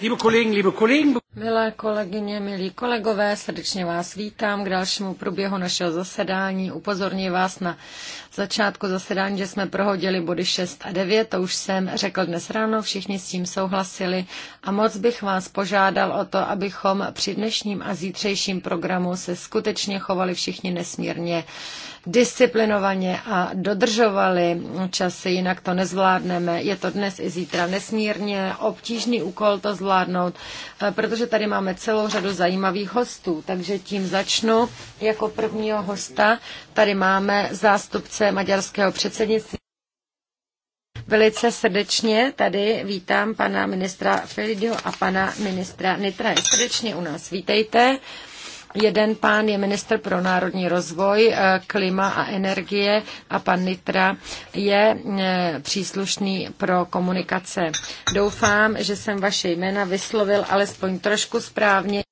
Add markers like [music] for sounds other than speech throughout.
Liebe Kollegen, liebe Kollegen, Milé kolegyně, milí kolegové, srdečně vás vítám k dalšímu průběhu našeho zasedání. Upozorňuji vás na začátku zasedání, že jsme prohodili body 6 a 9, to už jsem řekl dnes ráno, všichni s tím souhlasili a moc bych vás požádal o to, abychom při dnešním a zítřejším programu se skutečně chovali všichni nesmírně disciplinovaně a dodržovali časy, jinak to nezvládneme. Je to dnes i zítra nesmírně obtížný úkol to zvládnout, eh, protože tady máme celou řadu zajímavých hostů, takže tím začnu. Jako prvního hosta tady máme zástupce maďarského předsednictví. Velice srdečně tady vítám pana ministra Felidio a pana ministra Nitra. Srdečně u nás vítejte. Jeden pán je minister pro národní rozvoj, eh, klima a energie a pan Nitra je eh, příslušný pro komunikace. Doufám, že jsem vaše jména vyslovil alespoň trošku správně.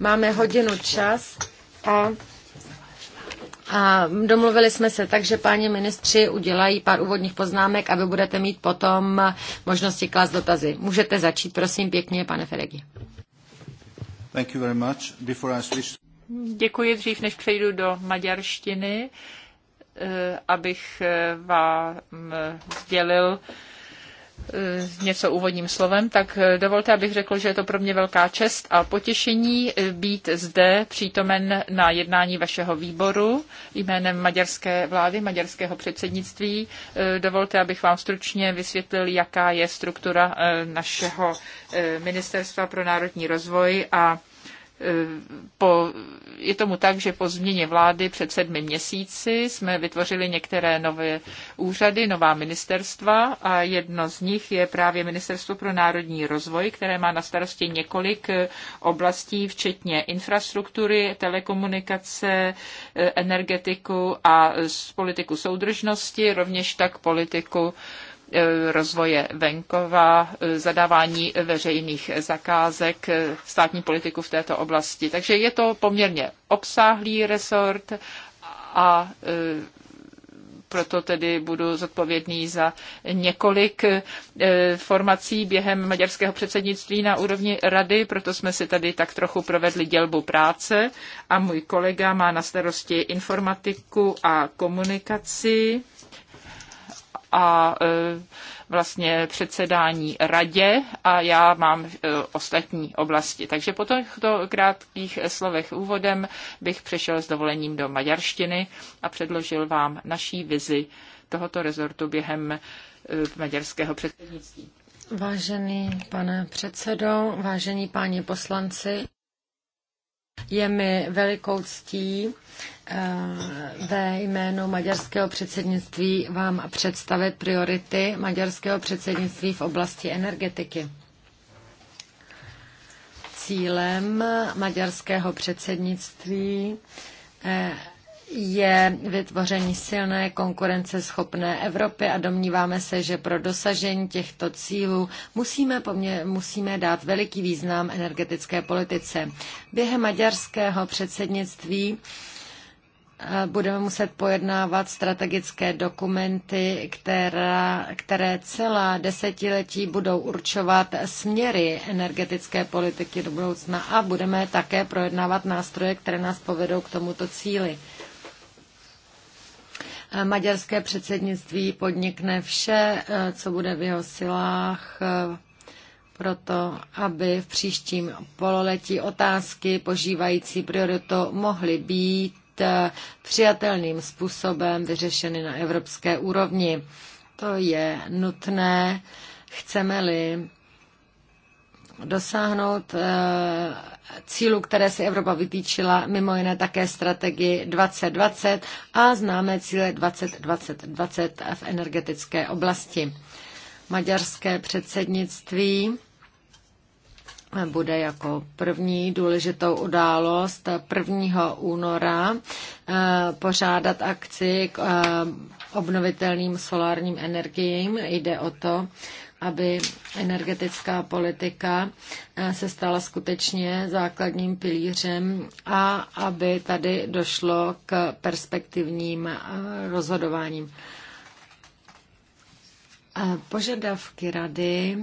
Máme hodinu čas a a domluvili jsme se tak, že páni ministři udělají pár úvodních poznámek a vy budete mít potom možnosti klást dotazy. Můžete začít, prosím, pěkně, pane Feregi. Děkuji dřív, než přejdu do maďarštiny, eh, abych eh, vám eh, sdělil, E, něco úvodním slovem, tak e, dovolte, abych řekl, že je to pro mě velká čest a potěšení e, být zde přítomen na jednání vašeho výboru jménem maďarské vlády, maďarského předsednictví. Dovolte, abych vám stručně vysvětlil, jaká je struktura našeho Ministerstva pro národní rozvoj a Eh, po, je tomu tak, že po změně vlády před sedmi měsíci jsme vytvořili některé nové úřady, nová ministerstva a jedno z nich je právě Ministerstvo pro národní rozvoj, které má na starosti několik eh, oblastí, včetně infrastruktury, telekomunikace, eh, energetiku a politiku soudržnosti, rovněž tak politiku E, rozvoje venkova, e, zadávání veřejných zakázek, e, státní politiku v této oblasti. Takže je to poměrně obsáhlý resort a proto tedy budu zodpovědný za několik formací během maďarského předsednictví na úrovni rady, proto jsme si tady tak trochu provedli dělbu práce a můj kolega má na starosti informatiku a komunikaci a e, vlastně předsedání radě a já mám e, ostatní oblasti. Takže po těchto krátkých slovech úvodem bych přešel s dovolením do maďarštiny a předložil vám naší vizi tohoto rezortu během e, maďarského předsednictví. Vážený pane předsedo, vážení páni poslanci, je mi velikou ctí eh, ve jménu maďarského předsednictví vám představit priority maďarského předsednictví v oblasti energetiky. Cílem maďarského předsednictví eh, je vytvoření silné konkurenceschopné Evropy a domníváme se, že pro dosažení těchto cílů musíme, pomě- musíme dát veliký význam energetické politice. Během maďarského předsednictví eh, budeme muset pojednávat strategické dokumenty, která, které celá desetiletí budou určovat směry energetické politiky do budoucna a budeme také projednávat nástroje, které nás povedou k tomuto cíli. Eh, maďarské předsednictví podnikne vše, eh, co bude v jeho silách eh, proto, aby v příštím pololetí otázky požívající prioritu mohly být přijatelným způsobem vyřešeny na evropské úrovni. To je nutné, chceme-li dosáhnout eh, cílu, které si Evropa vytýčila, mimo jiné také strategii 2020 a známé cíle 2020 v energetické oblasti. Maďarské předsednictví bude jako první důležitou událost 1. února eh, pořádat akci k eh, obnovitelným solárním energiím. Jde o to, aby energetická politika eh, se stala skutečně základním pilířem a aby tady došlo k perspektivním eh, rozhodováním. Eh, požadavky rady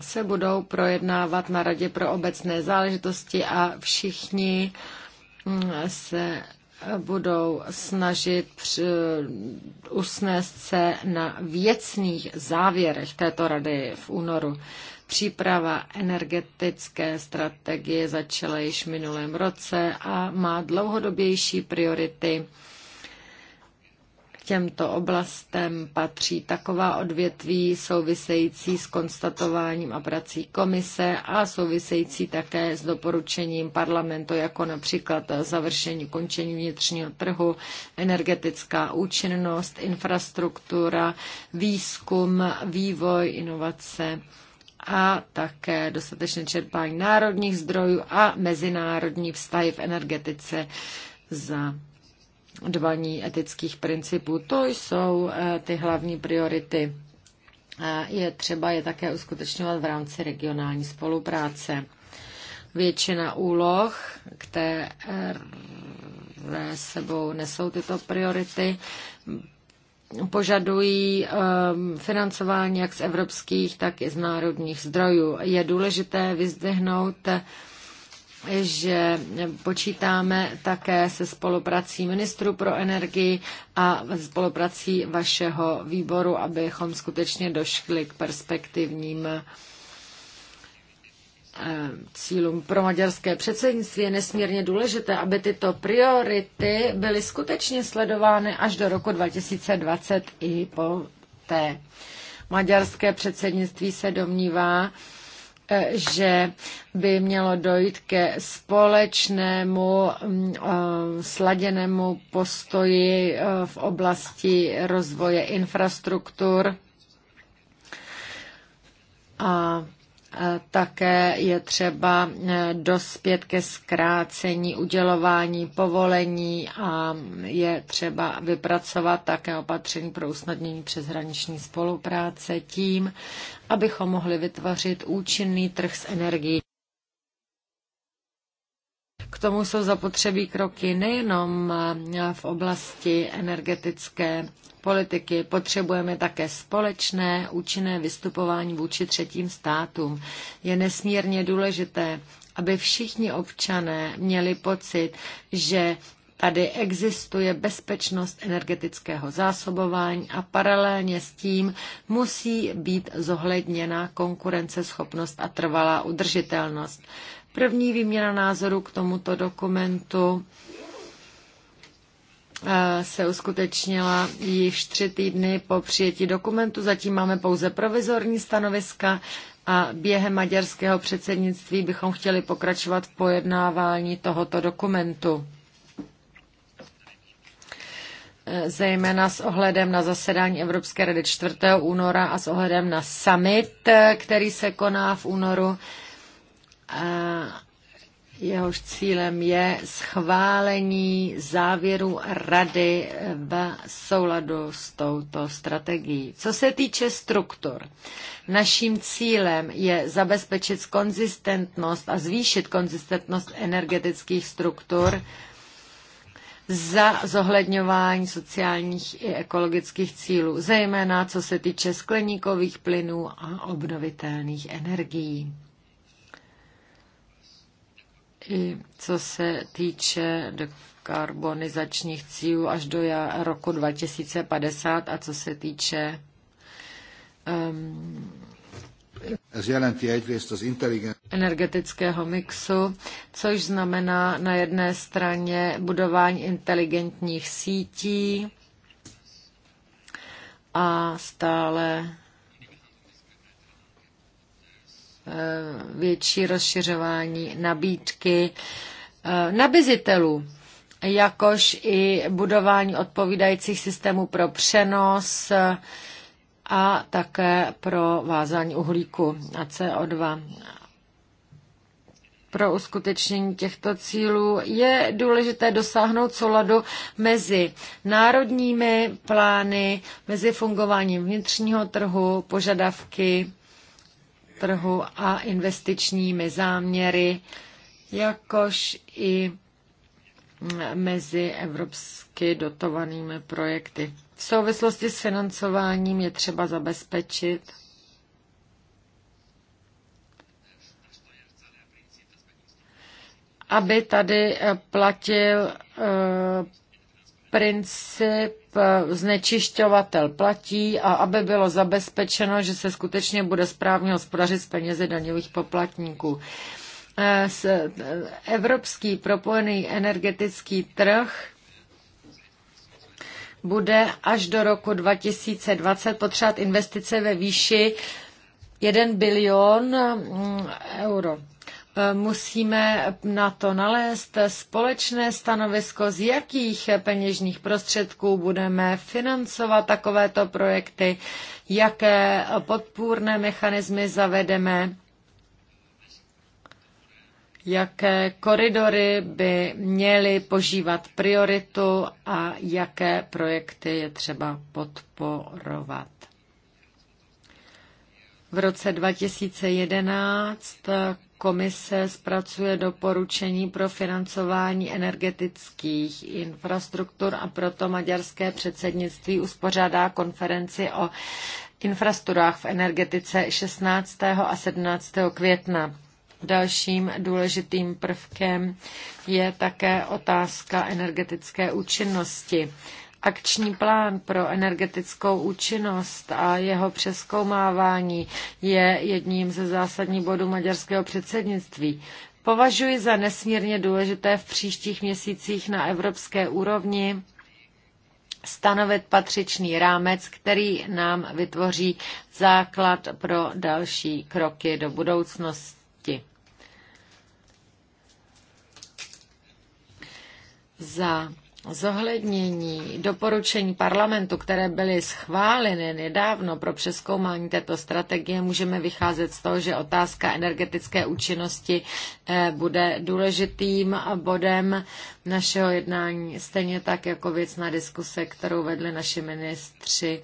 se budou projednávat na Radě pro obecné záležitosti a všichni mm, se budou snažit usnést se na věcných závěrech této rady v únoru. Příprava energetické strategie začala již minulém roce a má dlouhodobější priority těmto oblastem patří taková odvětví související s konstatováním a prací komise a související také s doporučením parlamentu, jako například završení, končení vnitřního trhu, energetická účinnost, infrastruktura, výzkum, vývoj, inovace a také dostatečné čerpání národních zdrojů a mezinárodní vztahy v energetice za dbaní etických principů. To jsou eh, ty hlavní priority. Je třeba je také uskutečňovat v rámci regionální spolupráce. Většina úloh, které sebou nesou tyto priority, požadují ehm, financování jak z evropských, tak i z národních zdrojů. Je důležité vyzdvihnout že počítáme také se spoluprací ministru pro energii a spoluprací vašeho výboru, abychom skutečně došli k perspektivním eh, cílům pro maďarské předsednictví je nesmírně důležité, aby tyto priority byly skutečně sledovány až do roku 2020 i po té. Maďarské předsednictví se domnívá, že by mělo dojít ke společnému mm, eh, sladěnému postoji eh, v oblasti rozvoje infrastruktur a také je třeba e, dospět ke zkrácení udělování povolení a je třeba vypracovat také opatření pro usnadnění přeshraniční spolupráce tím, abychom mohli vytvořit účinný trh s energií. K tomu jsou zapotřebí kroky nejenom eh, v oblasti energetické politiky. Potřebujeme také společné účinné vystupování vůči třetím státům. Je nesmírně důležité, aby všichni občané měli pocit, že Tady existuje bezpečnost energetického zásobování a paralelně s tím musí být zohledněna konkurenceschopnost a trvalá udržitelnost. První výměna názoru k tomuto dokumentu eh, se uskutečnila již tři týdny po přijetí dokumentu. Zatím máme pouze provizorní stanoviska a během maďarského předsednictví bychom chtěli pokračovat v pojednávání tohoto dokumentu. Eh, zejména s ohledem na zasedání Evropské rady 4. února a s ohledem na summit, eh, který se koná v únoru jehož cílem je schválení závěru rady v souladu s touto strategií. Co se týče struktur, naším cílem je zabezpečit konzistentnost a zvýšit konzistentnost energetických struktur za zohledňování sociálních i ekologických cílů, zejména co se týče skleníkových plynů a obnovitelných energií i co se týče dekarbonizačních cílů až do roku 2050 a co se týče um, energetického mixu, což znamená na jedné straně budování inteligentních sítí a stále Eh, větší rozšiřování nabídky eh, nabizitelů, jakož i budování odpovídajících systémů pro přenos eh, a také pro vázání uhlíku a CO2. Pro uskutečnění těchto cílů je důležité dosáhnout souladu mezi národními plány, mezi fungováním vnitřního trhu, požadavky trhu a investičními záměry, jakož i mezi evropsky dotovanými projekty. V souvislosti s financováním je třeba zabezpečit aby tady platil eh, princip eh, znečišťovatel platí a aby bylo zabezpečeno, že se skutečně bude správně hospodařit s penězi daňových poplatníků. Eh, eh, evropský propojený energetický trh bude až do roku 2020 potřebovat investice ve výši 1 bilion mm, euro musíme na to nalézt společné stanovisko, z jakých peněžních prostředků budeme financovat takovéto projekty, jaké podpůrné mechanismy zavedeme, jaké koridory by měly požívat prioritu a jaké projekty je třeba podporovat. V roce 2011 Komise zpracuje doporučení pro financování energetických infrastruktur a proto maďarské předsednictví uspořádá konferenci o infrastrukturách v energetice 16. a 17. května. Dalším důležitým prvkem je také otázka energetické účinnosti akční plán pro energetickou účinnost a jeho přeskoumávání je jedním ze zásadních bodů maďarského předsednictví. Považuji za nesmírně důležité v příštích měsících na evropské úrovni stanovit patřičný rámec, který nám vytvoří základ pro další kroky do budoucnosti. Za zohlednění doporučení parlamentu, které byly schváleny nedávno pro přeskoumání této strategie, můžeme vycházet z toho, že otázka energetické účinnosti eh, bude důležitým bodem našeho jednání, stejně tak jako na diskuse, kterou vedli naši ministři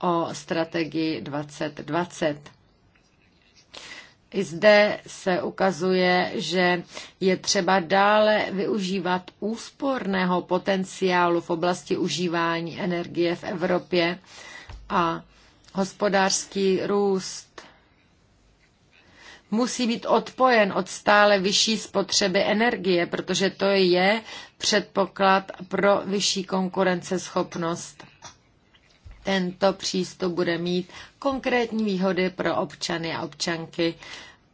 o strategii 2020. I zde se ukazuje, že je třeba dále využívat úsporného potenciálu v oblasti užívání energie v Evropě a hospodářský růst musí být odpojen od stále vyšší spotřeby energie, protože to je předpoklad pro vyšší konkurenceschopnost. Tento přístup bude mít konkrétní výhody pro občany a občanky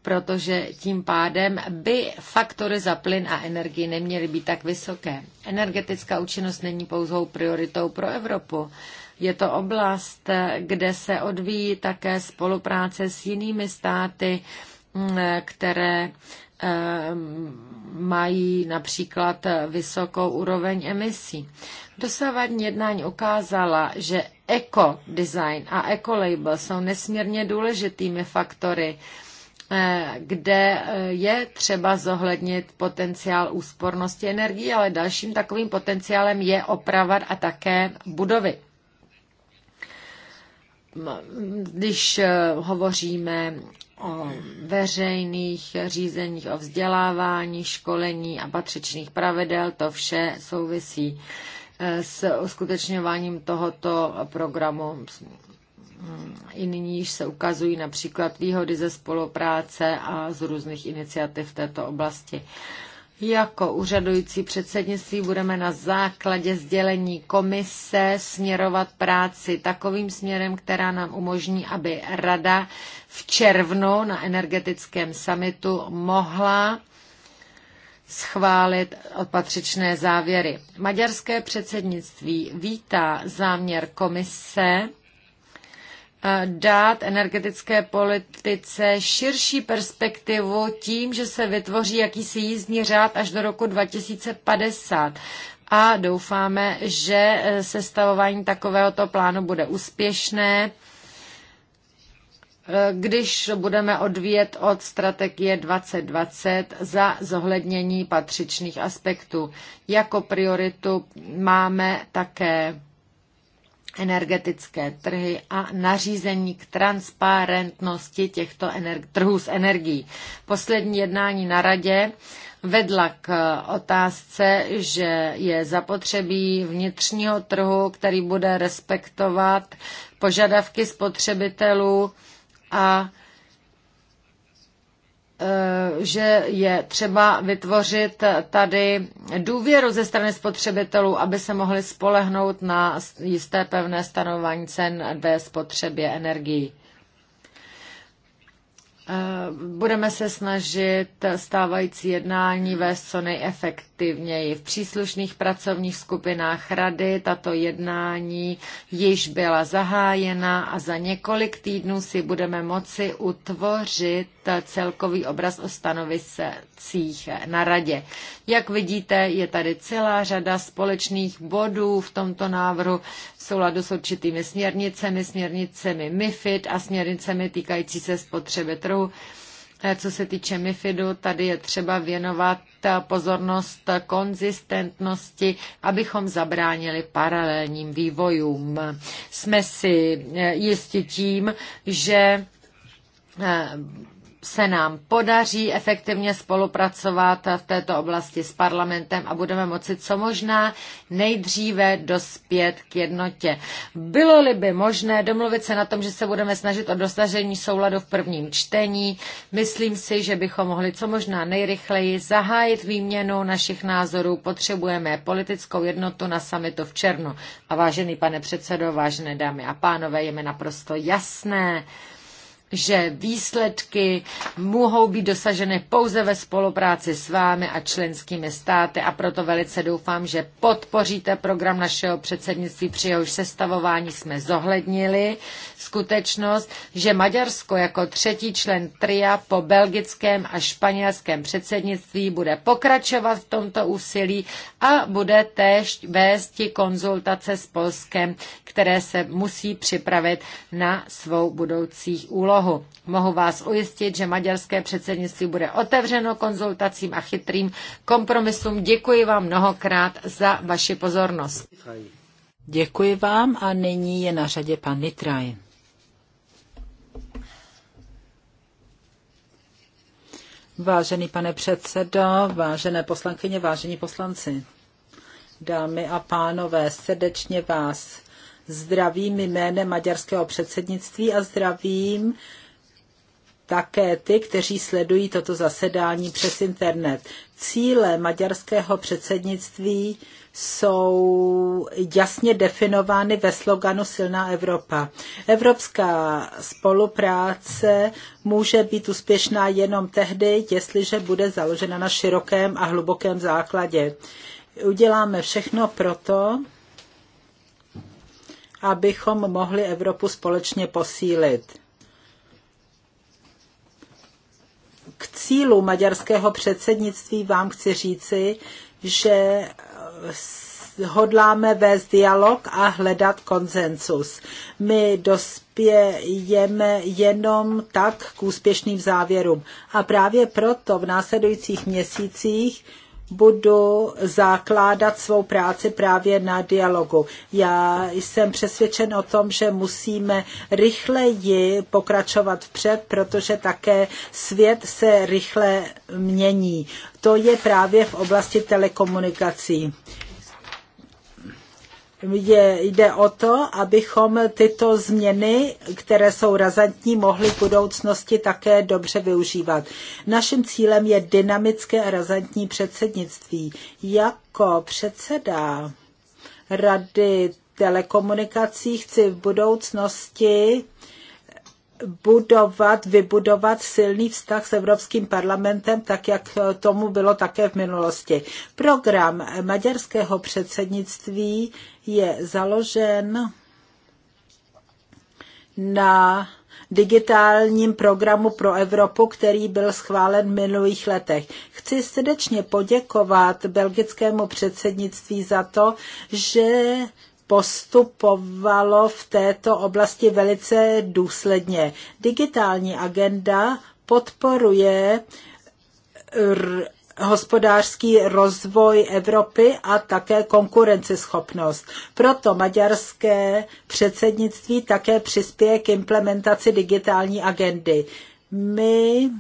protože tím pádem by faktory za plyn a energii neměly být tak vysoké. Energetická účinnost není pouzou prioritou pro Evropu. Je to oblast, kde se odvíjí také spolupráce s jinými státy, mm, které eh, mají například vysokou úroveň emisí. Dosavadní jednání ukázala, že design a label jsou nesmírně důležitými faktory, Eh, kde eh, je třeba zohlednit potenciál úspornosti energie, ale dalším takovým potenciálem je oprava a také budovy když eh, hovoříme o veřejných řízeních, o vzdělávání, školení a patřičných pravidel, to vše souvisí s uskutečňováním tohoto programu i nyní již se ukazují například výhody ze spolupráce a z různých iniciativ v této oblasti. Jako úřadující předsednictví budeme na základě sdělení komise směrovat práci takovým směrem, která nám umožní, aby Rada v červnu na energetickém samitu mohla schválit opatřičné závěry. Maďarské předsednictví vítá záměr komise dát energetické politice širší perspektivu tím, že se vytvoří jakýsi jízdní řád až do roku 2050. A doufáme, že eh, sestavování takovéhoto plánu bude úspěšné, eh, když budeme odvíjet od strategie 2020 za zohlednění patřičných aspektů. Jako prioritu máme také energetické trhy a nařízení k transparentnosti těchto trhů s energií. Poslední jednání na radě vedla k otázce, že je zapotřebí vnitřního trhu, který bude respektovat požadavky spotřebitelů a Eh, že je třeba vytvořit tady důvěru ze strany spotřebitelů, aby se mohli spolehnout na jisté pevné stanování cen ve spotřebě energií. Eh, budeme se snažit stávající jednání vést co nejefektivněji. V příslušných pracovních skupinách rady tato jednání již byla zahájena a za několik týdnů si budeme moci utvořit celkový obraz o stanoviscích na radě. Jak vidíte, je tady celá řada společných bodů v tomto návrhu, v souladu s určitými směrnicemi, směrnicemi MIFID a směrnicemi týkající se spotřeby trhu. Eh, co se týče MIFIDu, tady je třeba věnovat eh, pozornost konzistentnosti, abychom zabránili paralelním vývojům. Jsme si eh, jistí tím, že se nám podaří efektivně spolupracovat v této oblasti s parlamentem a budeme moci co možná nejdříve dospět k jednotě. Bylo-li by možné domluvit se na tom, že se budeme snažit o dosažení souladu v prvním čtení, myslím si, že bychom mohli co možná nejrychleji zahájit výměnu našich názorů. Potřebujeme politickou jednotu na samitu v černu. A vážený pane předsedo, vážené dámy a pánové, je mi naprosto jasné, že výsledky mohou být dosaženy pouze ve spolupráci s vámi a členskými státy a proto velice doufám, že podpoříte program našeho předsednictví, při jehož sestavování jsme zohlednili skutečnost, že Maďarsko jako třetí člen tria po belgickém a španělském předsednictví bude pokračovat v tomto úsilí a bude též vést konzultace s Polskem, které se musí připravit na svou budoucí úlohu. Mohu vás ujistit, že maďarské předsednictví bude otevřeno konzultacím a chytrým kompromisům. Děkuji vám mnohokrát za vaši pozornost. Děkuji vám a nyní je na řadě pan Nitraj. Vážený pane předsedo, vážené poslankyně, vážení poslanci, dámy a pánové, srdečně vás zdravím jménem maďarského předsednictví a zdravím také ty, kteří sledují toto zasedání přes internet. Cíle maďarského předsednictví jsou jasně definovány ve sloganu Silná Evropa. Evropská spolupráce může být úspěšná jenom tehdy, jestliže bude založena na širokém a hlubokém základě. Uděláme všechno proto, abychom mohli Evropu společně posílit. K cílu maďarského předsednictví vám chci říci, že hodláme vést dialog a hledat konsensus. My dospějeme jenom tak k úspěšným závěrům. A právě proto v následujících měsících budu zakládat svou práci právě na dialogu. Já jsem přesvědčen o tom, že musíme rychleji pokračovat vpřed, protože také svět se rychle mění. To je právě v oblasti telekomunikací je, jde o to, abychom tyto změny, které jsou razantní, mohli v budoucnosti také dobře využívat. Naším cílem je dynamické a razantní předsednictví. Jako předseda Rady telekomunikací chci v budoucnosti budovat, vybudovat silný vztah s Evropským parlamentem, tak jak tomu bylo také v minulosti. Program maďarského předsednictví je založen na digitálním programu pro Evropu, který byl schválen v minulých letech. Chci srdečně poděkovat belgickému předsednictví za to, že postupovalo v této oblasti velice důsledně. Digitální agenda podporuje hospodářský rozvoj Evropy a také konkurenceschopnost. Proto maďarské předsednictví také přispěje k implementaci digitální agendy. My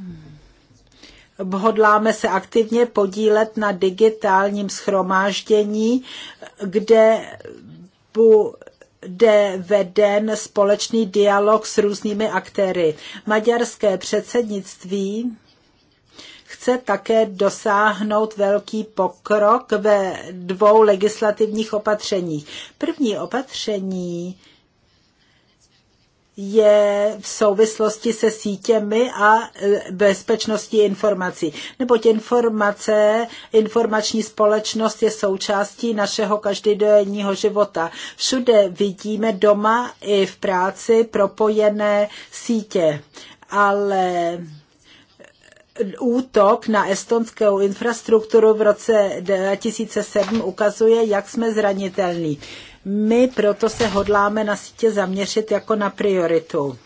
hodláme se aktivně podílet na digitálním schromáždění, kde bude veden společný dialog s různými aktéry. Maďarské předsednictví chce také dosáhnout velký pokrok ve dvou legislativních opatřeních. První opatření je v souvislosti se sítěmi a e, bezpečností informací. Neboť informace, informační společnost je součástí našeho každodenního života. Všude vidíme doma i v práci propojené sítě, ale e, útok na estonskou infrastrukturu v roce 2007 ukazuje, jak jsme zranitelní. My proto se hodláme na sítě zaměřit jako na prioritu.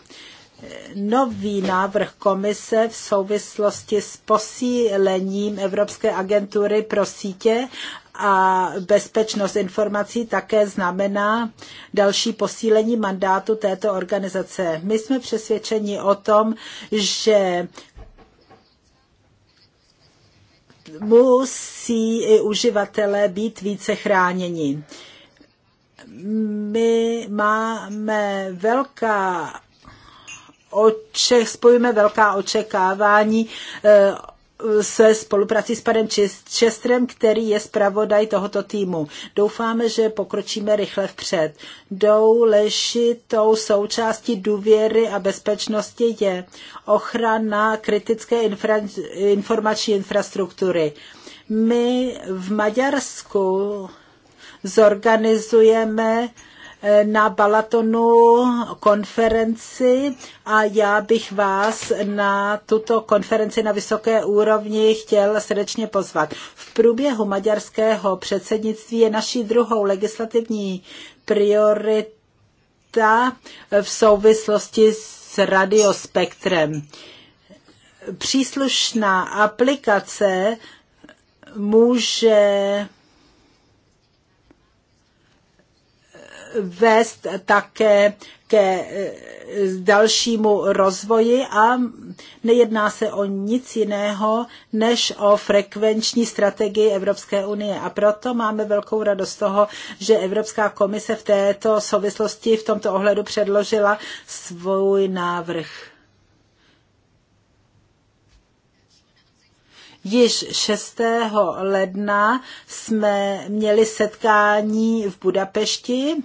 Nový návrh komise v souvislosti s posílením Evropské agentury pro sítě a bezpečnost informací také znamená další posílení mandátu této organizace. My jsme přesvědčeni o tom, že musí i uživatelé být více chráněni my máme velká oče, spojíme velká očekávání eh, se spoluprací s panem Čestrem, který je zpravodaj tohoto týmu. Doufáme, že pokročíme rychle vpřed. Důležitou součástí důvěry a bezpečnosti je ochrana kritické infra, informační infrastruktury. My v Maďarsku zorganizujeme eh, na Balatonu konferenci a já bych vás na tuto konferenci na vysoké úrovni chtěl srdečně pozvat. V průběhu maďarského předsednictví je naší druhou legislativní priorita v souvislosti s radiospektrem. Příslušná aplikace může vést také ke eh, dalšímu rozvoji a nejedná se o nic jiného než o frekvenční strategii Evropské unie. A proto máme velkou radost toho, že Evropská komise v této souvislosti v tomto ohledu předložila svůj návrh. Již 6. ledna jsme měli setkání v Budapešti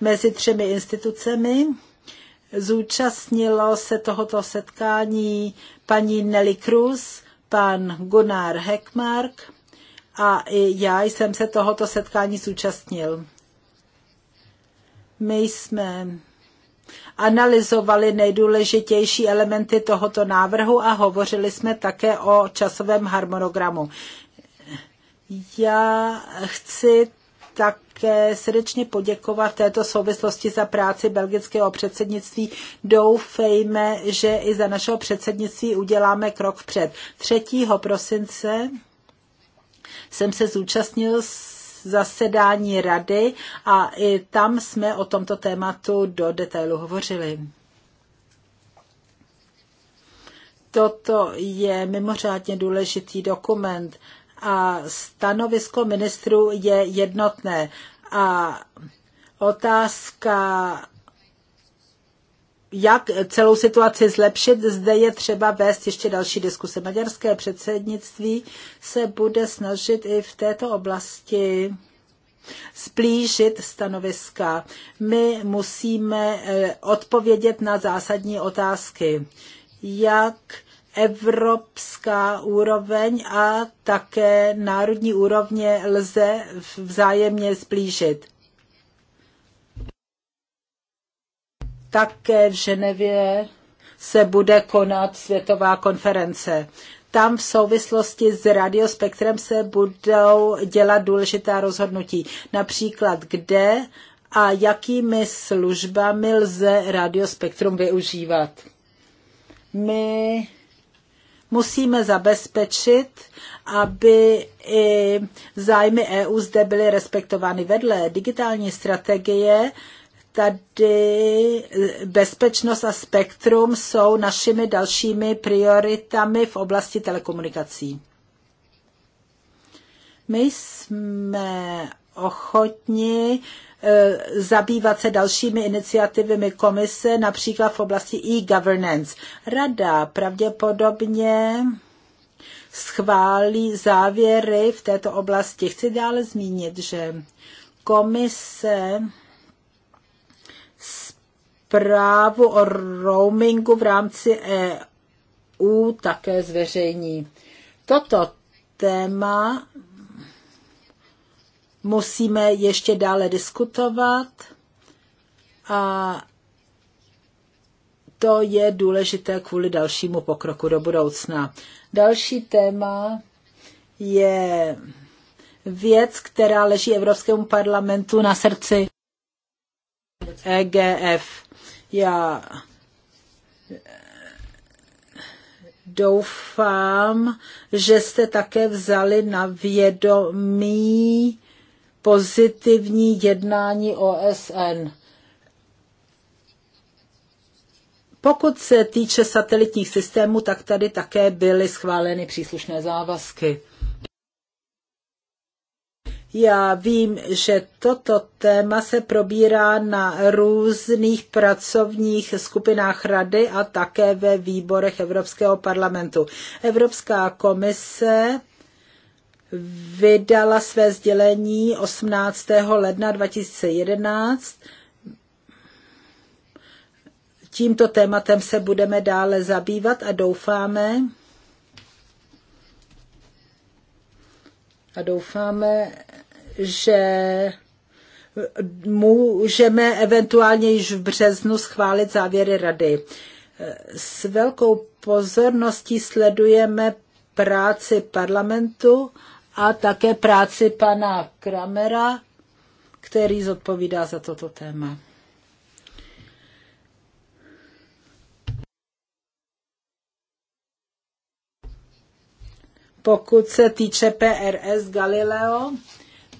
mezi třemi institucemi. Zúčastnilo se tohoto setkání paní Nelly Cruz, pan Gunnar Heckmark a i já jsem se tohoto setkání zúčastnil. My jsme analyzovali nejdůležitější elementy tohoto návrhu a hovořili jsme také o časovém harmonogramu. Já chci také srdečně poděkovat této souvislosti za práci belgického předsednictví. Doufejme, že i za našeho předsednictví uděláme krok vpřed. 3. prosince jsem se zúčastnil zasedání rady a i tam jsme o tomto tématu do detailu hovořili. Toto je mimořádně důležitý dokument a stanovisko ministrů je jednotné. A otázka jak celou situaci zlepšit, zde je třeba vést ještě další diskuse. Maďarské předsednictví se bude snažit i v této oblasti splížit stanoviska. My musíme eh, odpovědět na zásadní otázky. Jak evropská úroveň a také národní úrovně lze vzájemně zblížit. Také v Ženevě se bude konat světová konference. Tam v souvislosti s radiospektrem se budou dělat důležitá rozhodnutí. Například kde a jakými službami lze radiospektrum využívat. My musíme zabezpečit, aby i zájmy EU zde byly respektovány vedle digitální strategie. Tady bezpečnost a spektrum jsou našimi dalšími prioritami v oblasti telekomunikací. My jsme ochotni Eh, zabývat se dalšími iniciativami komise, například v oblasti e-governance. Rada pravděpodobně schválí závěry v této oblasti. Chci dále zmínit, že komise zprávu o roamingu v rámci EU také zveřejní. Toto téma musíme ještě dále diskutovat a to je důležité kvůli dalšímu pokroku do budoucna. Další téma je věc, která leží Evropskému parlamentu na srdci EGF. Já doufám, že jste také vzali na vědomí pozitivní jednání OSN. Pokud se týče satelitních systémů, tak tady také byly schváleny příslušné závazky. Já vím, že toto téma se probírá na různých pracovních skupinách rady a také ve výborech Evropského parlamentu. Evropská komise vydala své sdělení 18. ledna 2011. Tímto tématem se budeme dále zabývat a doufáme, a doufáme, že můžeme eventuálně již v březnu schválit závěry rady. S velkou pozorností sledujeme práci parlamentu a také práci pana Kramera, který zodpovídá za toto téma. Pokud se týče PRS Galileo,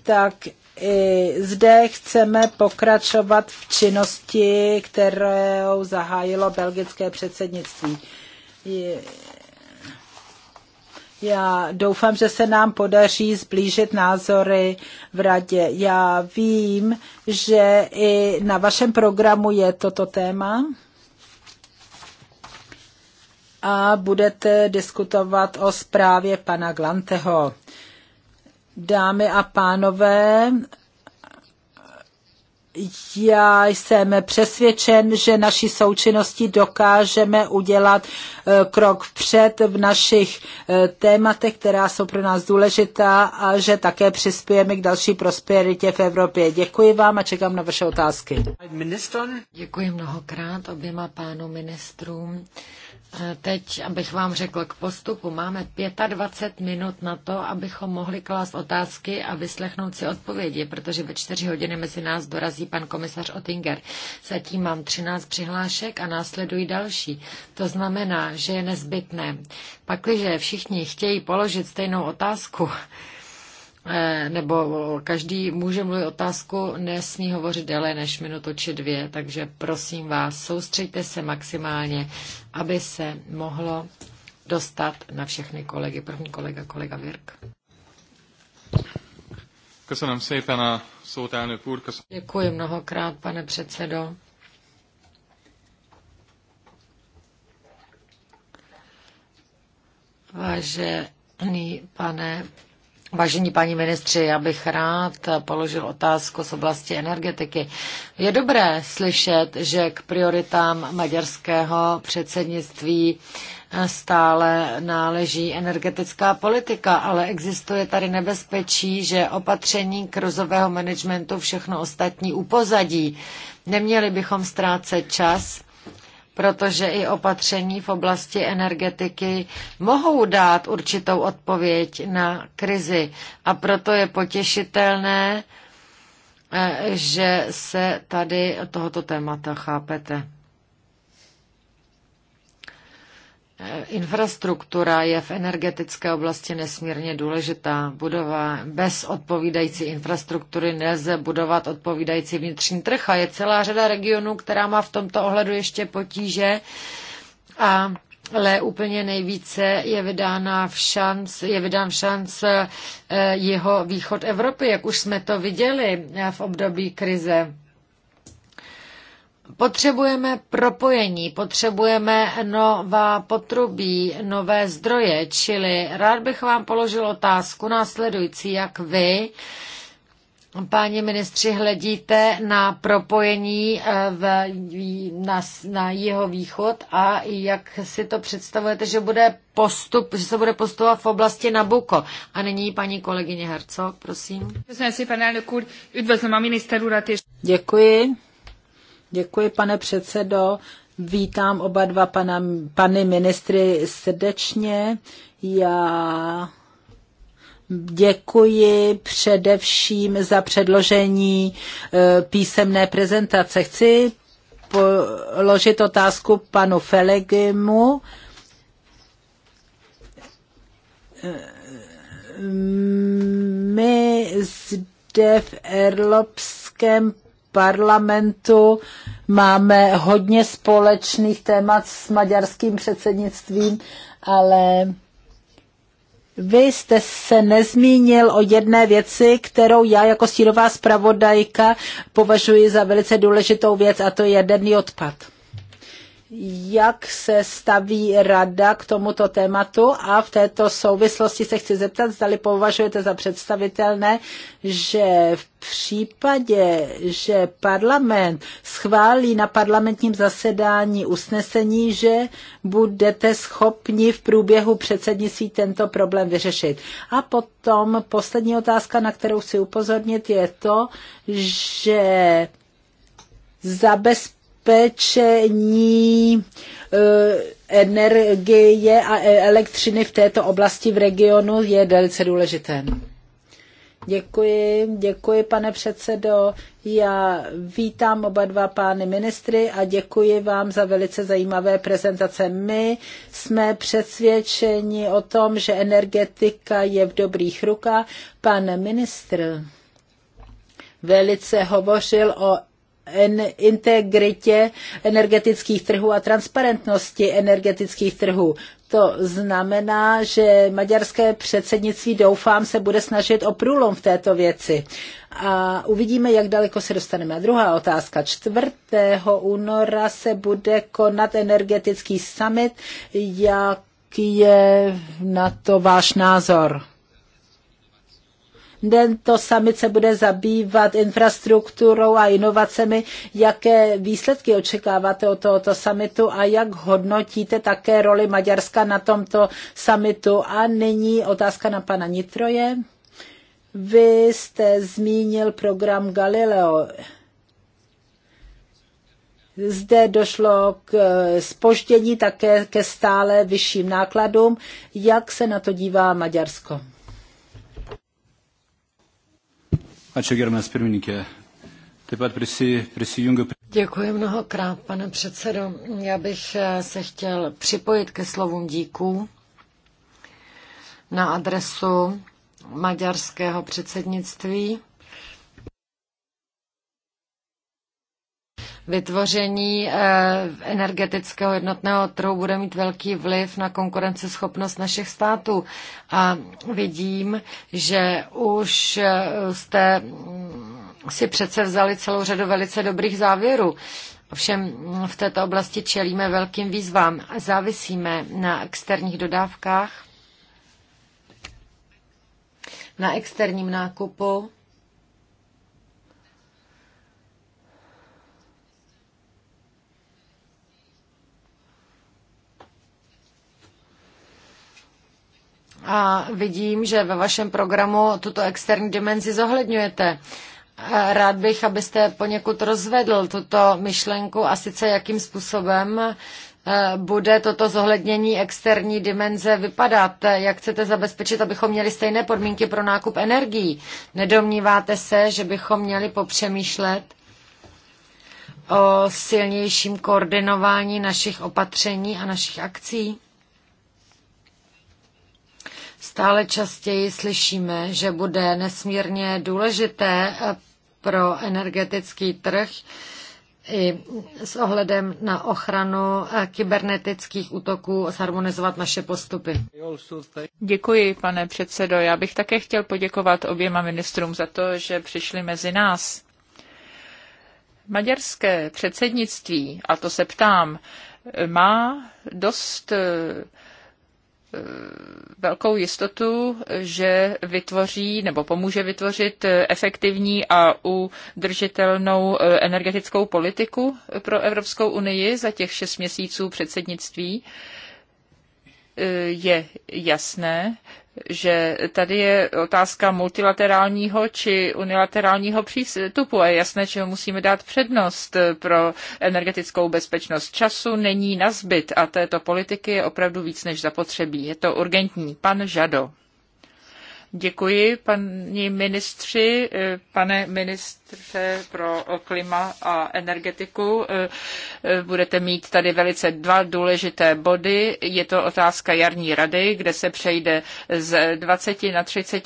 tak i zde chceme pokračovat v činnosti, kterou zahájilo belgické předsednictví. Já doufám, že se nám podaří zblížit názory v radě. Já vím, že i na vašem programu je toto téma a budete diskutovat o zprávě pana Glanteho. Dámy a pánové, já jsem přesvědčen, že naší součinnosti dokážeme udělat eh, krok před v našich eh, tématech, která jsou pro nás důležitá a že také přispějeme k další prosperitě v Evropě. Děkuji vám a čekám na vaše otázky. Děkuji mnohokrát oběma pánu ministrům. Teď, abych vám řekl k postupu, máme 25 minut na to, abychom mohli klást otázky a vyslechnout si odpovědi, protože ve čtyři hodiny mezi nás dorazí pan komisař Otinger. Zatím mám 13 přihlášek a následují další. To znamená, že je nezbytné. Pakliže všichni chtějí položit stejnou otázku, Eh, nebo každý může mluvit otázku, nesmí hovořit déle než minutu či dvě, takže prosím vás, soustřeďte se maximálně, aby se mohlo dostat na všechny kolegy. První kolega, kolega Virk. Děkuji mnohokrát, pane předsedo. Vážený pane Vážení paní ministři, já bych rád položil otázku z oblasti energetiky. Je dobré slyšet, že k prioritám maďarského předsednictví stále náleží energetická politika, ale existuje tady nebezpečí, že opatření krizového managementu všechno ostatní upozadí. Neměli bychom ztrácet čas protože i opatření v oblasti energetiky mohou dát určitou odpověď na krizi. A proto je potěšitelné, eh, že se tady tohoto témata chápete. Eh, infrastruktura je v energetické oblasti nesmírně důležitá. Budova bez odpovídající infrastruktury nelze budovat odpovídající vnitřní trh a je celá řada regionů, která má v tomto ohledu ještě potíže a ale úplně nejvíce je, vydána v šanc, je vydán v šanc eh, jeho východ Evropy, jak už jsme to viděli eh, v období krize Potřebujeme propojení, potřebujeme nová potrubí, nové zdroje, čili rád bych vám položil otázku následující, jak vy, páni ministři, hledíte na propojení eh, v, na, na jeho východ a jak si to představujete, že, bude postup, že se bude postupovat v oblasti Nabuko. A nyní paní kolegyně Herco, prosím. Děkuji. Děkuji, pane předsedo. Vítám oba dva pana, pany ministry srdečně. Já Děkuji především za předložení eh, písemné prezentace. Chci položit otázku panu Felegimu. Eh, my zde v Erlopském parlamentu máme hodně společných témat s maďarským předsednictvím, ale vy jste se nezmínil o jedné věci, kterou já jako stínová zpravodajka považuji za velice důležitou věc, a to je jaderný odpad jak se staví rada k tomuto tématu a v této souvislosti se chci zeptat, zdali považujete za představitelné, že v případě, že parlament schválí na parlamentním zasedání usnesení, že budete schopni v průběhu předsednictví tento problém vyřešit. A potom poslední otázka, na kterou chci upozornit, je to, že zabezpečení zabezpečení eh, energie a elektřiny v této oblasti v regionu je velice důležité. Děkuji, děkuji pane předsedo. Já vítám oba dva pány ministry a děkuji vám za velice zajímavé prezentace. My jsme přesvědčeni o tom, že energetika je v dobrých rukách. Pan ministr velice hovořil o integritě energetických trhů a transparentnosti energetických trhů. To znamená, že maďarské předsednictví, doufám, se bude snažit o průlom v této věci. A uvidíme, jak daleko se dostaneme. A druhá otázka. 4. února se bude konat energetický summit. Jak jaký je na to váš názor? Tento summit se bude zabývat infrastrukturou a inovacemi. Jaké výsledky očekáváte od tohoto summitu a jak hodnotíte také roli Maďarska na tomto summitu? A nyní otázka na pana Nitroje. Vy jste zmínil program Galileo. Zde došlo k spoždění také ke stále vyšším nákladům. Jak se na to dívá Maďarsko? Ačiū, gerbiamas pirmininkė. Taip pat při, přijungu. Děkuji mnohokrát, pane předsedo. Já bych eh, se chtěl připojit ke slovům díků na adresu maďarského předsednictví Vytvoření eh, energetického jednotného trhu bude mít velký vliv na konkurenceschopnost našich států. A vidím, že už eh, jste mm, si přece vzali celou řadu velice dobrých závěrů. Ovšem v této oblasti čelíme velkým výzvám. Závisíme na externích dodávkách, na externím nákupu a vidím, že ve vašem programu tuto externí dimenzi zohledňujete. Rád bych, abyste poněkud rozvedl tuto myšlenku a sice jakým způsobem e, bude toto zohlednění externí dimenze vypadat? Jak chcete zabezpečit, abychom měli stejné podmínky pro nákup energií? Nedomníváte se, že bychom měli popřemýšlet o silnějším koordinování našich opatření a našich akcí? Stále častěji slyšíme, že bude nesmírně důležité eh, pro energetický trh i s ohledem na ochranu eh, kybernetických útoků zharmonizovat naše postupy. Děkuji, pane předsedo. Já bych také chtěl poděkovat oběma ministrům za to, že přišli mezi nás. Maďarské předsednictví, a to se ptám, má dost eh, velkou jistotu, že vytvoří nebo pomůže vytvořit efektivní a udržitelnou eh, energetickou politiku pro Evropskou unii za těch šest měsíců předsednictví. Eh, je jasné, že tady je otázka multilaterálního či unilaterálního přístupu a je jasné, že musíme dát přednost pro energetickou bezpečnost. Času není na zbyt a této politiky je opravdu víc než zapotřebí. Je to urgentní. Pan Žado. Děkuji, paní ministři, pane ministře pro klima a energetiku. Budete mít tady velice dva důležité body. Je to otázka jarní rady, kde se přejde z 20 na 30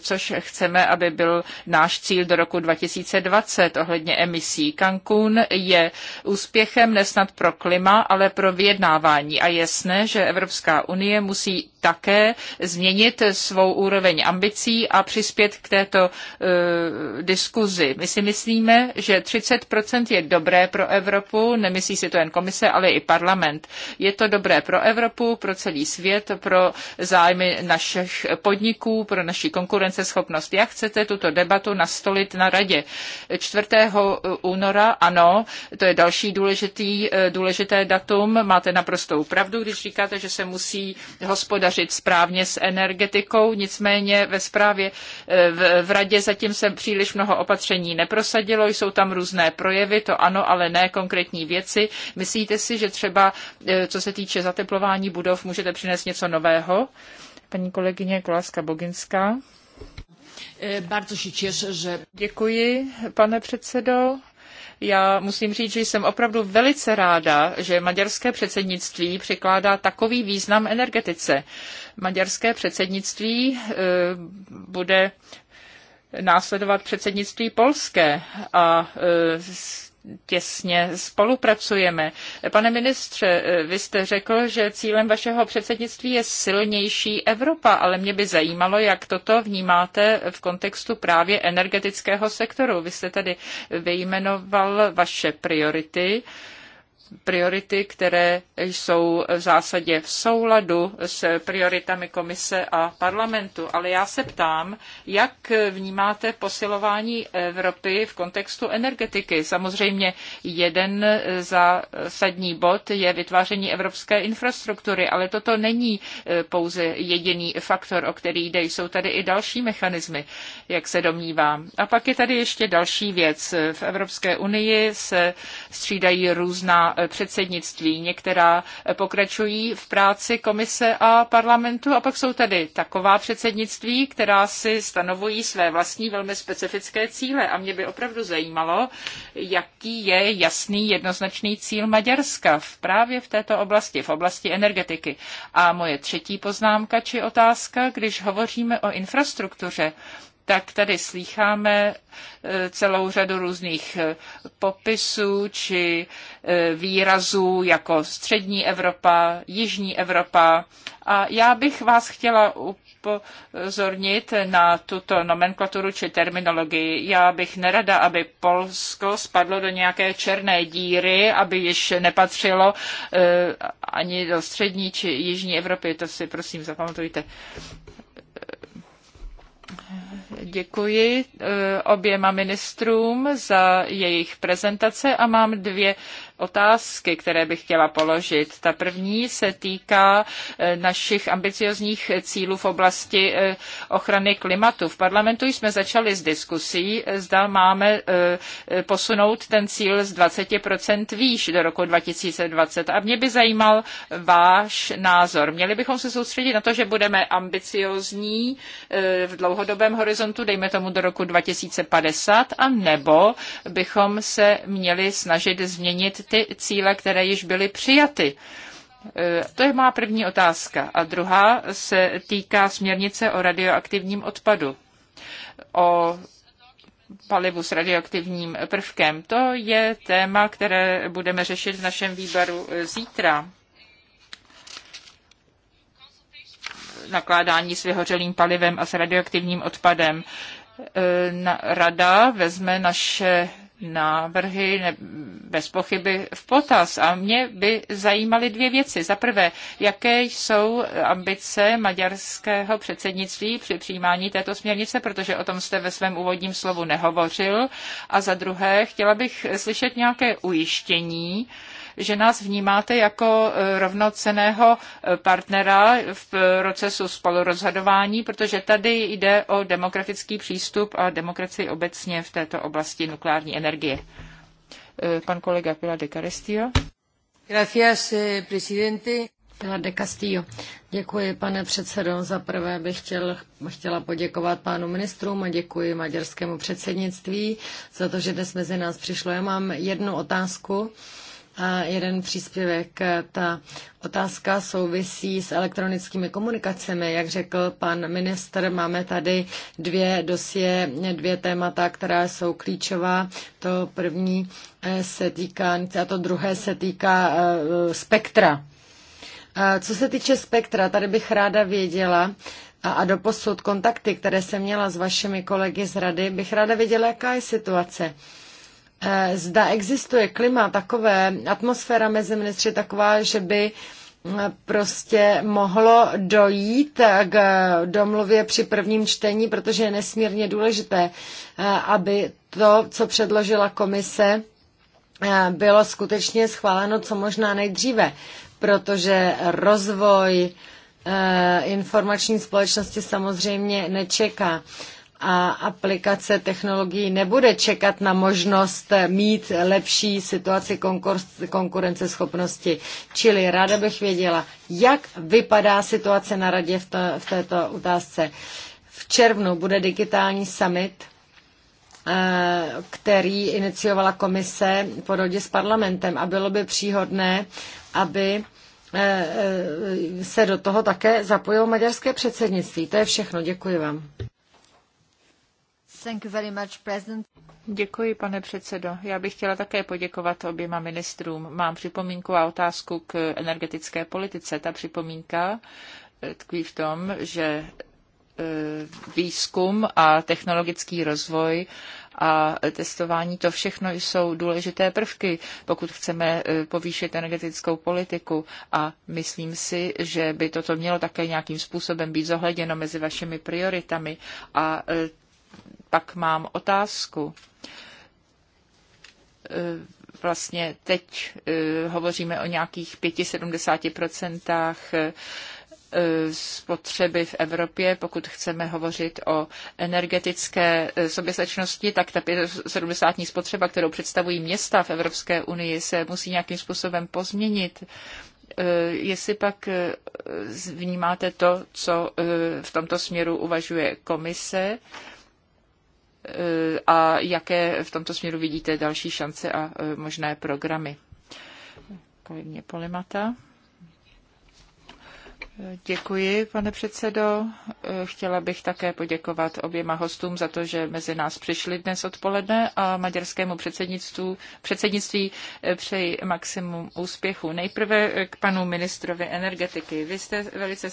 což chceme, aby byl náš cíl do roku 2020 ohledně emisí. Cancún je úspěchem nesnad pro klima, ale pro vyjednávání a jasné, že Evropská unie musí také změnit svou úroveň ambicí a přispět k této uh, diskuzi. My si myslíme, že 30% je dobré pro Evropu, nemyslí si to jen komise, ale i parlament. Je to dobré pro Evropu, pro celý svět, pro zájmy našich podniků, pro naši konkurenceschopnost. Jak chcete tuto debatu nastolit na radě? 4. E, února, ano, to je další důležitý, e, důležité datum. Máte naprostou pravdu, když říkáte, že se musí hospodařit hospodařit správně s energetikou, nicméně ve zprávě eh, v, v radě zatím se příliš mnoho opatření neprosadilo, jsou tam různé projevy, to ano, ale ne konkrétní věci. Myslíte si, že třeba eh, co se týče zateplování budov, můžete přinést něco nového? Paní kolegyně Koláska Boginská. Eh, Děkuji, pane předsedo. Já musím říct, že jsem opravdu velice ráda, že maďarské předsednictví přikládá takový význam energetice. Maďarské předsednictví eh, bude následovat předsednictví polské a eh, těsně spolupracujeme. Pane ministře, vy jste řekl, že cílem vašeho předsednictví je silnější Evropa, ale mě by zajímalo, jak toto vnímáte v kontextu právě energetického sektoru. Vy jste tady vyjmenoval vaše priority priority, které jsou v zásadě v souladu s prioritami komise a parlamentu. Ale já se ptám, jak vnímáte posilování Evropy v kontextu energetiky? Samozřejmě jeden zásadní bod je vytváření evropské infrastruktury, ale toto není pouze jediný faktor, o který jde. Jsou tady i další mechanismy, jak se domnívám. A pak je tady ještě další věc. V Evropské unii se střídají různá Eh, předsednictví. Některá eh, pokračují v práci komise a parlamentu a pak jsou tady taková předsednictví, která si stanovují své vlastní velmi specifické cíle. A mě by opravdu zajímalo, jaký je jasný jednoznačný cíl Maďarska v právě v této oblasti, v oblasti energetiky. A moje třetí poznámka či otázka, když hovoříme o infrastruktuře, tak tady slýcháme e, celou řadu různých e, popisů či e, výrazů jako střední Evropa, jižní Evropa. A já bych vás chtěla upozornit na tuto nomenklaturu či terminologii. Já bych nerada, aby Polsko spadlo do nějaké černé díry, aby již nepatřilo ani do střední či jižní Evropy. To si prosím zapamatujte. Děkuji eh, oběma ministrům za jejich prezentace a mám dvě otázky, které bych chtěla položit. Ta první se týká eh, našich ambiciozních cílů v oblasti eh, ochrany klimatu. V parlamentu jsme začali s diskusí, zda máme posunout ten cíl z 20% výš do roku 2020. A mě by zajímal váš názor. Měli bychom se soustředit na to, že budeme ambiciozní v dlouhodobém dlouhodobém horizontu, dejme tomu do roku 2050, a nebo bychom se měli snažit změnit ty cíle, které již byly přijaty. E, to je má první otázka. A druhá se týká směrnice o radioaktivním odpadu. O palivu s radioaktivním prvkem. To je téma, které budeme řešit v našem výboru e, zítra. nakládání s vyhořelým palivem a s radioaktivním odpadem. E, rada vezme naše návrhy ne, bez pochyby v potaz. A mě by zajímaly dvě věci. Za prvé, jaké jsou ambice maďarského předsednictví při přijímání této směrnice, protože o tom jste ve svém úvodním slovu nehovořil. A za druhé, chtěla bych slyšet nějaké ujištění, že nás vnímáte jako e, rovnoceného e, partnera v e, procesu spolurozhodování, protože tady jde o demokratický přístup a demokracii obecně v této oblasti nukleární energie. Pan kolega Pila de Carestio. Gracias, eh, presidente. Pila de Castillo. Děkuji, pane předsedo. Za prvé bych chtěl, chtěla poděkovat pánu ministrům a děkuji maďarskému předsednictví za to, že dnes mezi nás přišlo. Já mám jednu otázku a jeden příspěvek. Eh, ta otázka souvisí s elektronickými komunikacemi. Jak řekl pan minister, máme tady dvě dosie, dvě témata, která jsou klíčová. To první eh, se týká, a to druhé se týká eh, spektra. Co se týče spektra, tady bych ráda věděla, a, do posud kontakty, které jsem měla s vašimi kolegy z rady, bych ráda věděla, jaká je situace. Eh, zda existuje klima takové, atmosféra mezi ministry taková, že by eh, prostě mohlo dojít k domluvě při prvním čtení, protože je nesmírně důležité, eh, aby to, co předložila komise, bylo skutečně schváleno co možná nejdříve, protože rozvoj informační společnosti samozřejmě nečeká a aplikace technologií nebude čekat na možnost mít lepší situaci konkurenceschopnosti. Čili ráda bych věděla, jak vypadá situace na radě v, to, v této otázce. V červnu bude digitální summit, eh, který iniciovala komise po rodě s parlamentem a bylo by příhodné, aby eh, eh, se do toho také zapojilo maďarské předsednictví. To je všechno. Děkuji vám. Thank you very much, President. Děkuji, pane předsedo. Já bych chtěla také poděkovat oběma ministrům. Mám připomínku a otázku k energetické politice. Ta připomínka eh, tkví v tom, že eh, výzkum a technologický rozvoj a testování, to všechno jsou důležité prvky, pokud chceme eh, povýšit energetickou politiku. A myslím si, že by toto mělo také nějakým způsobem být zohleděno mezi vašimi prioritami. A pak mám otázku. E, vlastně teď e, hovoříme o nějakých 5-70% e, spotřeby v Evropě, pokud chceme hovořit o energetické soběstačnosti, tak ta 70 spotřeba, kterou představují města v Evropské unii, se musí nějakým způsobem pozměnit. Jestli pak vnímáte to, co v tomto směru uvažuje komise, a jaké v tomto směru vidíte další šance a e, možné programy. Kolegyně Polimata. Děkuji, pane předsedo. Chtěla bych také poděkovat oběma hostům za to, že mezi nás přišli dnes odpoledne a maďarskému předsednictví, předsednictví přeji maximum úspěchu. Nejprve k panu ministrovi energetiky. Vy jste velice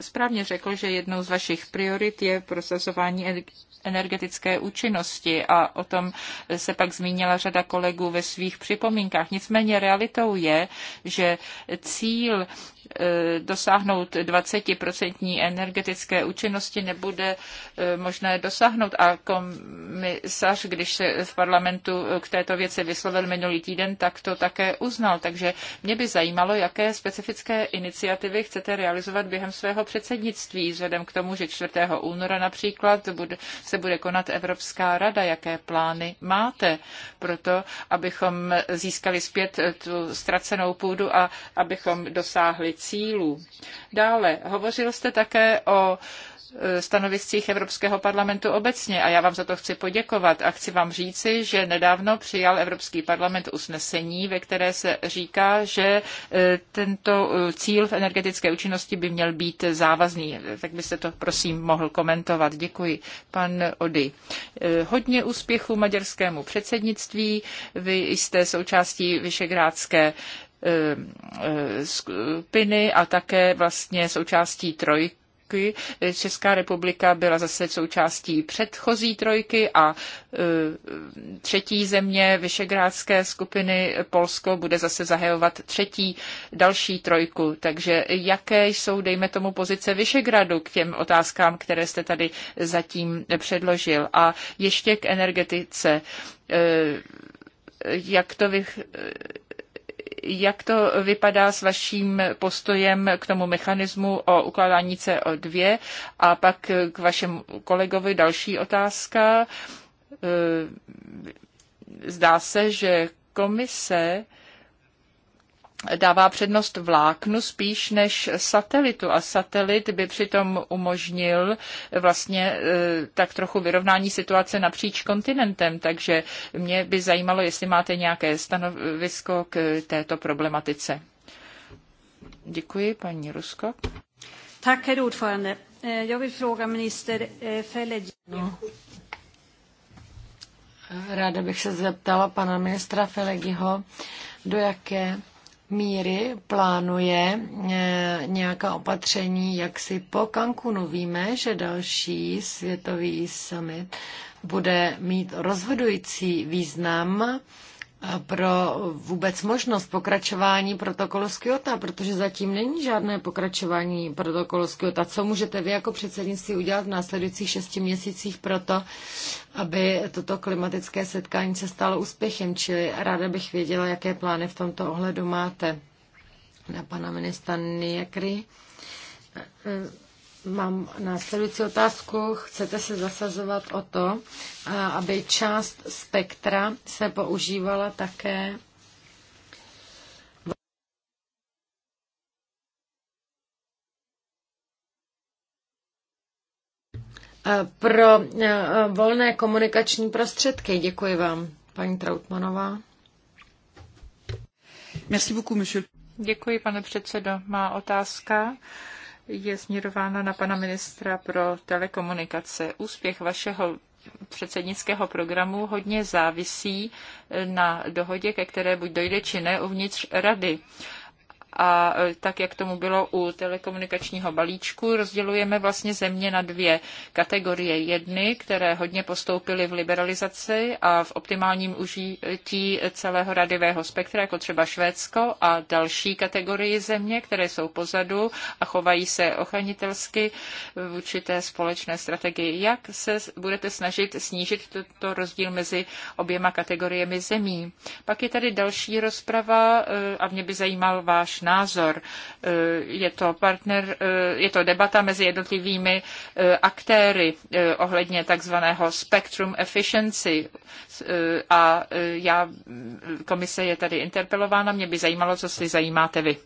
správně řekl, že jednou z vašich priorit je prosazování energetické účinnosti a o tom se pak zmínila řada kolegů ve svých připomínkách. Nicméně realitou je, že cíl Eh, dosáhnout 20% energetické účinnosti nebude eh, možné dosáhnout. A komisař, když se v parlamentu eh, k této věci vyslovil minulý týden, tak to také uznal. Takže mě by zajímalo, jaké specifické iniciativy chcete realizovat během svého předsednictví, vzhledem k tomu, že 4. února například se bude konat Evropská rada, jaké plány máte pro to, abychom získali zpět tu ztracenou půdu a abychom dosáhli cílů. Dále, hovořil jste také o e, stanoviscích Evropského parlamentu obecně a já vám za to chci poděkovat a chci vám říci, že nedávno přijal Evropský parlament usnesení, ve které se říká, že e, tento e, cíl v energetické účinnosti by měl být závazný. Tak byste to prosím mohl komentovat. Děkuji, pan Ody. Hodně úspěchu maďarskému předsednictví. Vy jste součástí Vyšegrádské Eh, skupiny a také vlastně součástí trojky trojky. Česká republika byla zase součástí předchozí trojky a eh, třetí země Vyšegrádské skupiny Polsko bude zase zahajovat třetí další trojku. Takže jaké jsou, dejme tomu, pozice Vyšegradu k těm otázkám, které jste tady zatím předložil? A ještě k energetice eh, jak to vy, jak to vypadá s vaším postojem k tomu mechanismu o ukládání CO2? A pak k vašemu kolegovi další otázka. E, zdá se, že komise dává přednost vláknu spíš než satelitu a satelit by přitom umožnil vlastně e, tak trochu vyrovnání situace napříč kontinentem, takže mě by zajímalo, jestli máte nějaké stanovisko k této problematice. Děkuji, paní Rusko. Tak, herr ordförande. E, jag fråga minister e, Feledji. No. Ráda bych se zeptala pana ministra Felegiho, do jaké míry plánuje eh, nějaká opatření, jak si po Cancunu víme, že další světový summit bude mít rozhodující význam pro vůbec možnost pokračování protokolu z Kyoto, protože zatím není žádné pokračování protokolu z Kyoto. Co můžete vy jako předsednictví udělat v následujících šesti měsících pro to, aby toto klimatické setkání se stalo úspěchem? Čili ráda bych věděla, jaké plány v tomto ohledu máte na pana ministra Niekry. Mám následující otázku. Chcete se zasazovat o to, eh, aby část spektra se používala také pro eh, volné komunikační prostředky. Děkuji vám, paní Trautmanová. Děkuji, pane předsedo. Má otázka je směrována na pana ministra pro telekomunikace. Úspěch vašeho předsednického programu hodně závisí na dohodě, ke které buď dojde či ne uvnitř rady a e, tak, jak tomu bylo u telekomunikačního balíčku, rozdělujeme vlastně země na dvě kategorie. Jedny, které hodně postoupily v liberalizaci a v optimálním užití celého radivého spektra, jako třeba Švédsko a další kategorii země, které jsou pozadu a chovají se ochranitelsky v určité společné strategii. Jak se budete snažit snížit toto rozdíl mezi oběma kategoriemi zemí? Pak je tady další rozprava e, a mě by zajímal váš názor. E, je to, partner, e, je to debata mezi jednotlivými e, aktéry ohledně takzvaného spectrum efficiency a já, komise je tady interpelována, mě by zajímalo, co si zajímáte vy.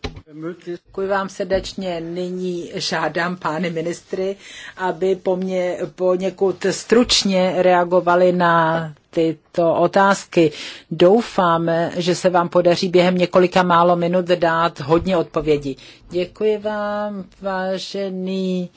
Děkuji vám srdečně. Nyní žádám pány ministry, aby po mě poněkud stručně reagovali na tyto otázky. Doufám, že se vám podaří během několika málo minut dát hodně odpovědí. Děkuji vám, vážený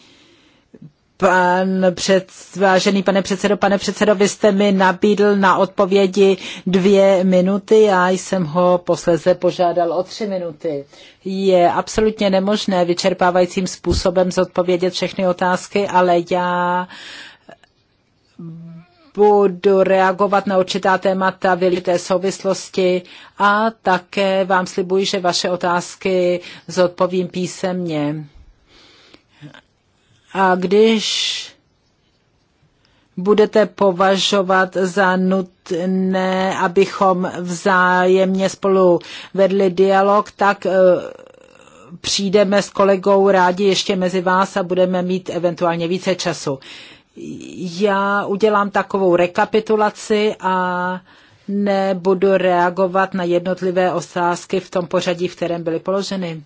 Pan před, vážený pane předsedo, pane předsedo, vy jste mi nabídl na odpovědi dvě minuty, já jsem ho posleze požádal o tři minuty. Je absolutně nemožné vyčerpávajícím způsobem zodpovědět všechny otázky, ale já budu reagovat na určitá témata vylité souvislosti a také vám slibuji, že vaše otázky zodpovím písemně. A když budete považovat za nutné, abychom vzájemně spolu vedli dialog, tak eh, přijdeme s kolegou rádi ještě mezi vás a budeme mít eventuálně více času já udělám takovou rekapitulaci a nebudu reagovat na jednotlivé otázky v tom pořadí, v kterém byly položeny.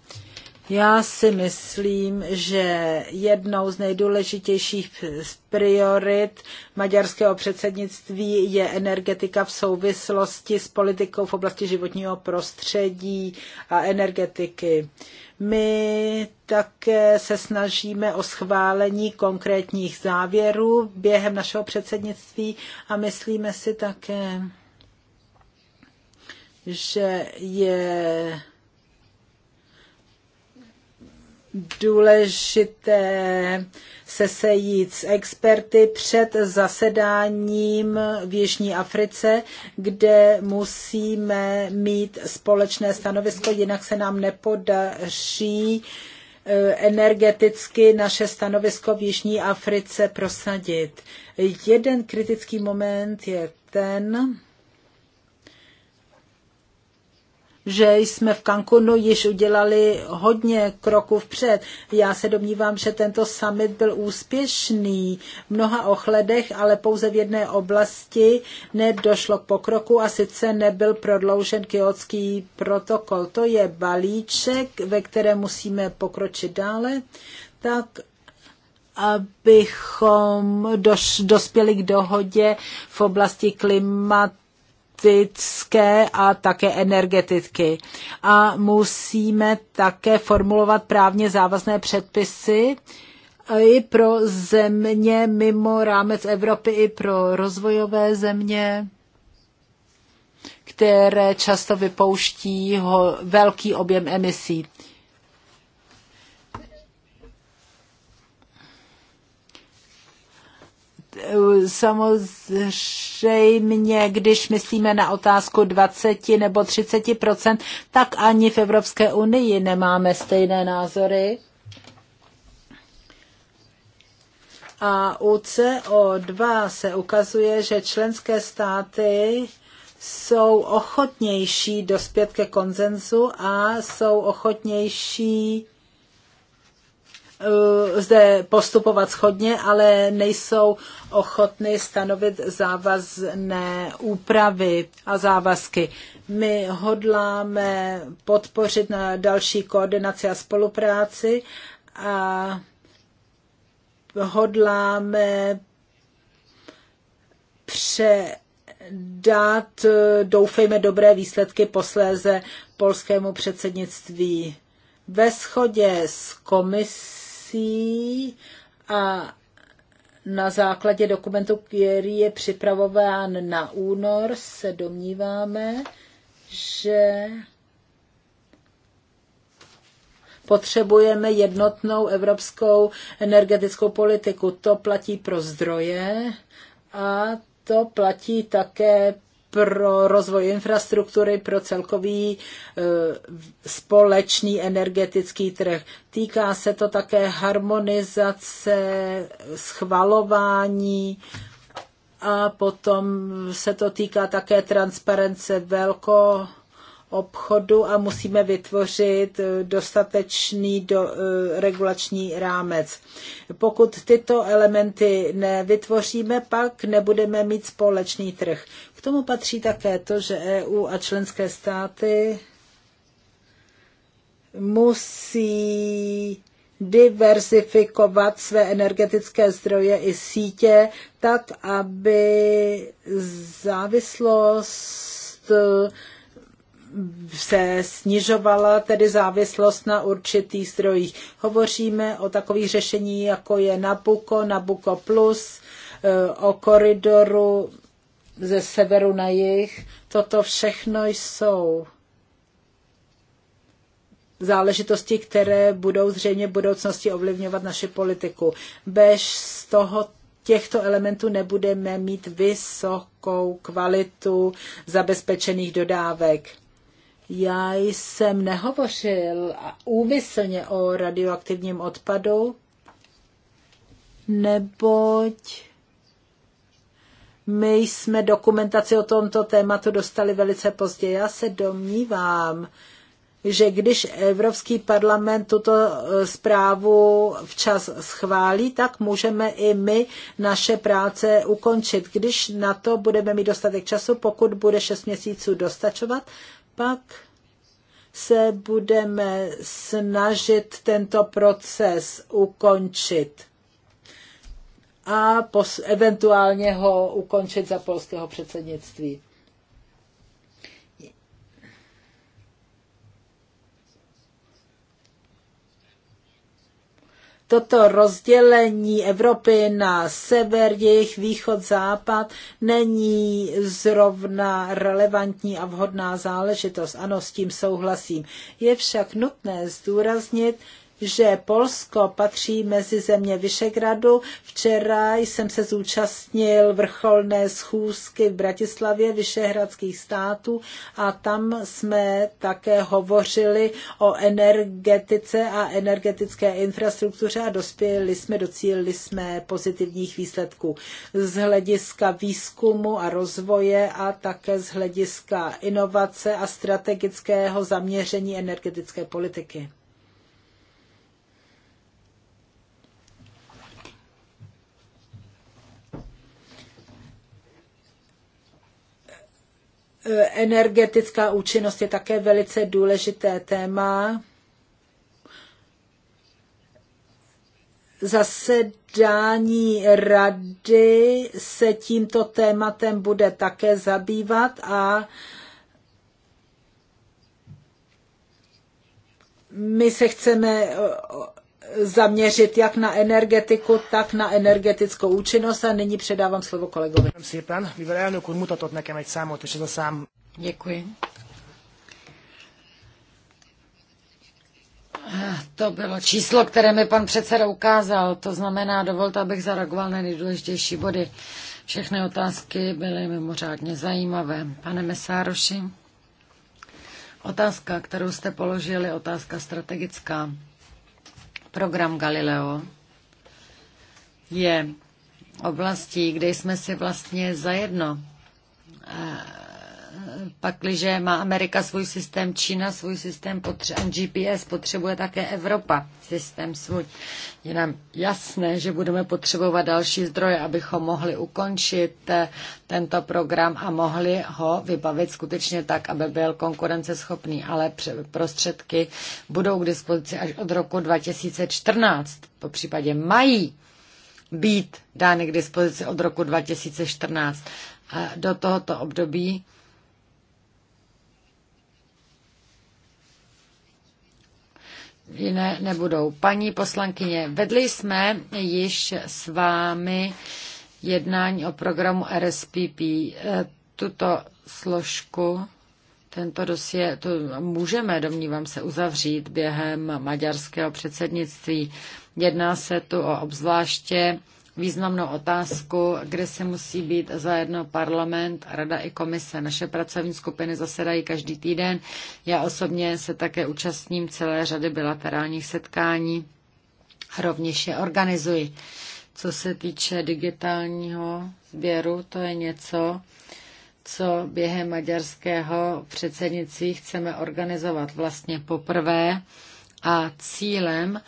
Já si myslím, že jednou z nejdůležitějších priorit maďarského předsednictví je energetika v souvislosti s politikou v oblasti životního prostředí a energetiky. My také se snažíme o schválení konkrétních závěrů během našeho předsednictví a myslíme si také, že je důležité se sejít s experty před zasedáním v Jižní Africe, kde musíme mít společné stanovisko, jinak se nám nepodaří eh, energeticky naše stanovisko v Jižní Africe prosadit. Jeden kritický moment je ten, že jsme v Cancunu již udělali hodně kroků vpřed. Já se domnívám, že tento summit byl úspěšný v mnoha ohledech, ale pouze v jedné oblasti nedošlo k pokroku a sice nebyl prodloužen kyotský protokol. To je balíček, ve kterém musíme pokročit dále, tak abychom doš, dospěli k dohodě v oblasti klimat politické a také energetiky. A musíme také formulovat právně závazné předpisy i pro země mimo rámec Evropy, i pro rozvojové země, které často vypouští ho velký objem emisí. samozřejmě, když myslíme na otázku 20 nebo 30 tak ani v Evropské unii nemáme stejné názory. A u CO2 se ukazuje, že členské státy jsou ochotnější dospět ke konzenzu a jsou ochotnější Eh, zde postupovat schodně, ale nejsou ochotny stanovit závazné úpravy a závazky. My hodláme podpořit na další koordinaci a spolupráci a hodláme předat, doufejme, dobré výsledky posléze polskému předsednictví. Ve shodě s komisí prací a na základě dokumentu, který je připravován na únor, se domníváme, že potřebujeme jednotnou evropskou energetickou politiku. To platí pro zdroje a to platí také pro rozvoj infrastruktury, pro celkový e, společný energetický trh. Týká se to také harmonizace, schvalování a potom se to týká také transparence velko obchodu a musíme vytvořit e, dostatečný do, e, regulační rámec. Pokud tyto elementy nevytvoříme, pak nebudeme mít společný trh. K tomu patří také to, že EU a členské státy musí diversifikovat své energetické zdroje i sítě, tak aby závislost se snižovala tedy závislost na určitých zdrojích. Hovoříme o takových řešení, jako je Nabuko, Nabuko Plus, e, o koridoru ze severu na jih. Toto všechno jsou záležitosti, které budou zřejmě v budoucnosti ovlivňovat naši politiku. Bez z toho těchto elementů nebudeme mít vysokou kvalitu zabezpečených dodávek. Já jsem nehovořil úmyslně o radioaktivním odpadu, neboť my jsme dokumentaci o tomto tématu dostali velice pozdě. Já se domnívám, že když Evropský parlament tuto e, zprávu včas schválí, tak můžeme i my naše práce ukončit. Když na to budeme mít dostatek času, pokud bude 6 měsíců dostačovat, pak se budeme snažit tento proces ukončit a pos- eventuálně ho ukončit za polského předsednictví. toto rozdělení Evropy na sever, jejich východ, západ není zrovna relevantní a vhodná záležitost. Ano, s tím souhlasím. Je však nutné zdůraznit, že Polsko patří mezi země Vyšegradu. Včera jsem se zúčastnil vrcholné schůzky v Bratislavě Vyšehradských států a tam jsme také hovořili o energetice a energetické infrastruktuře a dospěli jsme, docílili jsme pozitivních výsledků z hlediska výzkumu a rozvoje a také z hlediska inovace a strategického zaměření energetické politiky. energetická účinnost je také velice důležité téma. Zasedání rady se tímto tématem bude také zabývat a my se chceme zaměřit jak na energetiku, tak na energetickou účinnost. A nyní předávám slovo kolegovi. Děkuji. To bylo číslo, které mi pan předseda ukázal. To znamená, dovolte, abych zareagoval na nejdůležitější body. Všechny otázky byly mimořádně zajímavé. Pane Mesároši, otázka, kterou jste položili, otázka strategická. Program Galileo je oblastí, kde jsme si vlastně zajedno eh, pakliže má Amerika svůj systém, Čína svůj systém, potře- GPS potřebuje také Evropa systém svůj. Je nám jasné, že budeme potřebovat další zdroje, abychom mohli ukončit eh, tento program a mohli ho vybavit skutečně tak, aby byl konkurenceschopný, ale prostředky budou k dispozici až od roku 2014, po případě mají být dány k dispozici od roku 2014 do tohoto období jiné nebudou. Paní poslankyně, vedli jsme již s vámi jednání o programu RSPP. E, tuto složku, tento dosie, to můžeme, domnívám se, uzavřít během maďarského předsednictví. Jedná se tu o obzvláště významnou otázku, kde se musí být zajedno parlament, rada i komise. Naše pracovní skupiny zasedají každý týden. Já osobně se také účastním celé řady bilaterálních setkání a rovněž je organizuji. Co se týče digitálního sběru, to je něco, co během maďarského předsednictví chceme organizovat vlastně poprvé a cílem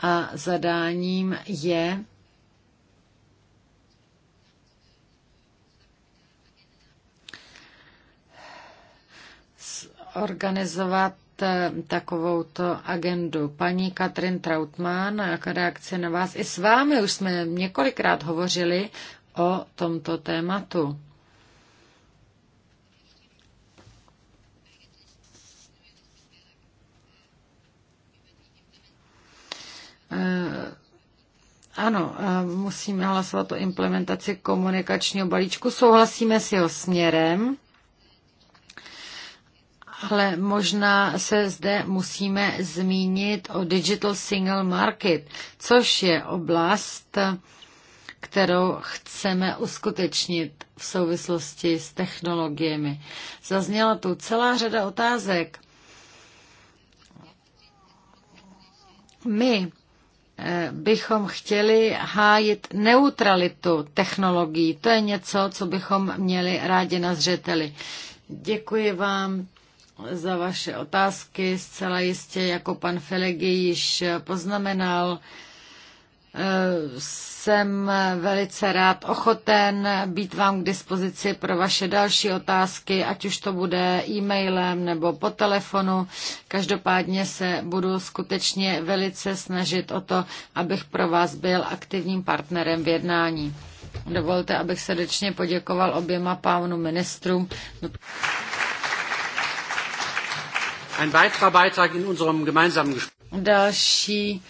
a zadáním je organizovat eh, takovouto agendu. Paní Katrin Trautmann, jaká reakce na vás, i s vámi už jsme několikrát hovořili o tomto tématu. Eh, ano, musíme hlasovat o implementaci komunikačního balíčku. Souhlasíme s jeho směrem ale možná se zde musíme zmínit o Digital Single Market, což je oblast, kterou chceme uskutečnit v souvislosti s technologiemi. Zazněla tu celá řada otázek. My eh, bychom chtěli hájit neutralitu technologií. To je něco, co bychom měli rádi na zřeteli. Děkuji vám za vaše otázky. Zcela jistě, jako pan Felegi již poznamenal, eh, jsem velice rád ochoten být vám k dispozici pro vaše další otázky, ať už to bude e-mailem nebo po telefonu. Každopádně se budu skutečně velice snažit o to, abych pro vás byl aktivním partnerem v jednání. Dovolte, abych srdečně poděkoval oběma pánům ministrům. Ein weiterer Beitrag in unserem gemeinsamen Gespräch. Další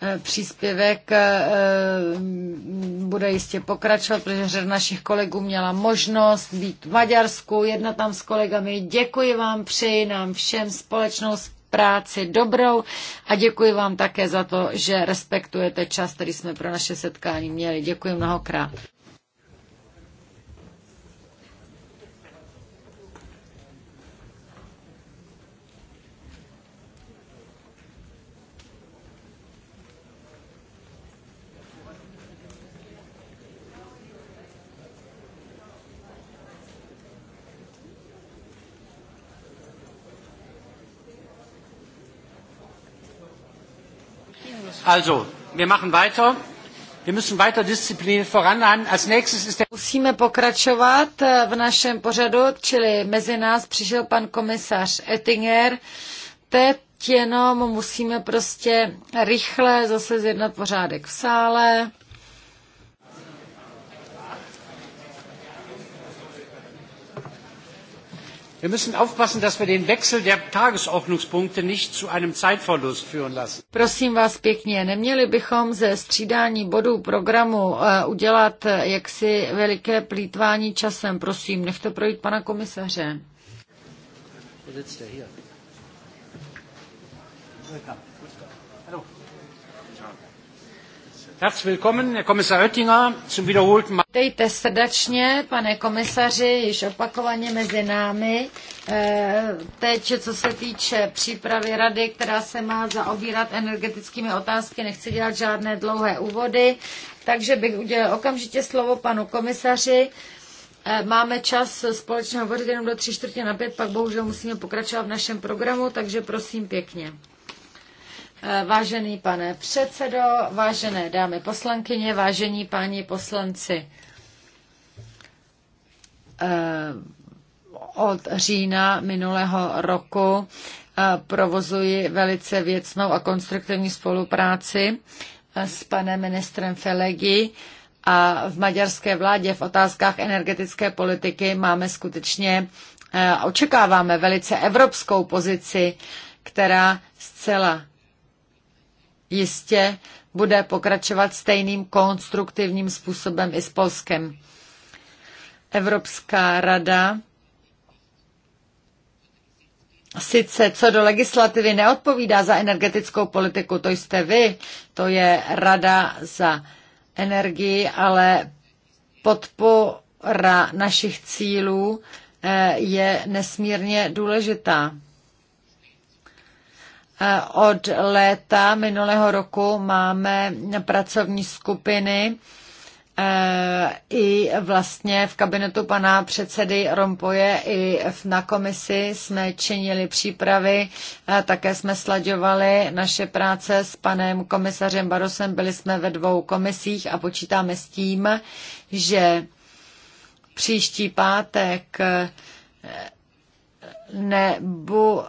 eh, příspěvek eh, eh, bude jistě pokračovat, protože řada našich kolegů měla možnost být v Maďarsku, jedna tam s kolegami. Děkuji vám, přeji nám všem společnou práci dobrou a děkuji vám také za to, že respektujete čas, který jsme pro naše setkání měli. Děkuji mnohokrát. Also, wir machen weiter. Wir müssen weiter diszipliniert Als nächstes ist der Musíme pokračovat eh, v našem pořadu, čili mezi nás přišel pan komisař Ettinger. Teď jenom musíme prostě rychle zase zjednat pořádek v sále. Wir müssen aufpassen, dass wir den Wechsel der Tagesordnungspunkte nicht zu einem Zeitverlust führen lassen. Prosím vás pěkně, neměli bychom ze střídání bodů programu uh, udělat eh, jaksi veliké plítvání časem. Prosím, nechte projít pana komisaře. Wo sitzt Dejte srdečně, pane komisaři, již opakovaně mezi námi. Eh, teď, co se týče přípravy rady, která se má zaobírat energetickými otázky, nechci dělat žádné dlouhé úvody, takže bych udělal okamžitě slovo panu komisaři. Eh, máme čas společně hovořit jenom do tři čtvrtě na pět, pak bohužel musíme pokračovat v našem programu, takže prosím pěkně. Eh, vážený pane předsedo, vážené dámy poslankyně, vážení páni poslanci, eh, od října minulého roku eh, provozuji velice věcnou a konstruktivní spolupráci s panem ministrem Felegi a v maďarské vládě v otázkách energetické politiky máme skutečně, očekáváme velice evropskou pozici, která zcela jistě bude pokračovat stejným konstruktivním způsobem i s Polskem. Evropská rada sice co do legislativy neodpovídá za energetickou politiku, to jste vy, to je rada za energii, ale podpora našich cílů eh, je nesmírně důležitá. Eh, od léta minulého roku máme pracovní skupiny eh, i vlastně v kabinetu pana předsedy Rompoje i na komisi jsme činili přípravy, eh, také jsme slaďovali naše práce s panem komisařem Barosem, byli jsme ve dvou komisích a počítáme s tím, že příští pátek nebude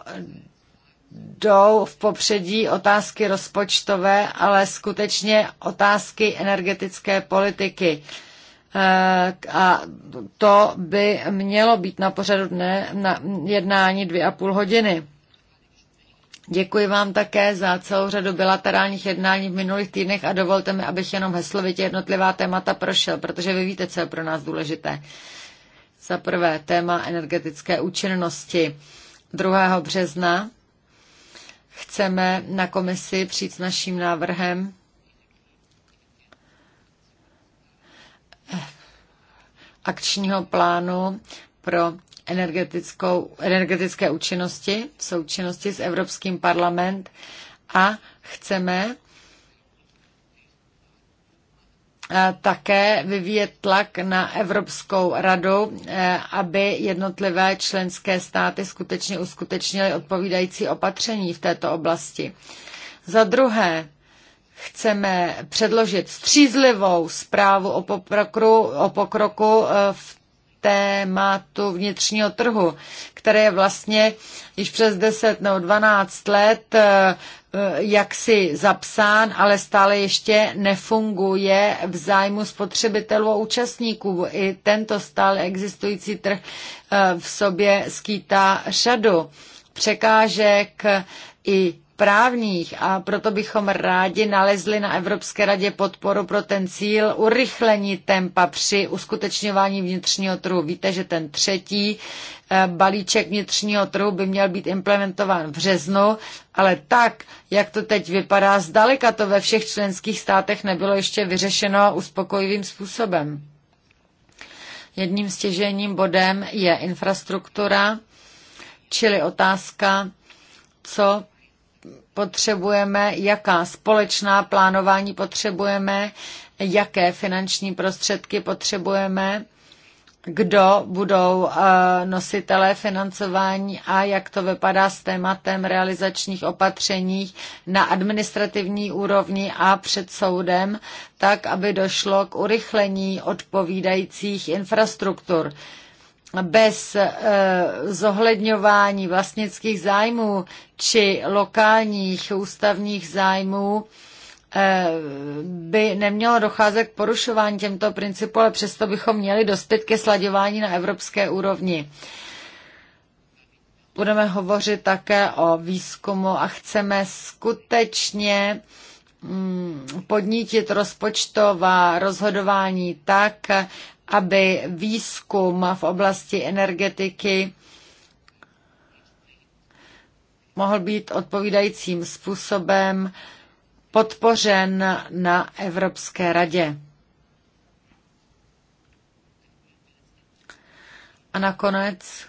jdou v popředí otázky rozpočtové, ale skutečně otázky energetické politiky. Eh, a to by mělo být na pořadu dne na jednání dvě a půl hodiny. Děkuji vám také za celou řadu bilaterálních jednání v minulých týdnech a dovolte mi, abych jenom heslovitě jednotlivá témata prošel, protože vy víte, co je pro nás důležité. Za prvé téma energetické účinnosti 2. března chceme na komisi přijít s naším návrhem. akčního plánu pro energetickou, energetické účinnosti v součinnosti s Evropským parlament a chceme také vyvíjet tlak na Evropskou radu, e, aby jednotlivé členské státy skutečně uskutečnily odpovídající opatření v této oblasti. Za druhé, chceme předložit střízlivou zprávu o pokroku, o pokroku e, v tématu vnitřního trhu, které je vlastně již přes 10 nebo 12 let e, Eh, jaksi zapsán, ale stále ještě nefunguje v zájmu spotřebitelů a účastníků. I tento stále existující trh eh, v sobě skýtá řadu překážek i právních a proto bychom rádi nalezli na Evropské radě podporu pro ten cíl urychlení tempa při uskutečňování vnitřního trhu. Víte, že ten třetí eh, balíček vnitřního trhu by měl být implementován v březnu, ale tak, jak to teď vypadá, zdaleka to ve všech členských státech nebylo ještě vyřešeno uspokojivým způsobem. Jedním stěžejním bodem je infrastruktura, čili otázka, co potřebujeme, jaká společná plánování potřebujeme, jaké finanční prostředky potřebujeme, kdo budou eh, nositelé financování a jak to vypadá s tématem realizačních opatření na administrativní úrovni a před soudem, tak aby došlo k urychlení odpovídajících infrastruktur bez eh, zohledňování vlastnických zájmů či lokálních ústavních zájmů eh, by nemělo docházet k porušování těmto principů, ale přesto bychom měli dospět ke sladěvání na evropské úrovni. Budeme hovořit také o výzkumu a chceme skutečně mm, podnítit rozpočtová rozhodování tak, aby výzkum v oblasti energetiky mohl být odpovídajícím způsobem podpořen na Evropské radě. A nakonec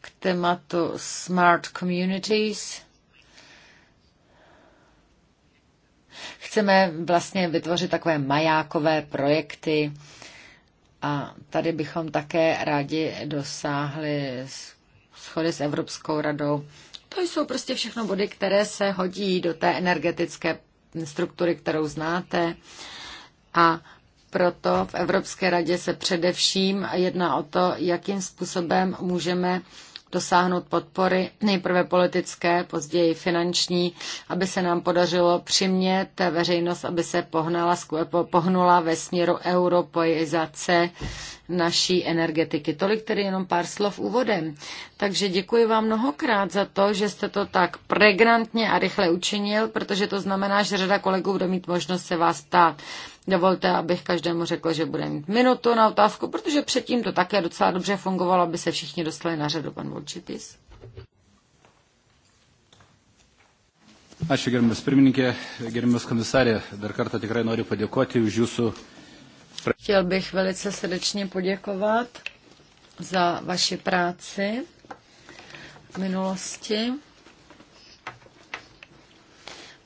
k tématu Smart Communities. Chceme vlastně vytvořit takové majákové projekty, a tady bychom také rádi dosáhli schody s Evropskou radou. To jsou prostě všechno body, které se hodí do té energetické struktury, kterou znáte. A proto v Evropské radě se především jedná o to, jakým způsobem můžeme dosáhnout podpory, nejprve politické, později finanční, aby se nám podařilo přimět veřejnost, aby se pohnala, pohnula ve směru europoizace naší energetiky. Tolik tedy jenom pár slov úvodem. Takže děkuji vám mnohokrát za to, že jste to tak pregnantně a rychle učinil, protože to znamená, že řada kolegů bude mít možnost se vás ptát. Dovolte, abych každému řekl, že bude mít minutu na otázku, protože předtím to také docela dobře fungovalo, aby se všichni dostali na řadu, pan Volčitis. Ačiū gerbiamas pirmininkė, gerbiamas komisarė. Dar kartą tikrai noriu padėkoti už jūsų Chtěl bych velice srdečně poděkovat za vaši práci v minulosti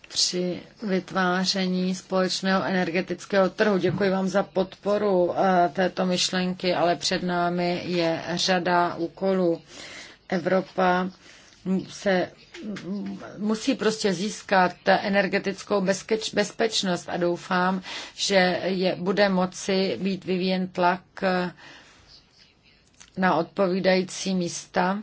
při vytváření společného energetického trhu. Děkuji vám za podporu eh, této myšlenky, ale před námi je řada úkolů. Evropa se musí prostě získat energetickou bezkeč, bezpečnost a doufám, že je, bude moci být vyvíjen tlak na odpovídající místa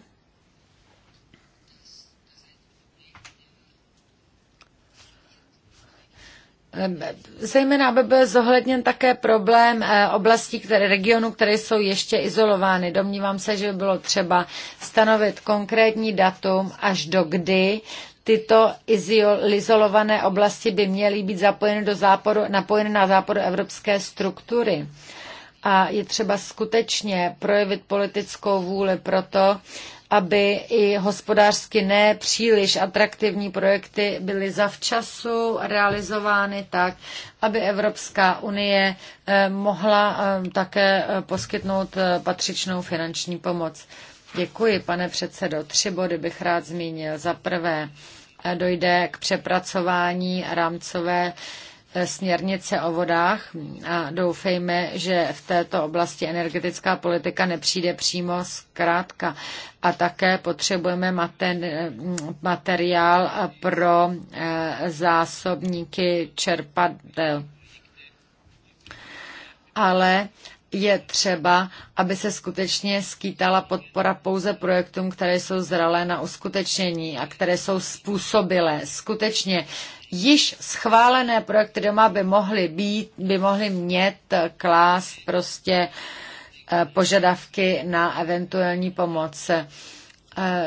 Zejména by byl zohledněn také problém eh, oblastí, které, regionu, které jsou ještě izolovány. Domnívám se, že by bylo třeba stanovit konkrétní datum, až do kdy tyto izolované oblasti by měly být zapojeny do záporu, napojeny na záporu evropské struktury. A je třeba skutečně projevit politickou vůli proto, aby i hospodářsky nepříliš atraktivní projekty byly zavčasu realizovány tak, aby Evropská unie eh, mohla eh, také eh, poskytnout patřičnou finanční pomoc. Děkuji, pane předsedo. Tři body bych rád zmínil. Za prvé, dojde k přepracování rámcové směrnice o vodách a doufejme, že v této oblasti energetická politika nepřijde přímo zkrátka. A také potřebujeme materiál pro eh, zásobníky čerpadel. Ale je třeba, aby se skutečně skýtala podpora pouze projektům, které jsou zralé na uskutečnění a které jsou způsobilé. Skutečně již schválené projekty doma by mohly být, by mohly mět eh, klást prostě eh, požadavky na eventuální pomoc eh,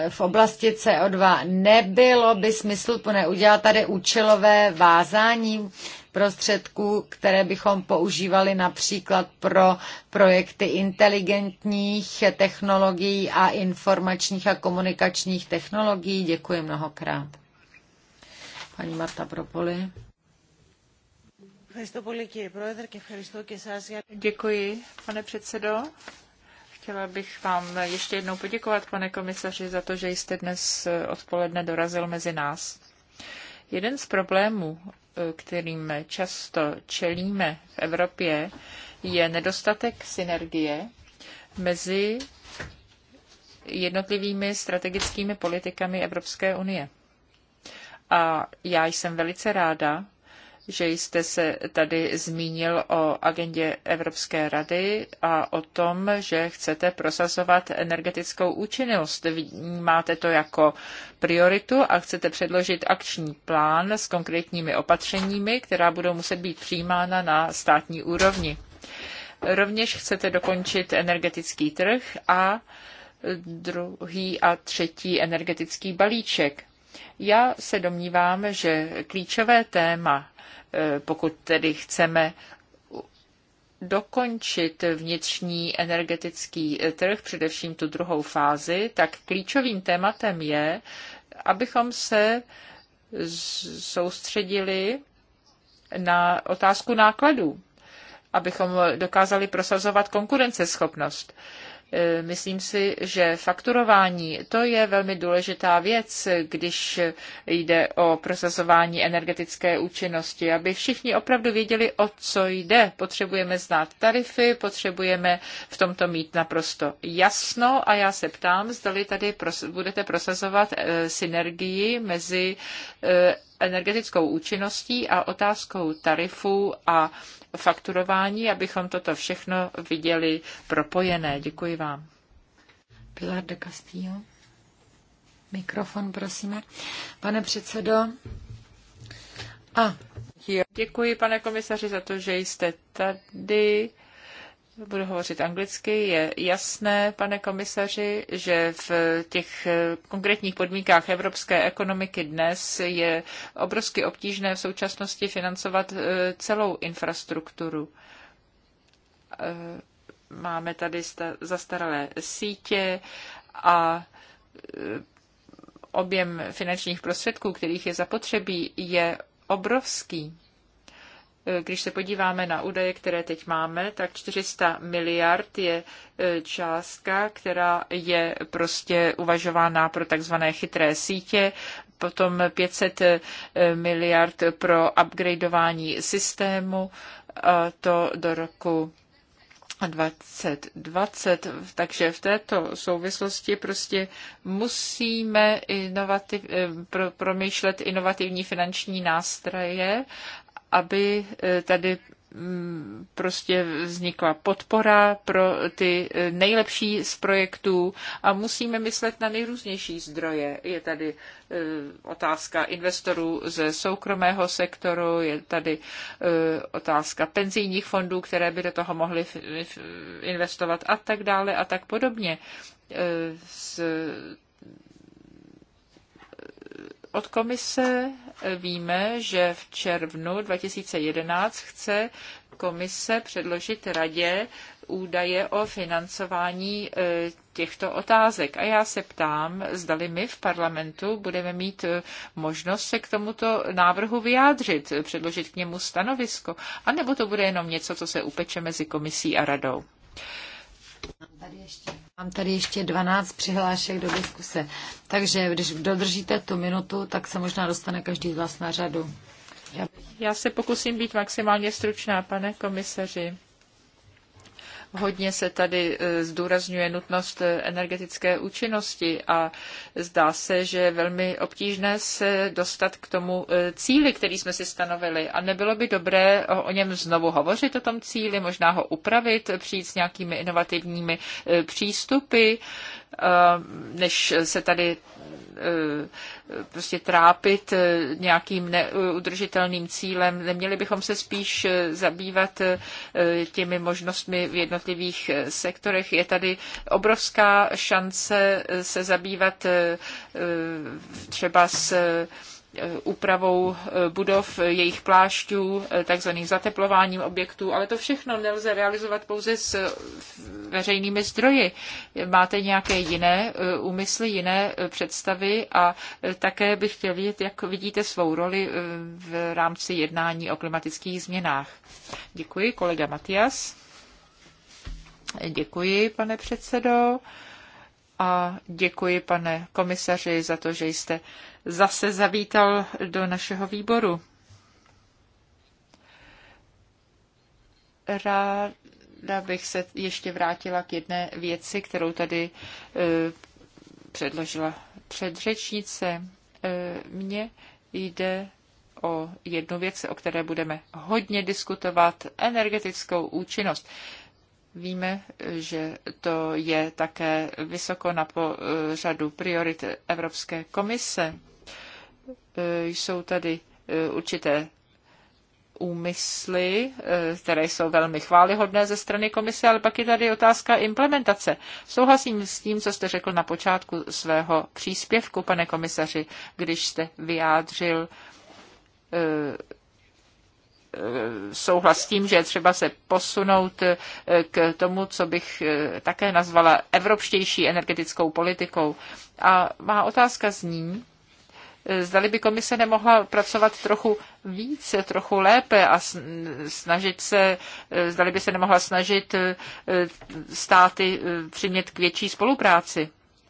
v oblasti CO2. Nebylo by smysluplné udělat tady účelové vázání prostředků, které bychom používali například pro projekty inteligentních technologií a informačních a komunikačních technologií. Děkuji mnohokrát. Paní Marta Propoli. Děkuji, pane předsedo. Chtěla bych vám ještě jednou poděkovat, pane komisaři, za to, že jste dnes odpoledne dorazil mezi nás. Jeden z problémů, kterým často čelíme v Evropě, je nedostatek synergie mezi jednotlivými strategickými politikami Evropské unie. A já jsem velice ráda, že jste se tady zmínil o agendě Evropské rady a o tom, že chcete prosazovat energetickou účinnost. Máte to jako prioritu a chcete předložit akční plán s konkrétními opatřeními, která budou muset být přijímána na státní úrovni. Rovněž chcete dokončit energetický trh a druhý a třetí energetický balíček. Já se domnívám, že klíčové téma Eh, pokud tedy chceme dokončit vnitřní energetický eh, trh, především tu druhou fázi, tak klíčovým tématem je, abychom se soustředili na otázku nákladů, abychom dokázali prosazovat konkurenceschopnost. E, myslím si, že fakturování to je velmi důležitá věc, když jde o prosazování energetické účinnosti, aby všichni opravdu věděli, o co jde. Potřebujeme znát tarify, potřebujeme v tomto mít naprosto jasno a já se ptám, zdali tady budete prosazovat e, synergii mezi e, energetickou účinností a otázkou tarifů a fakturování, abychom toto všechno viděli propojené. Děkuji vám. Pilar de Castillo. Mikrofon, prosíme. Pane předsedo. A. Děkuji, pane komisaři, za to, že jste tady budu hovořit anglicky, je jasné, pane komisaři, že v těch eh, konkrétních podmínkách evropské ekonomiky dnes je obrovsky obtížné v současnosti financovat eh, celou infrastrukturu. Eh, máme tady zastaralé sítě a objem finančních prostředků, kterých je zapotřebí, je obrovský když se podíváme na údaje, které teď máme, tak 400 miliard je e, částka, která je prostě uvažována pro takzvané chytré sítě, potom 500 e, miliard pro upgradeování systému, to do roku 2020. Takže v této souvislosti prostě musíme inovativ, e, pro, promýšlet inovativní finanční nástroje aby eh, tady mm, prostě vznikla podpora pro ty eh, nejlepší z projektů a musíme myslet na nejrůznější zdroje. Je tady eh, otázka investorů ze soukromého sektoru, je tady otázka penzijních fondů, které by do toho mohly investovat a tak dále a tak podobně. S od komise víme, že v červnu 2011 chce komise předložit radě údaje o financování e, těchto otázek. A já se ptám, zdali my v parlamentu budeme mít e, možnost se k tomuto návrhu vyjádřit, předložit k němu stanovisko, anebo to bude jenom něco, co se upeče mezi komisí a radou mám tady ještě 12 přihlášek do diskuse. Takže když dodržíte tu minutu, tak se možná dostane každý z vás na řadu. Já, Já se pokusím být maximálně stručná, pane komisaři. Hodně se tady e, zdůrazňuje nutnost e, energetické účinnosti a zdá se, že je velmi obtížné se dostat k tomu e, cíli, který jsme si stanovili. A nebylo by dobré o něm znovu hovořit, o tom cíli, možná ho upravit, přijít s nějakými inovativními přístupy Eh, než se tady eh, prostě trápit eh, nějakým neudržitelným cílem. Neměli bychom se spíš zabývat těmi možnostmi v jednotlivých sektorech. Je tady obrovská šance se zabývat třeba s Eh, úpravou eh, budov, eh, jejich plášťů, takzvaným zateplováním objektů, ale to všechno nelze realizovat pouze s veřejnými zdroji. Máte nějaké jiné úmysly, jiné představy a také bych chtěl vidět, jak vidíte svou roli v rámci jednání o klimatických změnách. Děkuji, kolega Matias. Děkuji, pane předsedo a děkuji, pane komisaři, za to, že jste zase zavítal do našeho výboru. Ráda bych se ještě vrátila k jedné věci, kterou tady e, předložila předřečnice. E, mně jde o jednu věc, o které budeme hodně diskutovat, energetickou účinnost. Víme, že to je také vysoko na pořadu eh, priorit Evropské komise. Eh, jsou tady eh, určité úmysly, které jsou velmi chválihodné ze strany komise, ale pak je tady otázka implementace. Souhlasím s tím, co jste řekl na počátku svého příspěvku, pane komisaři, když jste vyjádřil souhlas s tím, že je třeba se posunout eh, k tomu, co bych eh, také nazvala evropštější energetickou politikou. A má otázka zní, eh, zdali by komise nemohla pracovat trochu více, trochu lépe a snažit se, zdali by se nemohla snažit státy přimět k větší spolupráci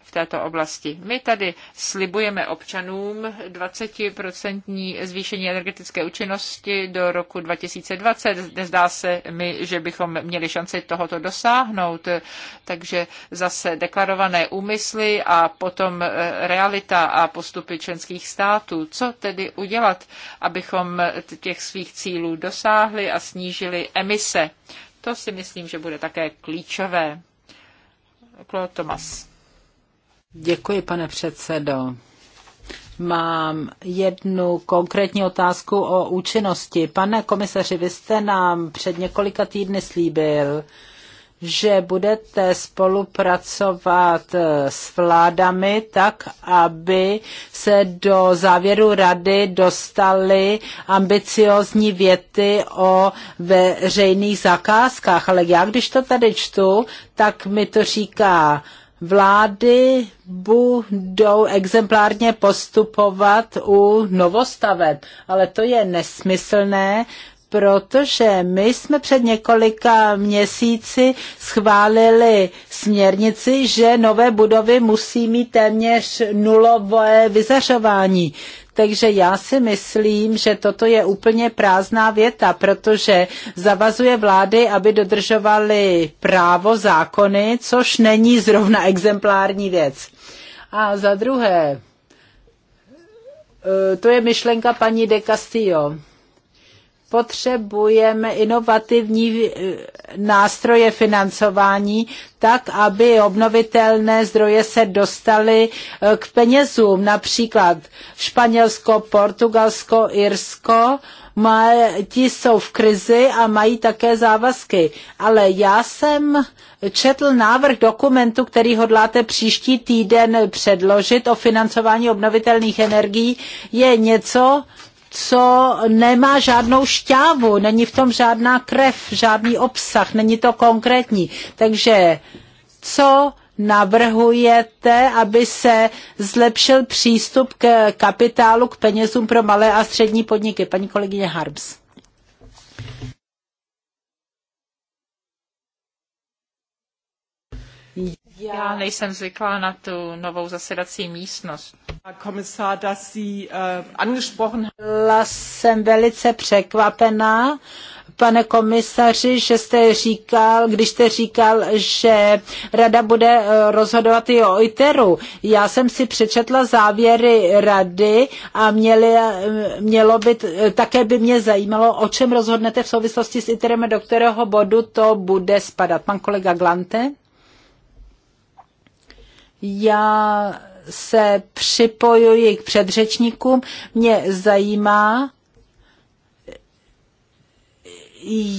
v této oblasti. My tady slibujeme občanům 20% zvýšení energetické účinnosti do roku 2020. Nezdá se mi, že bychom měli šanci tohoto dosáhnout, takže zase deklarované úmysly a potom eh, realita a postupy členských států. Co tedy udělat, abychom těch svých cílů dosáhli a snížili emise? To si myslím, že bude také klíčové. Claude Thomas. Děkuji, pane předsedo. Mám jednu konkrétní otázku o účinnosti. Pane komisaři, vy jste nám před několika týdny slíbil, že budete spolupracovat s vládami tak, aby se do závěru rady dostaly ambiciozní věty o veřejných zakázkách. Ale já, když to tady čtu, tak mi to říká vlády budou exemplárně postupovat u novostaveb, ale to je nesmyslné, protože my jsme před několika měsíci schválili směrnici, že nové budovy musí mít téměř nulové vyzařování. Takže já si myslím, že toto je úplně prázdná věta, protože zavazuje vlády, aby dodržovali právo zákony, což není zrovna exemplární věc. A za druhé, e, to je myšlenka paní de Castillo potřebujeme inovativní eh, nástroje financování, tak aby obnovitelné zdroje se dostaly eh, k penězům. Například Španělsko, Portugalsko, Irsko, má, ti jsou v krizi a mají také závazky. Ale já jsem četl návrh dokumentu, který hodláte příští týden předložit o financování obnovitelných energií, je něco, co nemá žádnou šťávu, není v tom žádná krev, žádný obsah, není to konkrétní. Takže co navrhujete, aby se zlepšil přístup k kapitálu, k penězům pro malé a střední podniky? Paní kolegyně Harms. Já nejsem zvyklá na tu novou zasedací místnost. Äh, Byla jsem velice překvapená, pane komisaři, že jste říkal, když jste říkal, že rada bude e, rozhodovat i o ITERu. Já jsem si přečetla závěry rady a měli, e, mělo by, e, také by mě zajímalo, o čem rozhodnete v souvislosti s ITERem a do kterého bodu to bude spadat. Pan kolega Glante? Já se připojuji k předřečníkům. Mě zajímá,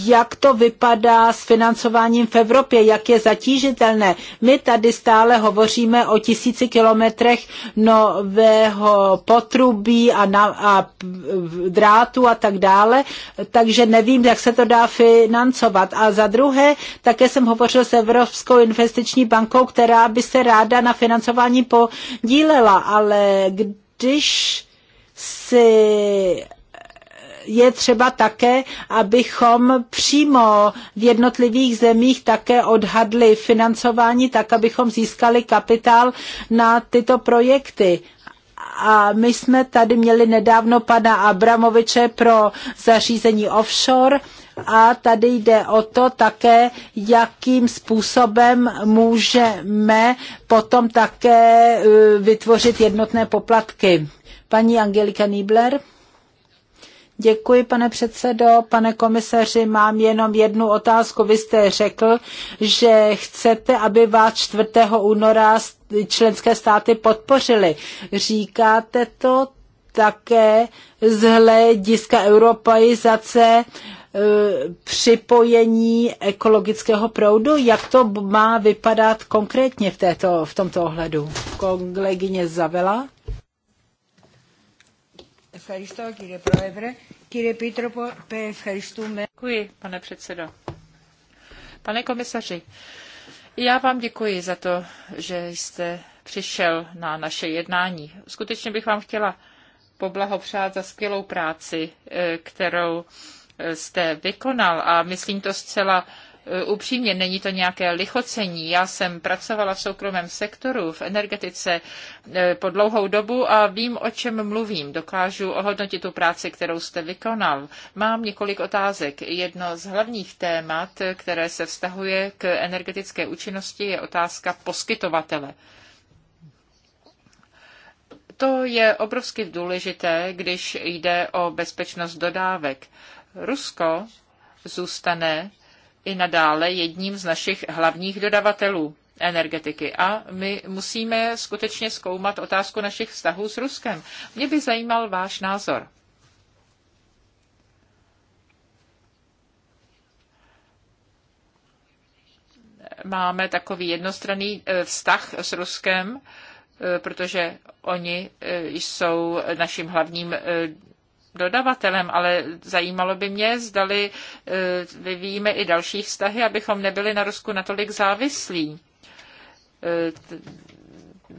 jak to vypadá s financováním v Evropě, jak je zatížitelné. My tady stále hovoříme o tisíci kilometrech nového potrubí a, na, a drátu a tak dále, takže nevím, jak se to dá financovat. A za druhé, také jsem hovořil s Evropskou investiční bankou, která by se ráda na financování podílela, ale když si je třeba také, abychom přímo v jednotlivých zemích také odhadli financování, tak abychom získali kapitál na tyto projekty a my jsme tady měli nedávno pana Abramoviče pro zařízení offshore a tady jde o to také, jakým způsobem můžeme potom také eh, vytvořit jednotné poplatky. Paní Angelika Niebler. Děkuji, pane předsedo. Pane komisaři, mám jenom jednu otázku. Vy jste řekl, že chcete, aby vás 4. února členské státy podpořily. Říkáte to také z hlediska europeizace e, připojení ekologického proudu. Jak to má vypadat konkrétně v, této, v tomto ohledu? Kolegyně Zavela? Děkuji, pane předsedo. Pane komisaři, já vám děkuji za to, že jste přišel na naše jednání. Skutečně bych vám chtěla poblahopřát za skvělou práci, eh, kterou eh, jste vykonal a myslím to zcela Eh, upřímně, není to nějaké lichocení. Já jsem pracovala v soukromém sektoru, v energetice eh, po dlouhou dobu a vím, o čem mluvím. Dokážu ohodnotit tu práci, kterou jste vykonal. Mám několik otázek. Jedno z hlavních témat, eh, které se vztahuje k energetické účinnosti, je otázka poskytovatele to je obrovsky důležité, když jde o bezpečnost dodávek. Rusko zůstane i nadále jedním z našich hlavních dodavatelů energetiky. A my musíme skutečně zkoumat otázku našich vztahů s Ruskem. Mě by zajímal váš názor. Máme takový jednostranný e, vztah s Ruskem, e, protože oni e, jsou naším hlavním dodavatelem, ale zajímalo by mě, zdali eh, vyvíjíme i další vztahy, abychom nebyli na Rusku natolik závislí eh,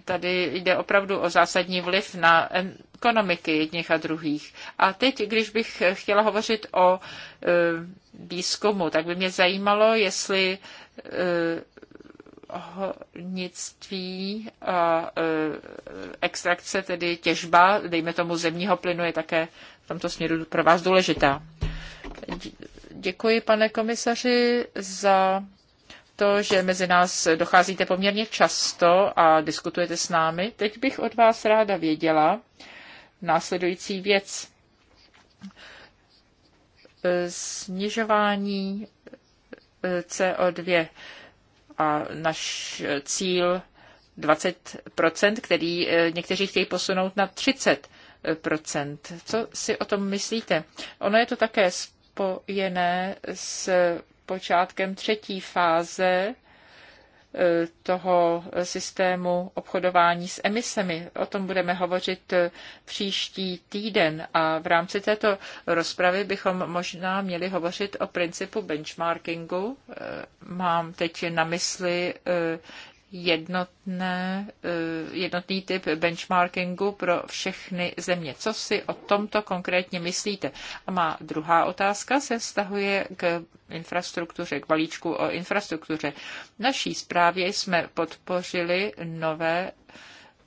tady jde opravdu o zásadní vliv na ekonomiky jedních a druhých. A teď, když bych chtěla hovořit o eh, výzkumu, tak by mě zajímalo, jestli hornictví a e, extrakce, tedy těžba, dejme tomu zemního plynu, je také v tomto směru pro vás důležitá. Děkuji, pane komisaři, za to, že mezi nás docházíte poměrně často a diskutujete s námi. Teď bych od vás ráda věděla následující věc. E, snižování e, CO2 a náš cíl 20%, který eh, někteří chtějí posunout na 30%. Co si o tom myslíte? Ono je to také spojené s počátkem třetí fáze E, toho systému obchodování s emisemi. O tom budeme hovořit e, příští týden a v rámci této rozpravy bychom možná měli hovořit o principu benchmarkingu. E, mám teď na mysli jednotné, eh, jednotný typ benchmarkingu pro všechny země. Co si o tomto konkrétně myslíte? A má druhá otázka se vztahuje k infrastruktuře, k balíčku o infrastruktuře. V naší zprávě jsme podpořili nové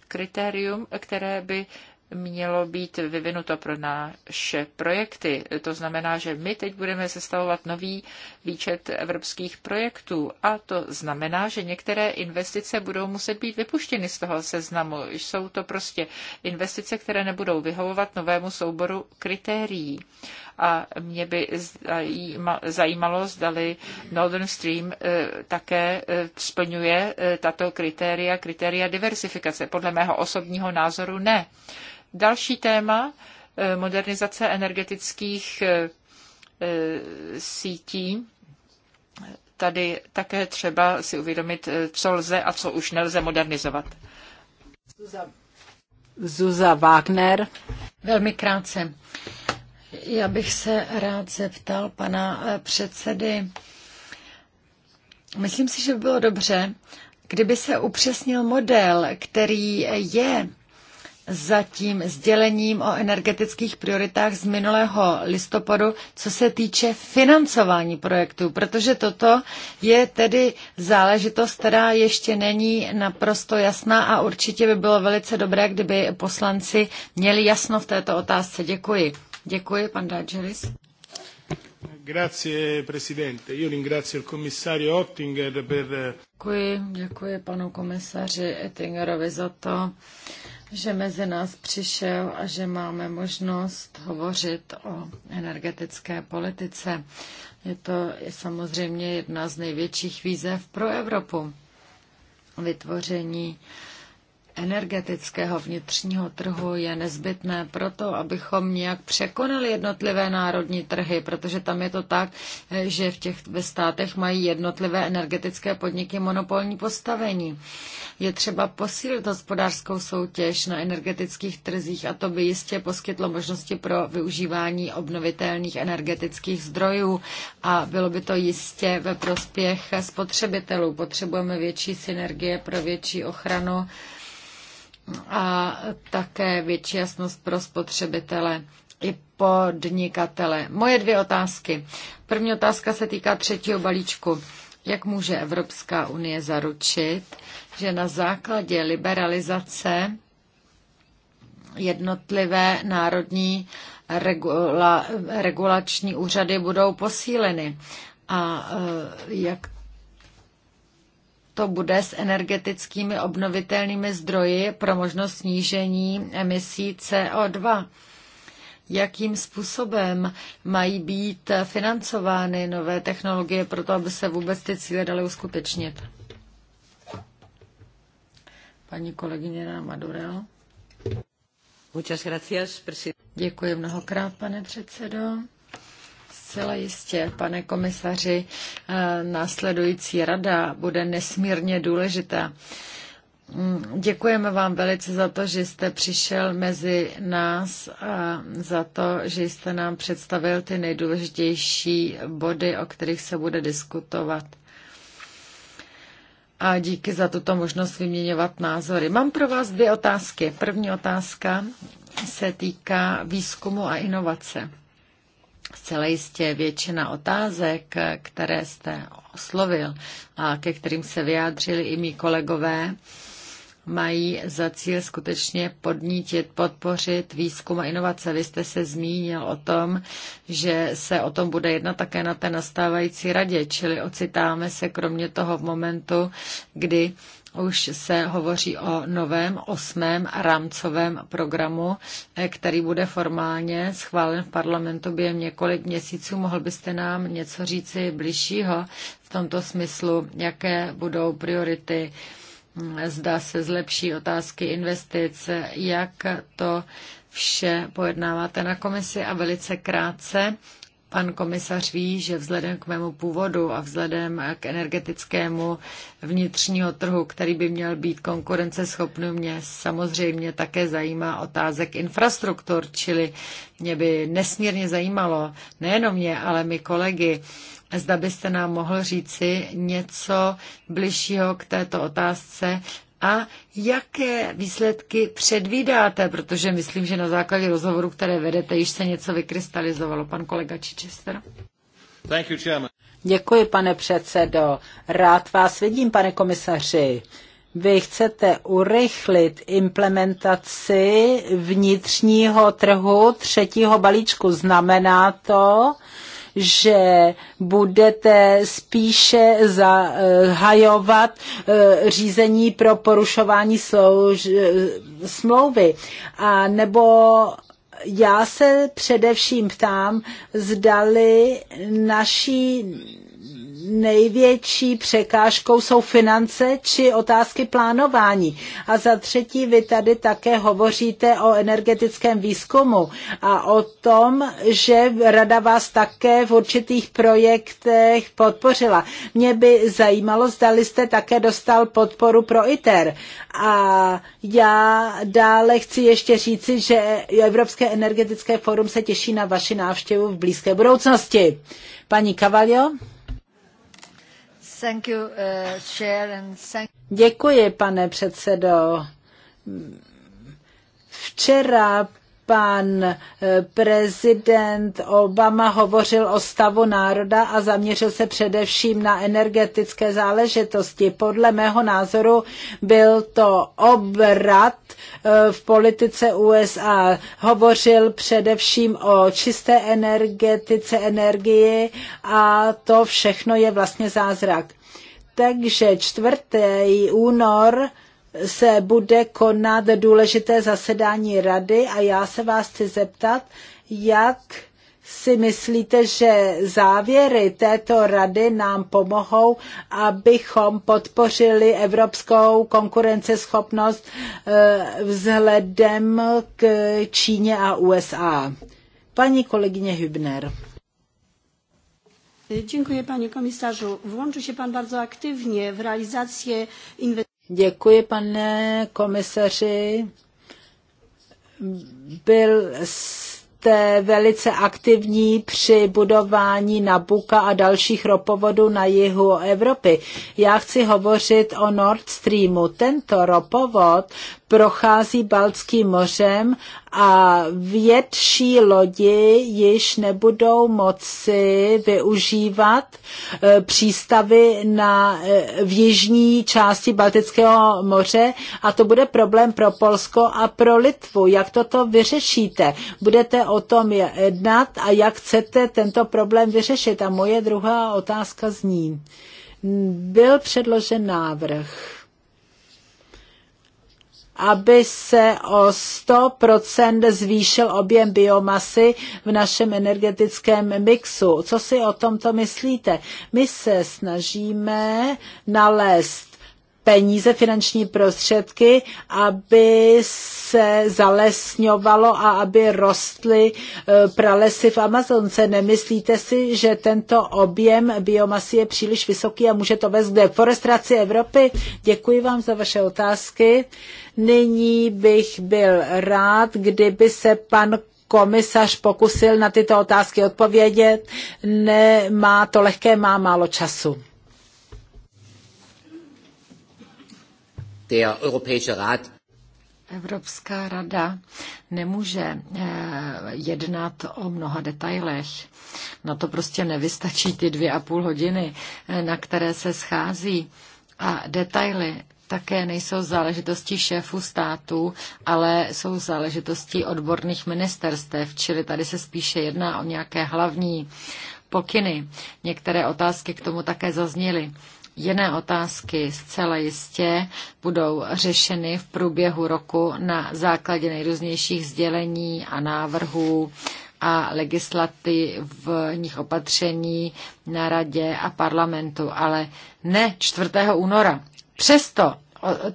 kritérium, které by mělo být vyvinuto pro naše projekty. To znamená, že my teď budeme sestavovat nový výčet evropských projektů a to znamená, že některé investice budou muset být vypuštěny z toho seznamu. Jsou to prostě investice, které nebudou vyhovovat novému souboru kritérií. A mě by zajímalo, zdali Northern Stream eh, také eh, splňuje eh, tato kritéria, kritéria diversifikace. Podle mého osobního názoru ne. Další téma, eh, modernizace energetických eh, eh, sítí. Tady také třeba si uvědomit, co lze a co už nelze modernizovat. Zuza Wagner. Velmi krátce. Já bych se rád zeptal pana předsedy. Myslím si, že by bylo dobře, kdyby se upřesnil model, který je za tím sdělením o energetických prioritách z minulého listopadu, co se týče financování projektů, protože toto je tedy záležitost, která ještě není naprosto jasná a určitě by bylo velice dobré, kdyby poslanci měli jasno v této otázce. Děkuji. Děkuji, pan Dageris. Grazie, presidente. Io ringrazio il commissario Oettinger per... Eh, děkuji, děkuji panu komisaři Oettingerovi za to, že mezi nás přišel a že máme možnost hovořit o energetické politice. Je to samozřejmě jedna z největších výzev pro Evropu. Vytvoření uh, energetického vnitřního trhu je nezbytné proto, abychom nějak překonali jednotlivé národní trhy, protože tam je to tak, že v těch ve státech mají jednotlivé energetické podniky monopolní postavení. Je třeba posílit hospodářskou soutěž na energetických trzích a to by jistě poskytlo možnosti pro využívání obnovitelných energetických zdrojů a bylo by to jistě ve prospěch spotřebitelů. Potřebujeme větší synergie pro větší ochranu a také větší jasnost pro spotřebitele i podnikatele. Moje dvě otázky. První otázka se týká třetího balíčku. Jak může Evropská unie zaručit, že na základě liberalizace jednotlivé národní regula, regulační úřady budou posíleny? A e, jak to bude s energetickými obnovitelnými zdroji pro možnost snížení emisí CO2. Jakým způsobem mají být financovány nové technologie pro to, aby se vůbec ty cíle daly uskutečnit? Paní kolegyně Ráma Durel. Děkuji mnohokrát, pane předsedo. Zcela jistě, pane komisaři, eh, následující rada bude nesmírně důležitá. Mm, děkujeme vám velice za to, že jste přišel mezi nás a za to, že jste nám představil ty nejdůležitější body, o kterých se bude diskutovat. A díky za tuto možnost vyměňovat názory. Mám pro vás dvě otázky. První otázka se týká výzkumu a inovace. Zcela jistě většina otázek, které jste oslovil a ke kterým se vyjádřili i mý kolegové, mají za cíl skutečně podnítit, podpořit výzkum a inovace. Vy jste se zmínil o tom, že se o tom bude jednat také na té nastávající radě, čili ocitáme se kromě toho v momentu, kdy už se hovoří o novém osmém rámcovém programu, eh, který bude formálně schválen v parlamentu během několik měsíců. Mohl byste nám něco říci bližšího v tomto smyslu, jaké budou priority? Mm, Zda se zlepší otázky investic, jak to vše pojednáváte na komisi a velice krátce Pan komisař ví, že vzhledem k mému původu a vzhledem k energetickému vnitřního trhu, který by měl být konkurenceschopný, mě samozřejmě také zajímá otázek infrastruktur, čili mě by nesmírně zajímalo, nejenom mě, ale my kolegy, Zda byste nám mohl říci něco bližšího k této otázce, a jaké výsledky předvídáte, protože myslím, že na základě rozhovoru, které vedete, již se něco vykrystalizovalo. Pan kolega Chichester. Thank you, Děkuji, pane předsedo. Rád vás vidím, pane komisaři. Vy chcete urychlit implementaci vnitřního trhu třetího balíčku. Znamená to, že budete spíše zahajovat eh, řízení pro porušování smlouvy. A nebo já se především ptám, zdali naší největší překážkou jsou finance či otázky plánování. A za třetí, vy tady také hovoříte o energetickém výzkumu a o tom, že rada vás také v určitých projektech podpořila. Mě by zajímalo, zdali jste také dostal podporu pro ITER. A já dále chci ještě říci, že Evropské energetické fórum se těší na vaši návštěvu v blízké budoucnosti. Paní Cavallo. Uh, Děkuji, pane předsedo. Včera pan eh, prezident Obama hovořil o stavu národa a zaměřil se především na energetické záležitosti. Podle mého názoru byl to obrat eh, v politice USA. Hovořil především o čisté energetice, energii a to všechno je vlastně zázrak. Takže 4. únor se bude konat důležité zasedání rady a já se vás chci zeptat, jak si myslíte, že závěry této rady nám pomohou, abychom podpořili evropskou konkurenceschopnost eh, vzhledem k Číně a USA? Paní kolegyně Hübner. Dziękuję panie komisarzu. Włączy się pan bardzo aktywnie w realizację inwestycji. Děkuji, pane komisaři. Byl jste velice aktivní při budování Nabuka a dalších ropovodů na jihu Evropy. Já chci hovořit o Nord Streamu. Tento ropovod prochází Baltským mořem a větší lodi již nebudou moci využívat eh, přístavy na, eh, v jižní části Baltického moře a to bude problém pro Polsko a pro Litvu. Jak toto vyřešíte? Budete o tom jednat a jak chcete tento problém vyřešit? A moje druhá otázka zní. Byl předložen návrh aby se o 100% zvýšil objem biomasy v našem energetickém mixu. Co si o tomto myslíte? My se snažíme nalézt peníze, finanční prostředky, aby se zalesňovalo a aby rostly e, pralesy v Amazonce. Nemyslíte si, že tento objem biomasy je příliš vysoký a může to vést k deforestraci Evropy? Děkuji vám za vaše otázky. Nyní bych byl rád, kdyby se pan komisař pokusil na tyto otázky odpovědět. Nemá to lehké, má málo času. der Europäische Rat Evropská rada nemůže eh, jednat o mnoha detailech. Na to prostě nevystačí ty dvě a půl hodiny, eh, na které se schází. A detaily také nejsou záležitostí šéfů států, ale jsou záležitostí odborných ministerstev, čili tady se spíše jedná o nějaké hlavní pokyny. Některé otázky k tomu také zazněly jiné otázky zcela jistě budou řešeny v průběhu roku na základě nejrůznějších sdělení a návrhů a legislativních opatření na radě a parlamentu, ale ne 4. února. Přesto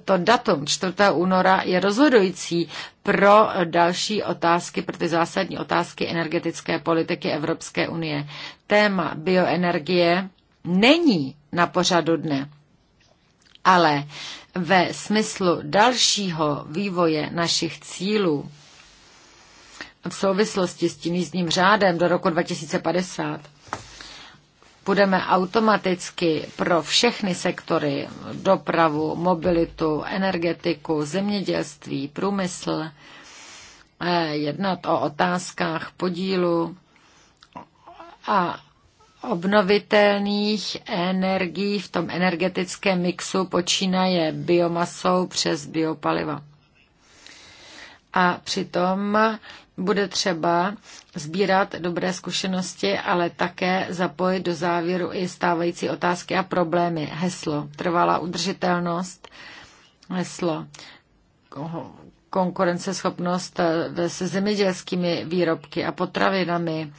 to datum 4. února je rozhodující pro další otázky, pro ty zásadní otázky energetické politiky Evropské unie. Téma bioenergie není na pořadu dne. Ale ve smyslu dalšího vývoje našich cílů v souvislosti s tím jízdním řádem do roku 2050 budeme automaticky pro všechny sektory, dopravu, mobilitu, energetiku, zemědělství, průmysl, eh, jednat o otázkách podílu a obnovitelných energií v tom energetickém mixu počínaje biomasou přes biopaliva. A přitom bude třeba sbírat dobré zkušenosti, ale také zapojit do závěru i stávající otázky a problémy. Heslo trvalá udržitelnost, heslo konkurenceschopnost eh, se zemědělskými výrobky a potravinami,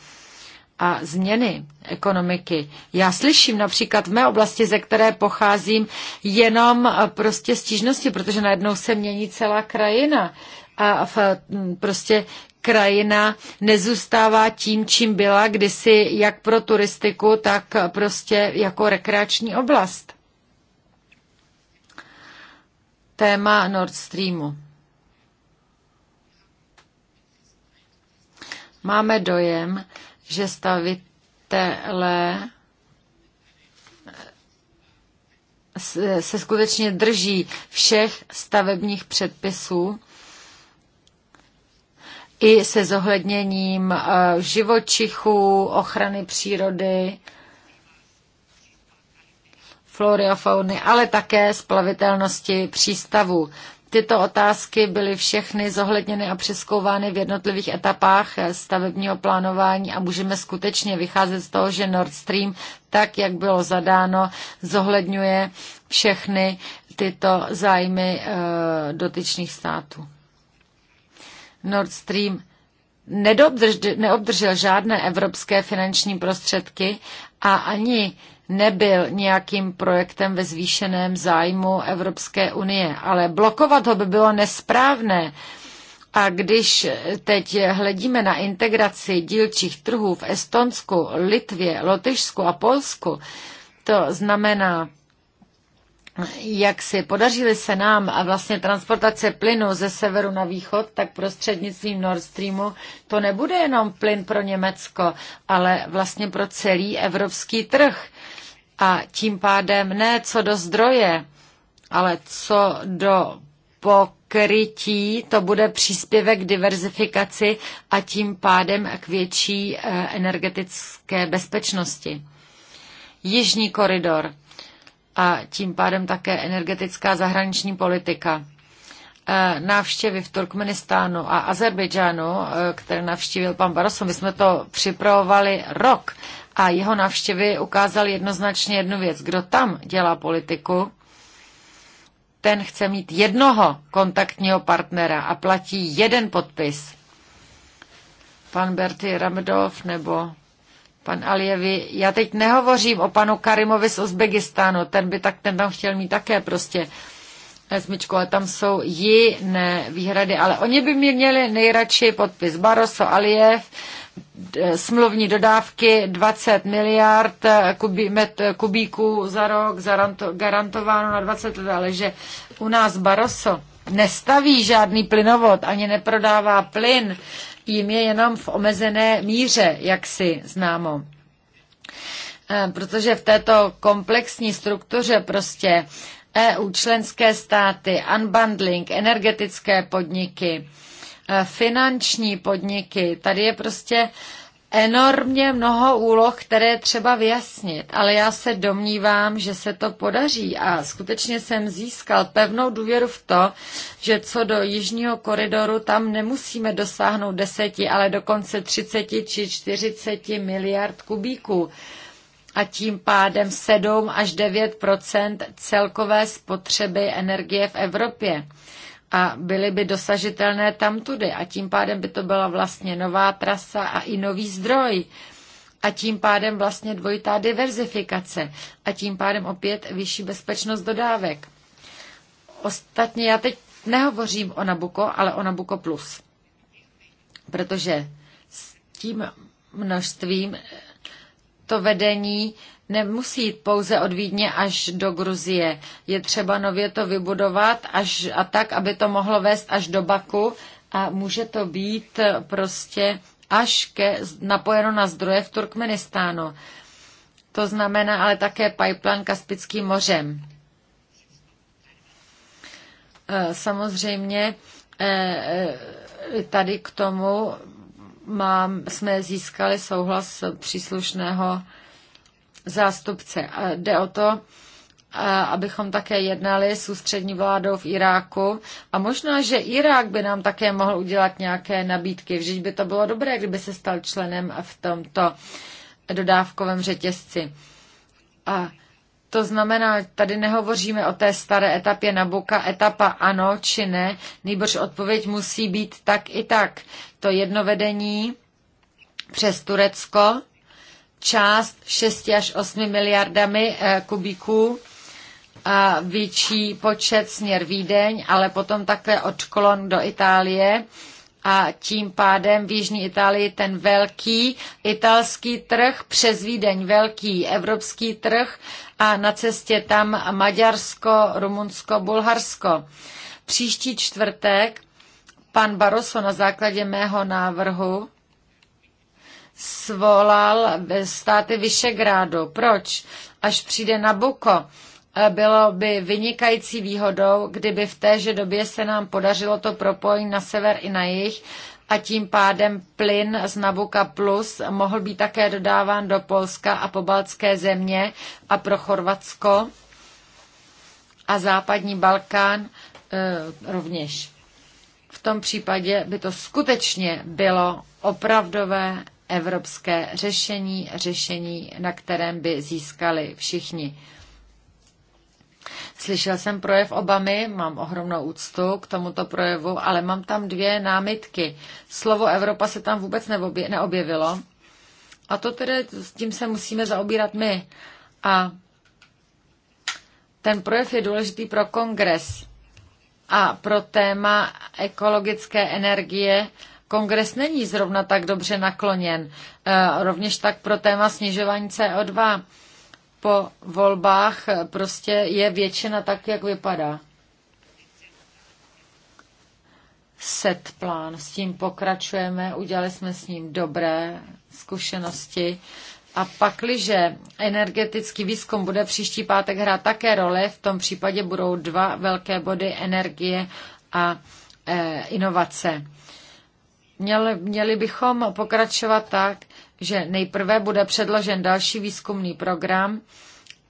a změny ekonomiky. Já slyším například v mé oblasti, ze které pocházím, jenom eh, prostě stížnosti, protože najednou se mění celá krajina a v, hm, prostě krajina nezůstává tím, čím byla kdysi, jak pro turistiku, tak eh, prostě jako rekreační oblast. Téma Nord Streamu. Máme dojem, že stavitelé eh, se skutečně drží všech stavebních předpisů i se zohledněním eh, živočichů, ochrany přírody, flory a fauny, ale také splavitelnosti přístavu. Tyto otázky byly všechny zohledněny a přeskouvány v jednotlivých etapách eh, stavebního plánování a můžeme skutečně vycházet z toho, že Nord Stream, tak jak bylo zadáno, zohledňuje všechny tyto zájmy eh, dotyčných států. Nord Stream neobdržel žádné evropské finanční prostředky a ani nebyl nějakým projektem ve zvýšeném zájmu Evropské unie, ale blokovat ho by bylo nesprávné. A když teď hledíme na integraci dílčích trhů v Estonsku, Litvě, Lotyšsku a Polsku, to znamená, jak si podařili se nám a vlastně transportace plynu ze severu na východ, tak prostřednictvím Nord Streamu to nebude jenom plyn pro Německo, ale vlastně pro celý evropský trh a tím pádem ne co do zdroje, ale co do pokrytí, to bude příspěvek k diverzifikaci a tím pádem k větší eh, energetické bezpečnosti. Jižní koridor a tím pádem také energetická zahraniční politika. Eh, návštěvy v Turkmenistánu a Azerbejdžánu, eh, které navštívil pan Baroso, my jsme to připravovali rok a jeho návštěvy ukázal jednoznačně jednu věc. Kdo tam dělá politiku, ten chce mít jednoho kontaktního partnera a platí jeden podpis. Pan Berti Ramdov nebo pan Aljevi. Já teď nehovořím o panu Karimovi z Uzbekistánu, ten by tak, ten tam chtěl mít také prostě smyčku, ale tam jsou jiné výhrady, ale oni by mě měli nejradši podpis Baroso Aljev, smluvní dodávky 20 miliard eh, kubí, met, eh, kubíků za rok zaranto, garantováno na 20 let, ale že u nás Baroso nestaví žádný plynovod, ani neprodává plyn, jim je jenom v omezené míře, jak si známo. Eh, protože v této komplexní struktuře prostě EU členské státy, unbundling, energetické podniky, Eh, finanční podniky. Tady je prostě enormně mnoho úloh, které třeba vyjasnit, ale já se domnívám, že se to podaří a skutečně jsem získal pevnou důvěru v to, že co do jižního koridoru tam nemusíme dosáhnout deseti, ale dokonce třiceti či čtyřiceti miliard kubíků a tím pádem 7 až 9 celkové spotřeby energie v Evropě a byly by dosažitelné tam tudy a tím pádem by to byla vlastně nová trasa a i nový zdroj a tím pádem vlastně dvojitá diverzifikace a tím pádem opět vyšší bezpečnost dodávek. Ostatně já teď nehovořím o Nabuko, ale o Nabuko Plus, protože s tím množstvím to vedení nemusí jít pouze od Vídně až do Gruzie. Je třeba nově to vybudovat až a tak, aby to mohlo vést až do Baku a může to být prostě až ke, napojeno na zdroje v Turkmenistánu. To znamená ale také pipeline Kaspickým mořem. E, samozřejmě e, e, tady k tomu mám, jsme získali souhlas příslušného zástupce. Jde o to, abychom také jednali s ústřední vládou v Iráku. A možná, že Irák by nám také mohl udělat nějaké nabídky. Vždyť by to bylo dobré, kdyby se stal členem v tomto dodávkovém řetězci. A to znamená, tady nehovoříme o té staré etapě Nabuka, etapa ano či ne, nýbrž odpověď musí být tak i tak. To jedno vedení přes Turecko část 6 až 8 miliardami eh, kubíků a větší počet směr Vídeň, ale potom také odklon do Itálie a tím pádem v Jižní Itálii ten velký italský trh, přes Vídeň velký evropský trh a na cestě tam Maďarsko, Rumunsko, Bulharsko. Příští čtvrtek pan Baroso na základě mého návrhu svolal státy Vyšegrádu. Proč? Až přijde Nabuko, eh, bylo by vynikající výhodou, kdyby v téže době se nám podařilo to propojení na sever i na jih a tím pádem plyn z Nabuka Plus mohl být také dodáván do Polska a pobaltské země a pro Chorvatsko a západní Balkán e, rovněž. V tom případě by to skutečně bylo opravdové evropské řešení, řešení, na kterém by získali všichni. Slyšel jsem projev Obamy, mám ohromnou úctu k tomuto projevu, ale mám tam dvě námitky. Slovo Evropa se tam vůbec neobjevilo. A to tedy s tím se musíme zaobírat my. A ten projev je důležitý pro kongres a pro téma ekologické energie kongres není zrovna tak dobře nakloněn. E, rovněž tak pro téma snižování CO2 po volbách prostě je většina tak, jak vypadá. Set plán, s tím pokračujeme, udělali jsme s ním dobré zkušenosti. A pakliže energetický výzkum bude příští pátek hrát také roli, v tom případě budou dva velké body energie a e, inovace. Měli, měli bychom pokračovat tak, že nejprve bude předložen další výzkumný program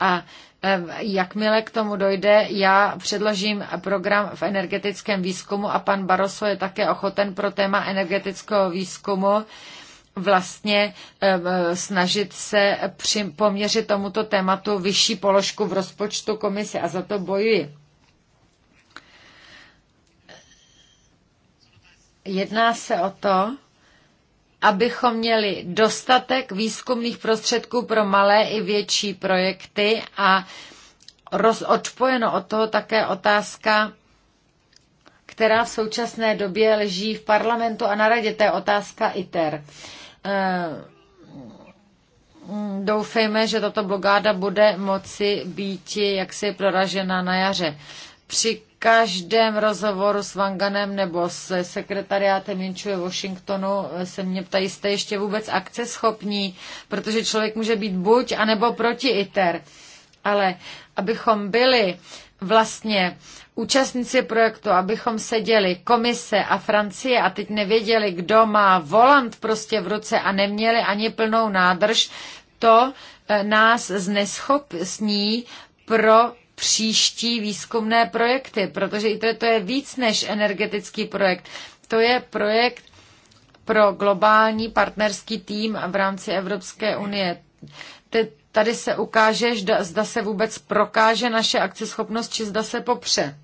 a e, Jakmile k tomu dojde, já předložím program v energetickém výzkumu a pan Baroso je také ochoten pro téma energetického výzkumu vlastně e, e, snažit se při poměři tomuto tématu vyšší položku v rozpočtu komise a za to bojuji. Jedná se o to, abychom měli dostatek výzkumných prostředků pro malé i větší projekty a rozodpojeno od toho také otázka, která v současné době leží v parlamentu a na radě, to je otázka ITER. Eh, doufejme, že tato blokáda bude moci být jaksi proražena na jaře. Při každém rozhovoru s Vanganem nebo s sekretariátem Jinčuje Washingtonu se mě ptají, jste ještě vůbec akceschopní, protože člověk může být buď, anebo proti ITER. Ale abychom byli vlastně účastníci projektu, abychom seděli komise a Francie a teď nevěděli, kdo má volant prostě v ruce a neměli ani plnou nádrž, to eh, nás zneschopní pro příští výzkumné projekty, protože i to je víc než energetický projekt. To je projekt pro globální partnerský tým v rámci Evropské unie. Tady se ukáže, zda se vůbec prokáže naše akceschopnost, či zda se popře.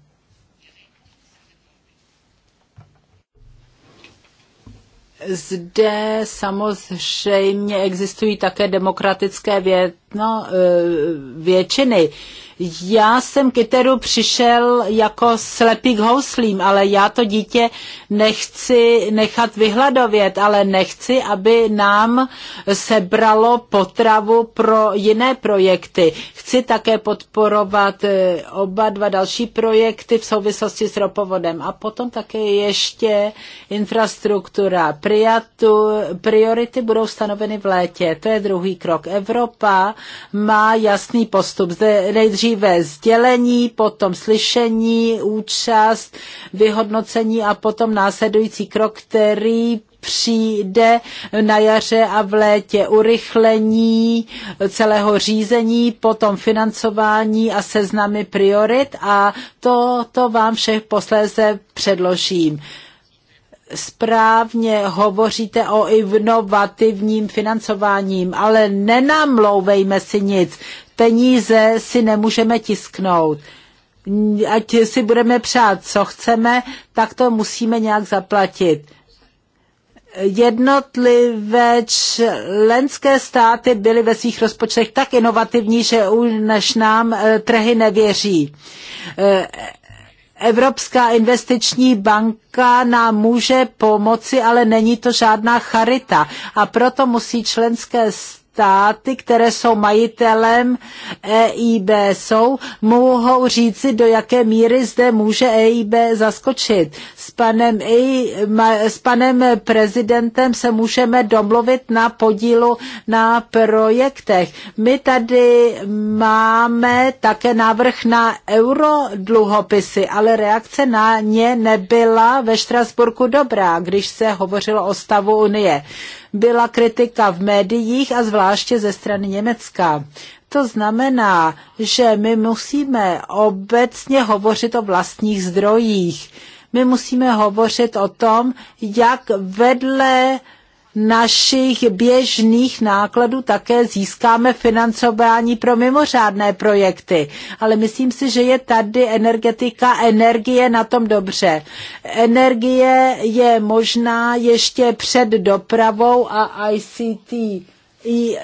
Zde samozřejmě existují také demokratické no, většiny. Já jsem k Iteru přišel jako slepý k houslím, ale já to dítě nechci nechat vyhladovět, ale nechci, aby nám sebralo potravu pro jiné projekty. Chci také podporovat eh, oba dva další projekty v souvislosti s ropovodem a potom také ještě infrastruktura. Priatu, priority budou stanoveny v létě. To je druhý krok. Evropa má jasný postup. Zde nejdřív nejdříve sdělení, potom slyšení, účast, vyhodnocení a potom následující krok, který přijde na jaře a v létě urychlení celého řízení, potom financování a seznamy priorit a to, to vám všech posléze předložím správně hovoříte o inovativním financováním, ale nenamlouvejme si nic peníze si nemůžeme tisknout. Ať si budeme přát, co chceme, tak to musíme nějak zaplatit jednotlivé členské státy byly ve svých rozpočtech tak inovativní, že už nám e, trhy nevěří. E, Evropská investiční banka nám může pomoci, ale není to žádná charita. A proto musí členské státy státy, které jsou majitelem EIB jsou, mohou říci, do jaké míry zde může EIB zaskočit. S panem, e s panem prezidentem se můžeme domluvit na podílu na projektech. My tady máme také návrh na eurodluhopisy, ale reakce na ně nebyla ve Štrasburku dobrá, když se hovořilo o stavu Unie byla kritika v médiích a zvláště ze strany Německa. To znamená, že my musíme obecně hovořit o vlastních zdrojích. My musíme hovořit o tom, jak vedle našich běžných nákladů také získáme financování pro mimořádné projekty. Ale myslím si, že je tady energetika, energie na tom dobře. Energie je možná ještě před dopravou a ICT E,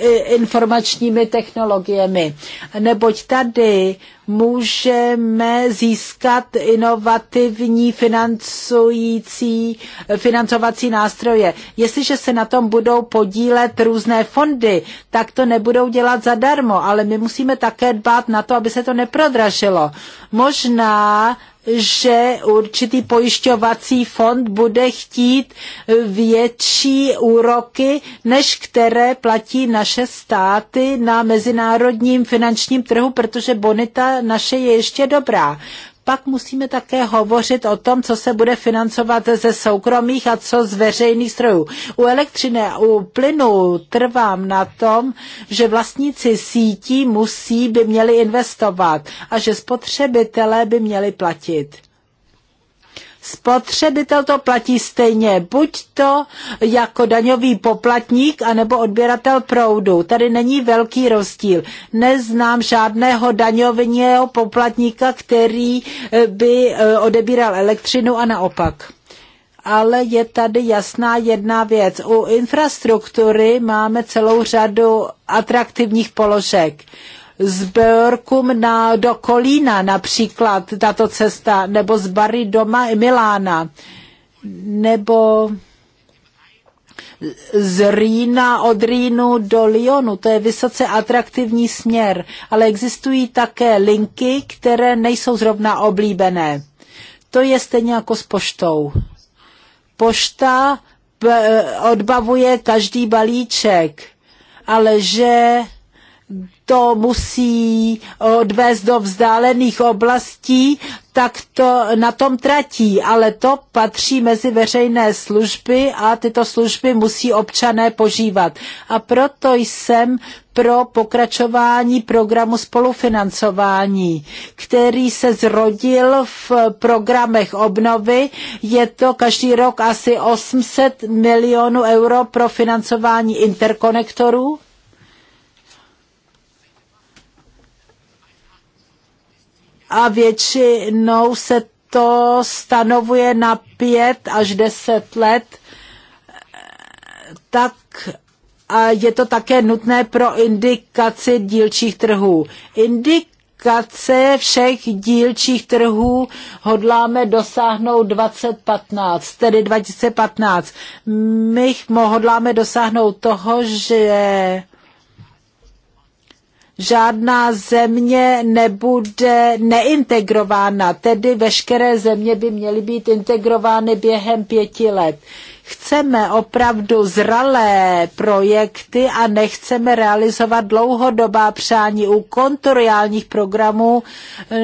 e, informačními technologiemi. Neboť tady můžeme získat inovativní financující, financovací nástroje. Jestliže se na tom budou podílet různé fondy, tak to nebudou dělat zadarmo, ale my musíme také dbát na to, aby se to neprodražilo. Možná že určitý pojišťovací fond bude chtít větší úroky, než které platí naše státy na mezinárodním finančním trhu, protože bonita naše je ještě dobrá. Pak musíme také hovořit o tom, co se bude financovat ze soukromých a co z veřejných strojů. U elektřiny a u plynu trvám na tom, že vlastníci sítí musí by měli investovat a že spotřebitelé by měli platit. Spotřebitel to platí stejně, buď to jako daňový poplatník, anebo odběratel proudu. Tady není velký rozdíl. Neznám žádného daňového poplatníka, který eh, by eh, odebíral elektřinu a naopak ale je tady jasná jedna věc. U infrastruktury máme celou řadu atraktivních položek z Börkum na, do Kolína například tato cesta, nebo z Bari do Milána, nebo z Rýna, od Rýnu do Lyonu. To je vysoce atraktivní směr, ale existují také linky, které nejsou zrovna oblíbené. To je stejně jako s poštou. Pošta eh, odbavuje každý balíček, ale že to musí eh, odvést do vzdálených oblastí, tak to na tom tratí, ale to patří mezi veřejné služby a tyto služby musí občané požívat. A proto jsem pro pokračování programu spolufinancování, který se zrodil v programech obnovy. Je to každý rok asi 800 milionů euro pro financování interkonektorů a většinou se to stanovuje na pět až deset let, tak a je to také nutné pro indikaci dílčích trhů. Indikace všech dílčích trhů hodláme dosáhnout 2015, tedy 2015. My hodláme dosáhnout toho, že žádná země nebude neintegrována, tedy veškeré země by měly být integrovány během pěti let. Chceme opravdu zralé projekty a nechceme realizovat dlouhodobá přání. U kontoriálních programů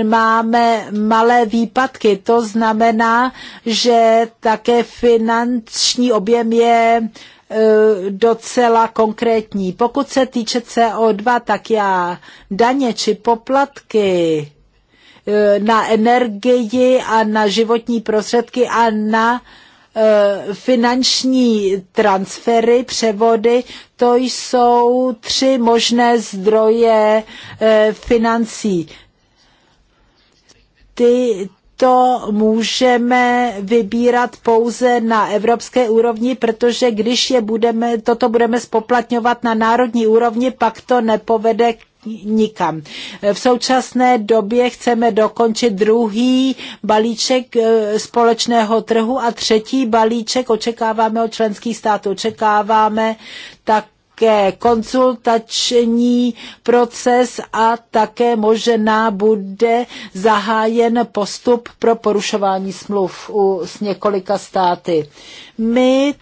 máme malé výpadky. To znamená, že také finanční objem je Eh, docela konkrétní. Pokud se týče CO2, tak já daně či poplatky eh, na energii a na životní prostředky a na eh, finanční transfery, převody, to jsou tři možné zdroje financí. Ty, to můžeme vybírat pouze na evropské úrovni, protože když je budeme, toto budeme spoplatňovat na národní úrovni, pak to nepovede nikam. V současné době chceme dokončit druhý balíček eh, společného trhu a třetí balíček očekáváme od členských států. Očekáváme tak také konzultační proces a také možná bude zahájen postup pro porušování smluv u, s několika státy. My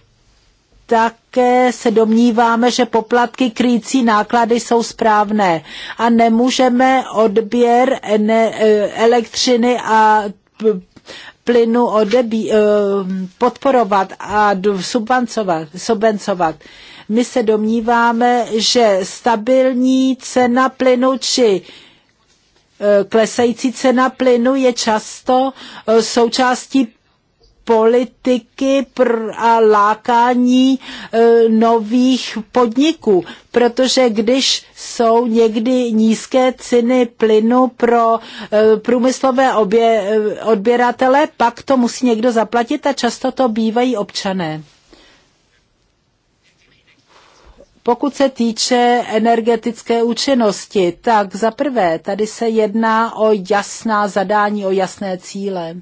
také se domníváme, že poplatky kryjící náklady jsou správné a nemůžeme odběr eh, elektřiny a plynu odebí, eh, podporovat a subvencovat. My se domníváme, že stabilní cena plynu či e, klesající cena plynu je často e, součástí politiky pr- a lákání e, nových podniků, protože když jsou někdy nízké ceny plynu pro e, průmyslové obě, e, odběratele, pak to musí někdo zaplatit a často to bývají občané. Pokud se týče energetické účinnosti, tak za prvé tady se jedná o jasná zadání, o jasné cíle.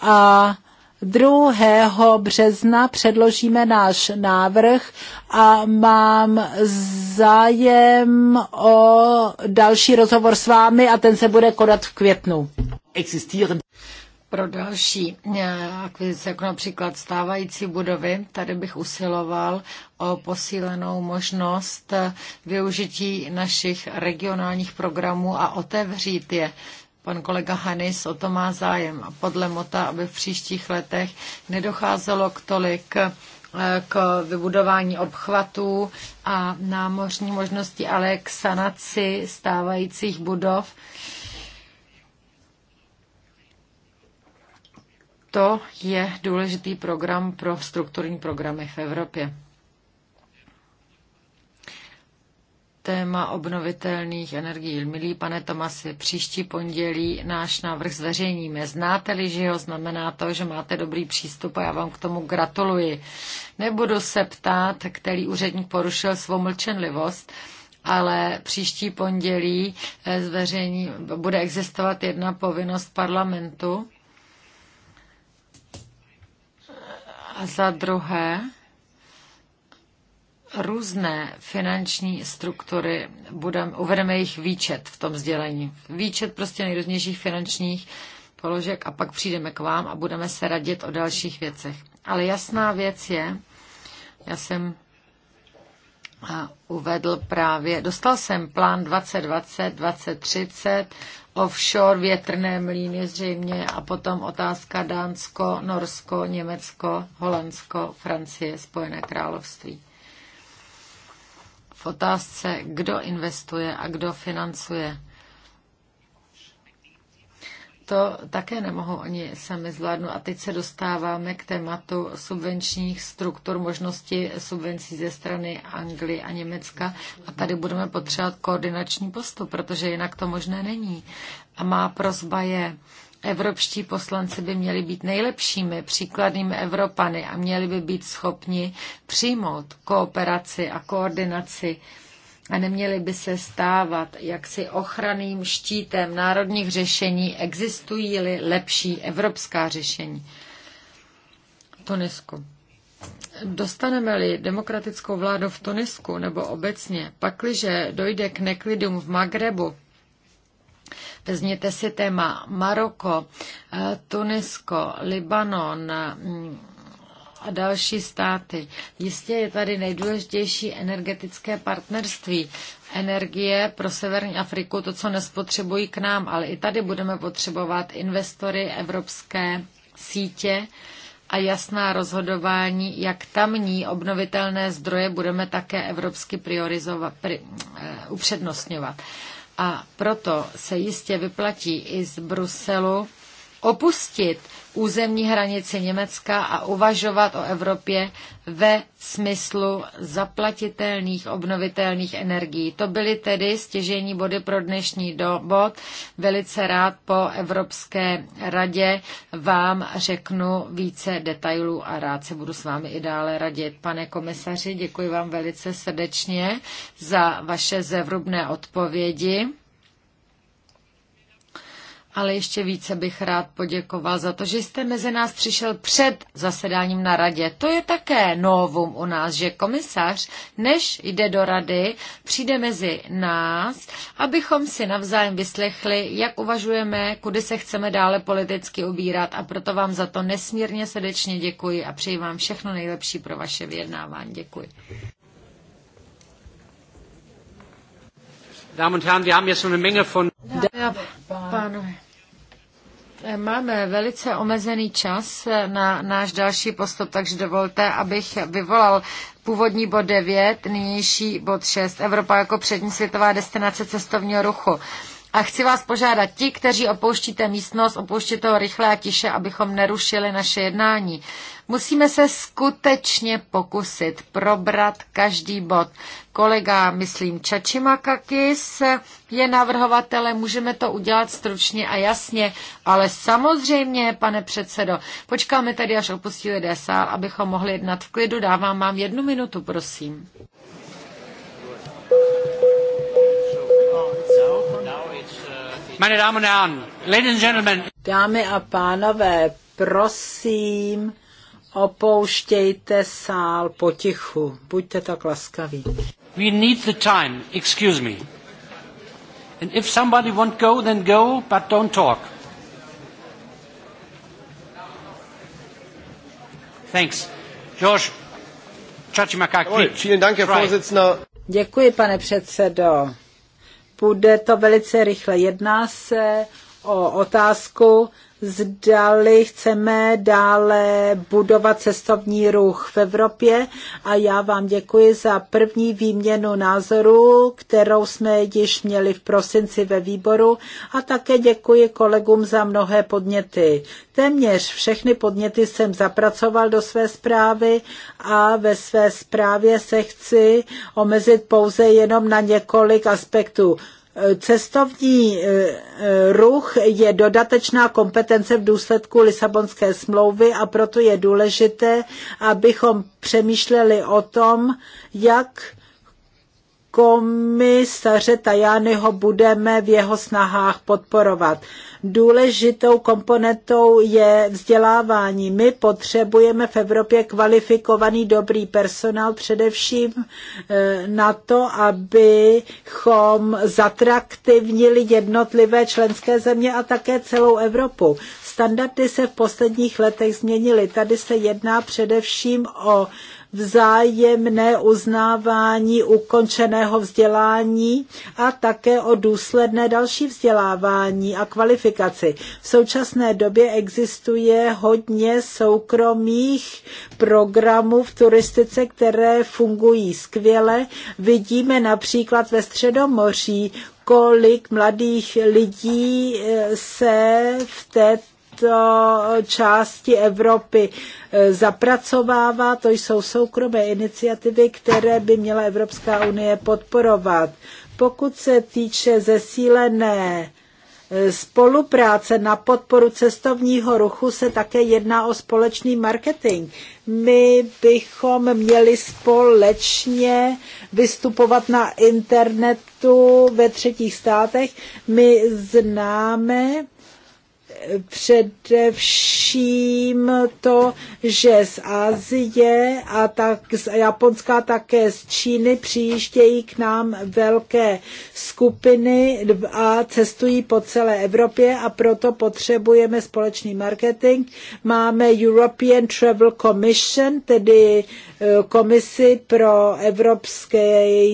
A 2. března předložíme náš návrh a mám zájem o další rozhovor s vámi a ten se bude konat v květnu. Existieren pro další eh, akvizice, jako například stávající budovy, tady bych usiloval o posílenou možnost eh, využití našich regionálních programů a otevřít je. Pan kolega Hanis o to má zájem. Podle Mota, aby v příštích letech nedocházelo k tolik eh, k vybudování obchvatů a námořní možnosti, ale k sanaci stávajících budov To je důležitý program pro strukturní programy v Evropě. téma obnovitelných energií. Milí pane Tomasi, příští pondělí náš návrh zveřejníme. Znáte-li, že ho znamená to, že máte dobrý přístup a já vám k tomu gratuluji. Nebudu se ptát, který úředník porušil svou mlčenlivost, ale příští pondělí eh, zveřejní, bude existovat jedna povinnost parlamentu, A za druhé, různé finanční struktury, budem, uvedeme jejich výčet v tom sdělení. Výčet prostě nejrůznějších finančních položek a pak přijdeme k vám a budeme se radit o dalších věcech. Ale jasná věc je, já jsem uvedl právě, dostal jsem plán 2020, 2030, offshore, větrné mlíny zřejmě a potom otázka Dánsko, Norsko, Německo, Holandsko, Francie, Spojené království. V otázce, kdo investuje a kdo financuje to také nemohou oni sami zvládnout. A teď se dostáváme k tématu subvenčních struktur, možnosti subvencí ze strany Anglie a Německa. A tady budeme potřebovat koordinační postup, protože jinak to možné není. A má prozba je, Evropští poslanci by měli být nejlepšími příkladnými Evropany a měli by být schopni přijmout kooperaci a koordinaci a neměly by se stávat jaksi ochranným štítem národních řešení, existují-li lepší evropská řešení. Tunisku. Dostaneme-li demokratickou vládu v Tunisku nebo obecně, pakliže dojde k neklidům v Magrebu, vezměte si téma Maroko, eh, Tunisko, Libanon, mm, a další státy. Jistě je tady nejdůležitější energetické partnerství. Energie pro severní Afriku, to, co nespotřebují k nám, ale i tady budeme potřebovat investory evropské sítě a jasná rozhodování, jak tamní obnovitelné zdroje budeme také evropsky priorizovat, pri, uh, upřednostňovat. A proto se jistě vyplatí i z Bruselu opustit územní hranici Německa a uvažovat o Evropě ve smyslu zaplatitelných obnovitelných energií. To byly tedy stěžení body pro dnešní bod. Velice rád po Evropské radě vám řeknu více detailů a rád se budu s vámi i dále radit. Pane komisaři, děkuji vám velice srdečně za vaše zevrubné odpovědi ale ještě více bych rád poděkoval za to, že jste mezi nás přišel před zasedáním na radě. To je také novum u nás, že komisař, než jde do rady, přijde mezi nás, abychom si navzájem vyslechli, jak uvažujeme, kudy se chceme dále politicky ubírat a proto vám za to nesmírně srdečně děkuji a přeji vám všechno nejlepší pro vaše vyjednávání. Děkuji. Dámy a pánové, Máme velice omezený čas na náš další postup, takže dovolte, abych vyvolal původní bod 9, nynější bod 6, Evropa jako přední světová destinace cestovního ruchu. A chci vás požádat, ti, kteří opouštíte místnost, opouštěte ho rychle a tiše, abychom nerušili naše jednání. Musíme se skutečně pokusit probrat každý bod. Kolega, myslím, Čačimakakis je navrhovatele, můžeme to udělat stručně a jasně, ale samozřejmě, pane předsedo, počkáme tady, až opustí lidé sál, abychom mohli jednat v klidu. Dávám vám jednu minutu, prosím. Dámy a pánové, prosím, opouštějte sál potichu. Buďte tak laskaví. We need the time, excuse me. And if somebody won't go, then go, but don't talk. Thanks. George, Děkuji, pane předsedo bude to velice rychle. Jedná se o otázku, zdali chceme dále budovat cestovní ruch v Evropě a já vám děkuji za první výměnu názoru, kterou jsme již měli v prosinci ve výboru a také děkuji kolegům za mnohé podněty. Téměř všechny podněty jsem zapracoval do své zprávy a ve své zprávě se chci omezit pouze jenom na několik aspektů. Cestovní eh, eh, ruch je dodatečná kompetence v důsledku Lisabonské smlouvy a proto je důležité, abychom přemýšleli o tom, jak komisaře Tajányho budeme v jeho snahách podporovat. Důležitou komponentou je vzdělávání. My potřebujeme v Evropě kvalifikovaný dobrý personál, především eh, na to, abychom zatraktivnili jednotlivé členské země a také celou Evropu. Standardy se v posledních letech změnily. Tady se jedná především o vzájemné uznávání ukončeného vzdělání a také o důsledné další vzdělávání a kvalifikaci. V současné době existuje hodně soukromých programů v turistice, které fungují skvěle. Vidíme například ve Středomoří, kolik mladých lidí eh, se v této této části Evropy e, zapracovává. To jsou soukromé iniciativy, které by měla Evropská unie podporovat. Pokud se týče zesílené e, spolupráce na podporu cestovního ruchu se také jedná o společný marketing. My bychom měli společně vystupovat na internetu ve třetích státech. My známe především to, že z Asie a tak z Japonska také z Číny přijíždějí k nám velké skupiny a cestují po celé Evropě a proto potřebujeme společný marketing. Máme European Travel Commission, tedy eh, komisi pro evropský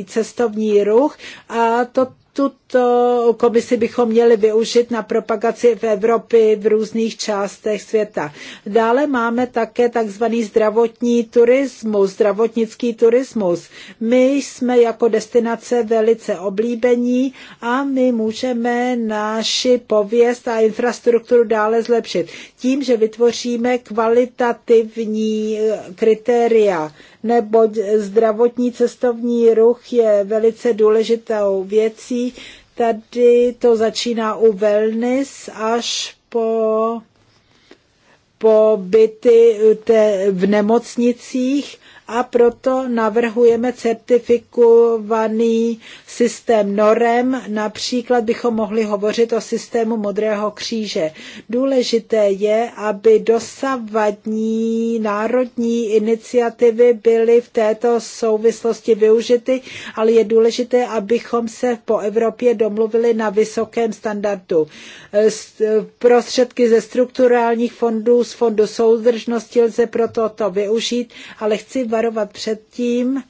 cestovní ruch a to tuto komisi bychom měli využít na propagaci v Evropě v různých částech světa. Dále máme také takzvaný zdravotní turismus, zdravotnický turismus. My jsme jako destinace velice oblíbení a my můžeme naši pověst a infrastrukturu dále zlepšit tím, že vytvoříme kvalitativní eh, kritéria neboť zdravotní cestovní ruch je velice důležitou věcí. Tady to začíná u wellness až po po byty v nemocnicích a proto navrhujeme certifikovaný systém norem. Například bychom mohli hovořit o systému Modrého kříže. Důležité je, aby dosavadní národní iniciativy byly v této souvislosti využity, ale je důležité, abychom se po Evropě domluvili na vysokém standardu. Prostředky ze strukturálních fondů, z fondu soudržnosti lze proto to využít, ale chci varovat před tím,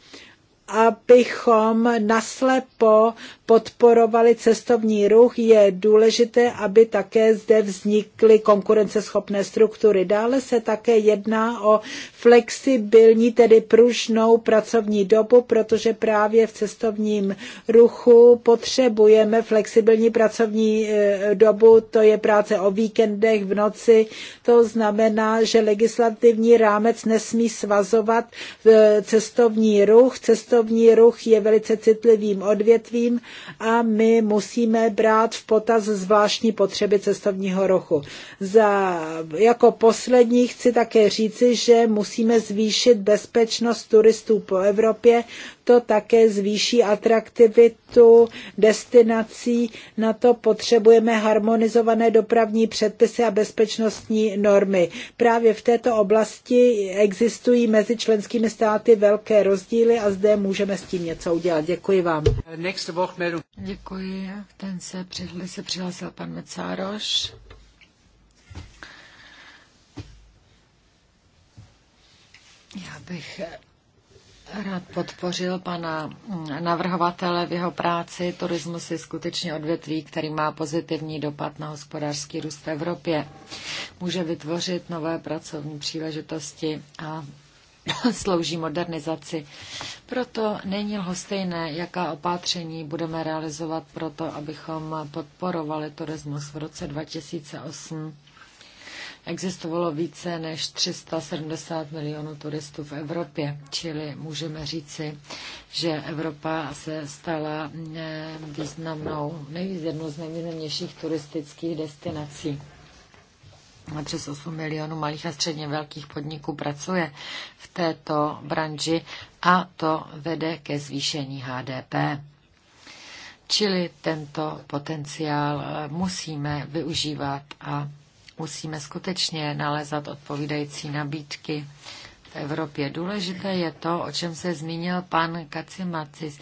abychom naslepo podporovali cestovní ruch, je důležité, aby také zde vznikly konkurenceschopné struktury. Dále se také jedná o flexibilní, tedy pružnou pracovní dobu, protože právě v cestovním ruchu potřebujeme flexibilní pracovní eh, dobu, to je práce o víkendech, v noci. To znamená, že legislativní rámec nesmí svazovat eh, cestovní ruch. Cestovní ruch je velice citlivým odvětvím a my musíme brát v potaz zvláštní potřeby cestovního ruchu. Za, jako poslední chci také říci, že musíme zvýšit bezpečnost turistů po Evropě to také zvýší atraktivitu destinací. Na to potřebujeme harmonizované dopravní předpisy a bezpečnostní normy. Právě v této oblasti existují mezi členskými státy velké rozdíly a zde můžeme s tím něco udělat. Děkuji vám. Děkuji. Ten se, se přihlásil pan Mecároš. Já bych rád podpořil pana mm, navrhovatele v jeho práci. Turismus je skutečně odvětví, který má pozitivní dopad na hospodářský růst v Evropě. Může vytvořit nové pracovní příležitosti a [coughs] slouží modernizaci. Proto není lhostejné, jaká opatření budeme realizovat proto, abychom podporovali turismus v roce 2008 existovalo více než 370 milionů turistů v Evropě, čili můžeme říci, že Evropa se stala eh, významnou, jednou z nejvýznamnějších turistických destinací. Přes 8 milionů malých a středně velkých podniků pracuje v této branži a to vede ke zvýšení HDP. Čili tento potenciál eh, musíme využívat a Musíme skutečně nalezat odpovídající nabídky v Evropě. Důležité je to, o čem se zmínil pan Kacimacis,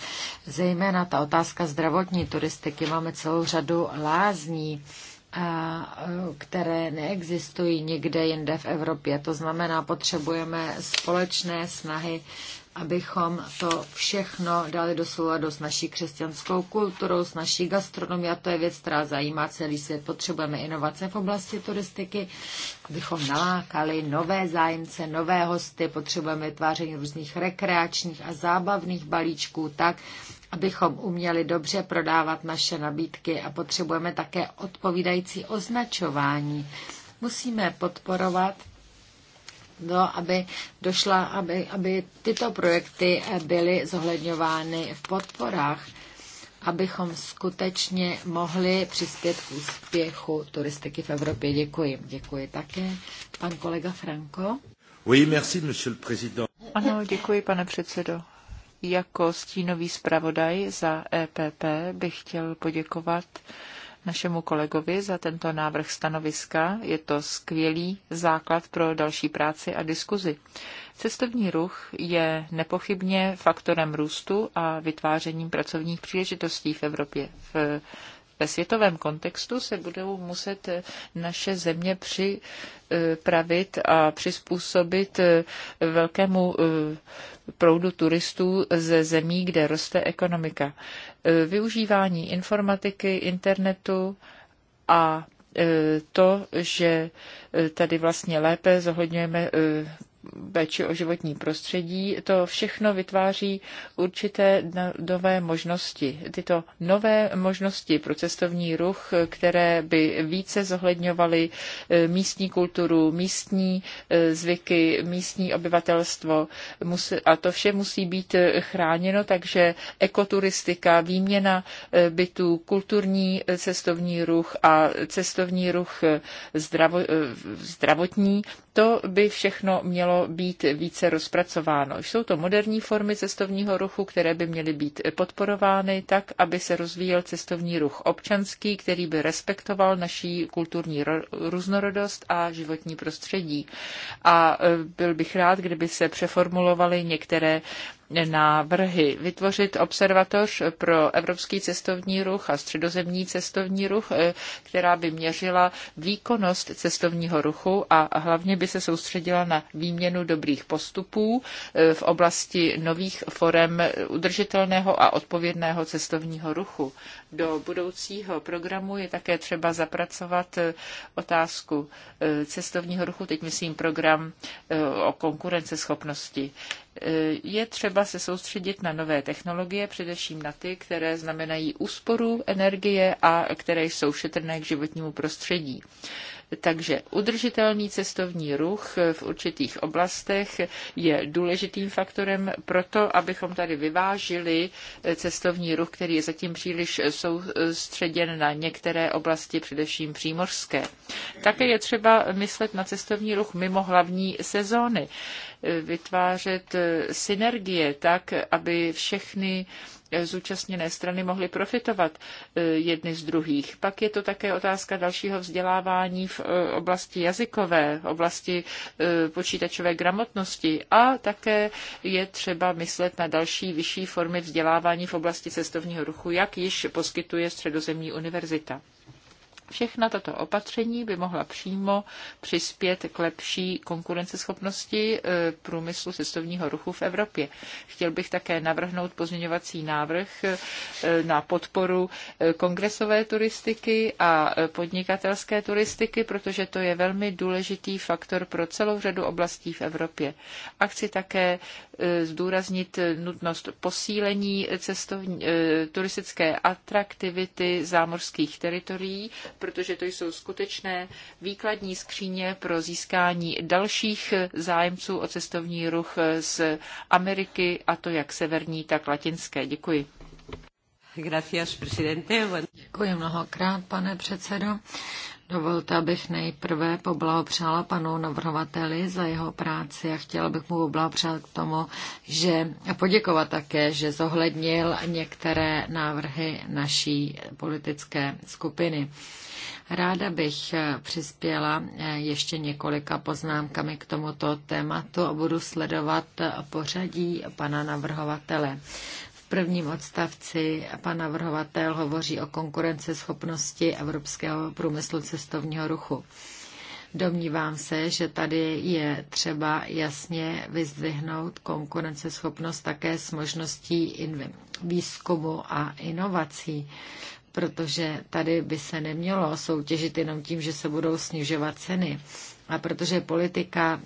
zejména ta otázka zdravotní turistiky. Máme celou řadu lázní, které neexistují nikde jinde v Evropě. To znamená, potřebujeme společné snahy abychom to všechno dali do souladu s naší křesťanskou kulturou, s naší gastronomií a to je věc, která zajímá celý svět. Potřebujeme inovace v oblasti turistiky, abychom nalákali nové zájemce, nové hosty, potřebujeme vytváření různých rekreačních a zábavných balíčků tak, abychom uměli dobře prodávat naše nabídky a potřebujeme také odpovídající označování. Musíme podporovat no, aby, došla, aby, aby tyto projekty byly zohledňovány v podporách, abychom skutečně mohli přispět k úspěchu turistiky v Evropě. Děkuji. Děkuji také. Pan kolega Franko. Oui, merci, monsieur le président. Ano, děkuji, pane předsedo. Jako stínový zpravodaj za EPP bych chtěl poděkovat našemu kolegovi za tento návrh stanoviska. Je to skvělý základ pro další práci a diskuzi. Cestovní ruch je nepochybně faktorem růstu a vytvářením pracovních příležitostí v Evropě. V ve světovém kontextu se budou muset naše země připravit a přizpůsobit eh, velkému eh, proudu turistů ze zemí, kde roste ekonomika. E, využívání informatiky, internetu a e, to, že e, tady vlastně lépe zohledňujeme péči o životní prostředí, to všechno vytváří určité nové možnosti. Tyto nové možnosti pro cestovní ruch, které by více zohledňovaly eh, místní kulturu, místní eh, zvyky, místní obyvatelstvo. A to vše musí být eh, chráněno, takže ekoturistika, výměna bytů, kulturní cestovní ruch a cestovní ruch zdravotní, to by všechno mělo být více rozpracováno. Jsou to moderní formy cestovního ruchu, které by měly být podporovány tak, aby se rozvíjel cestovní ruch občanský, který by respektoval naší kulturní různorodost a životní prostředí. A e, byl bych rád, kdyby se přeformulovaly některé návrhy. Vytvořit observatoř pro evropský cestovní ruch a středozemní cestovní ruch, eh, která by měřila výkonnost cestovního ruchu a hlavně by se soustředila na výměnu dobrých postupů eh, v oblasti nových forem udržitelného a odpovědného cestovního ruchu. Do budoucího programu je také třeba zapracovat eh, otázku eh, cestovního ruchu, teď myslím program eh, o konkurenceschopnosti. Je třeba se soustředit na nové technologie, především na ty, které znamenají úsporu energie a které jsou šetrné k životnímu prostředí. Takže udržitelný cestovní ruch v určitých oblastech je důležitým faktorem pro to, abychom tady vyvážili cestovní ruch, který je zatím příliš soustředěn na některé oblasti, především přímořské. Také je třeba myslet na cestovní ruch mimo hlavní sezóny, vytvářet synergie tak, aby všechny zúčastněné strany mohly profitovat e, jedny z druhých. Pak je to také otázka dalšího vzdělávání v e, oblasti jazykové, v oblasti e, počítačové gramotnosti a také je třeba myslet na další vyšší formy vzdělávání v oblasti cestovního ruchu, jak již poskytuje Středozemní univerzita. Všechna tato opatření by mohla přímo přispět k lepší konkurenceschopnosti eh, průmyslu cestovního ruchu v Evropě. Chtěl bych také navrhnout pozměňovací návrh eh, na podporu eh, kongresové turistiky a podnikatelské turistiky, protože to je velmi důležitý faktor pro celou řadu oblastí v Evropě. A chci také zdůraznit nutnost posílení cestovní, turistické atraktivity zámořských teritorií protože to jsou skutečné výkladní skříně pro získání dalších zájemců o cestovní ruch z Ameriky, a to jak severní, tak latinské. Děkuji. Gracias, presidente. Děkuji mnohokrát, pane předsedo. Dovolte, abych nejprve poblahopřála panu navrhovateli za jeho práci a chtěla bych mu poblahopřát k tomu, že a poděkovat také, že zohlednil některé návrhy naší politické skupiny. Ráda bych přispěla eh, ještě několika poznámkami k tomuto tématu a budu sledovat pořadí pana navrhovatele prvním odstavci pan navrhovatel hovoří o konkurenceschopnosti evropského průmyslu cestovního ruchu. Domnívám se, že tady je třeba jasně vyzdvihnout konkurenceschopnost také s možností výzkumu a inovací, protože tady by se nemělo soutěžit jenom tím, že se budou snižovat ceny. A protože politika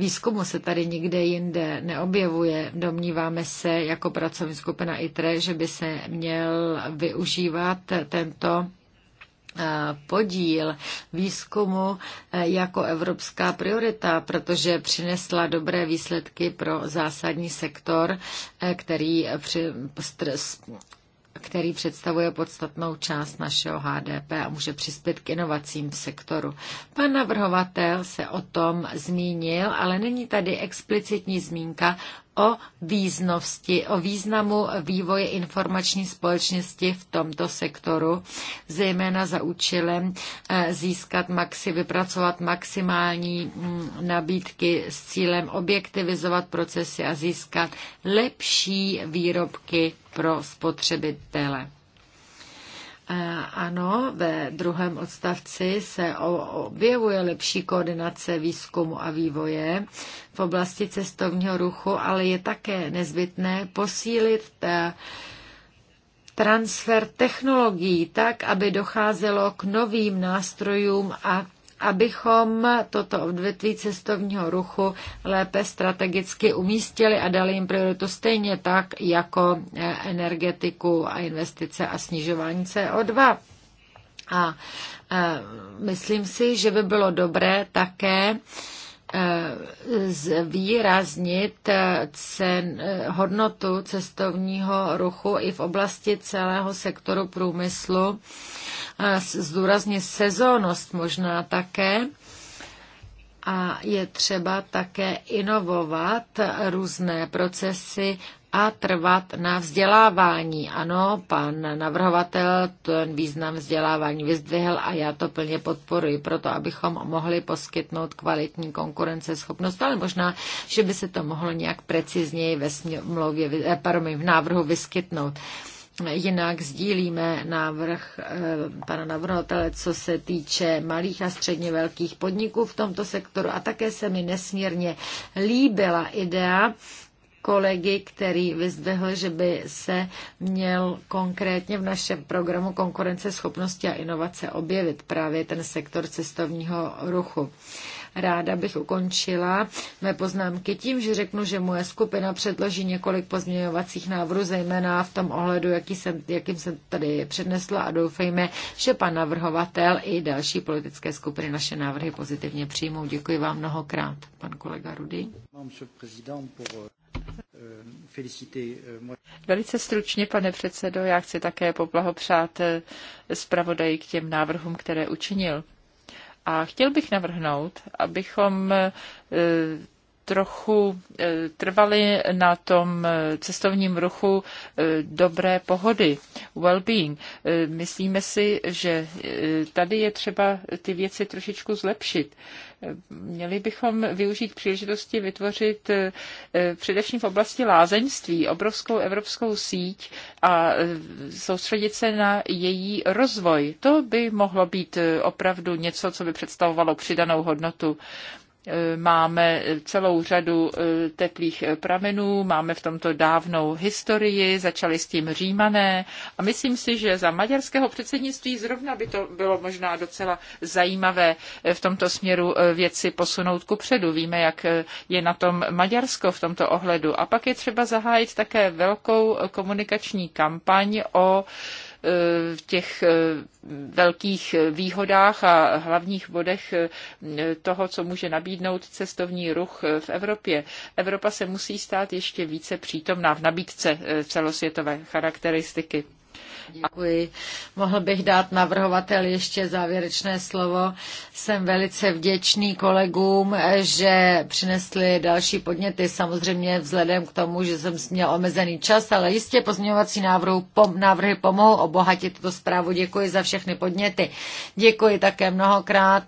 výzkumu se tady nikde jinde neobjevuje. Domníváme se jako pracovní skupina ITRE, že by se měl využívat tento eh, podíl výzkumu eh, jako evropská priorita, protože přinesla dobré výsledky pro zásadní sektor, eh, který při, který představuje podstatnou část našeho HDP a může přispět k inovacím v sektoru. Pan navrhovatel se o tom zmínil, ale není tady explicitní zmínka o význosti, o významu vývoje informační společnosti v tomto sektoru, zejména za účelem eh, získat maxi, vypracovat maximální mm, nabídky s cílem objektivizovat procesy a získat lepší výrobky pro spotřebitele. Ano, ve druhém odstavci se objevuje lepší koordinace výzkumu a vývoje v oblasti cestovního ruchu, ale je také nezbytné posílit transfer technologií tak, aby docházelo k novým nástrojům a abychom toto odvětví cestovního ruchu lépe strategicky umístili a dali jim prioritu stejně tak jako eh, energetiku a investice a snižování CO2. A eh, myslím si, že by bylo dobré také Eh, zvýraznit eh, cen, eh, hodnotu cestovního ruchu i v oblasti celého sektoru průmyslu, zdůraznit sezónnost možná také a je třeba také inovovat různé procesy a trvat na vzdělávání. Ano, pan navrhovatel ten význam vzdělávání vyzdvihl a já to plně podporuji, proto abychom mohli poskytnout kvalitní konkurenceschopnost, ale možná, že by se to mohlo nějak precizněji ve smlouvě, eh, pardon, v návrhu vyskytnout. Uh, Jinak sdílíme návrh eh, pana navrhovatele, co se týče malých a středně velkých podniků v tomto sektoru. A také se mi nesmírně líbila idea kolegy, který vyzdvihl, že by se měl konkrétně v našem programu konkurence schopnosti a inovace objevit právě ten sektor cestovního ruchu. Ráda bych ukončila mé poznámky tím, že řeknu, že moje skupina předloží několik pozměňovacích návrhů, zejména v tom ohledu, jaký jsem, jakým jsem tady přednesla a doufejme, že pan navrhovatel i další politické skupiny naše návrhy pozitivně přijmou. Děkuji vám mnohokrát, pan kolega Rudy. Velice stručně, pane předsedo, já chci také poblahopřát eh, zpravodaji k těm návrhům, které učinil. A chtěl bych navrhnout, abychom eh, trochu eh, trvali na tom eh, cestovním ruchu eh, dobré pohody, well-being. Myslíme si, že tady je třeba ty věci trošičku zlepšit. Měli bychom využít příležitosti vytvořit především v oblasti lázeňství obrovskou evropskou síť a soustředit se na její rozvoj. To by mohlo být opravdu něco, co by představovalo přidanou hodnotu Eh, máme celou řadu eh, teplých eh, pramenů, máme v tomto dávnou historii, začali s tím římané a myslím si, že za maďarského předsednictví zrovna by to bylo možná docela zajímavé v tomto směru věci posunout ku předu. Víme, jak je na tom Maďarsko v tomto ohledu. A pak je třeba zahájit také velkou komunikační kampaň o v těch eh, velkých výhodách a hlavních bodech eh, toho, co může nabídnout cestovní ruch eh, v Evropě. Evropa se musí stát ještě více přítomná v nabídce celosvětové charakteristiky. Děkuji. Mohl bych dát navrhovateli ještě závěrečné slovo. Jsem velice vděčný kolegům, že přinesli další podněty, samozřejmě vzhledem k tomu, že jsem měl omezený čas, ale jistě pozměňovací návrhu, pom, návrhy pomohou obohatit tuto zprávu. Děkuji za všechny podněty. Děkuji také mnohokrát.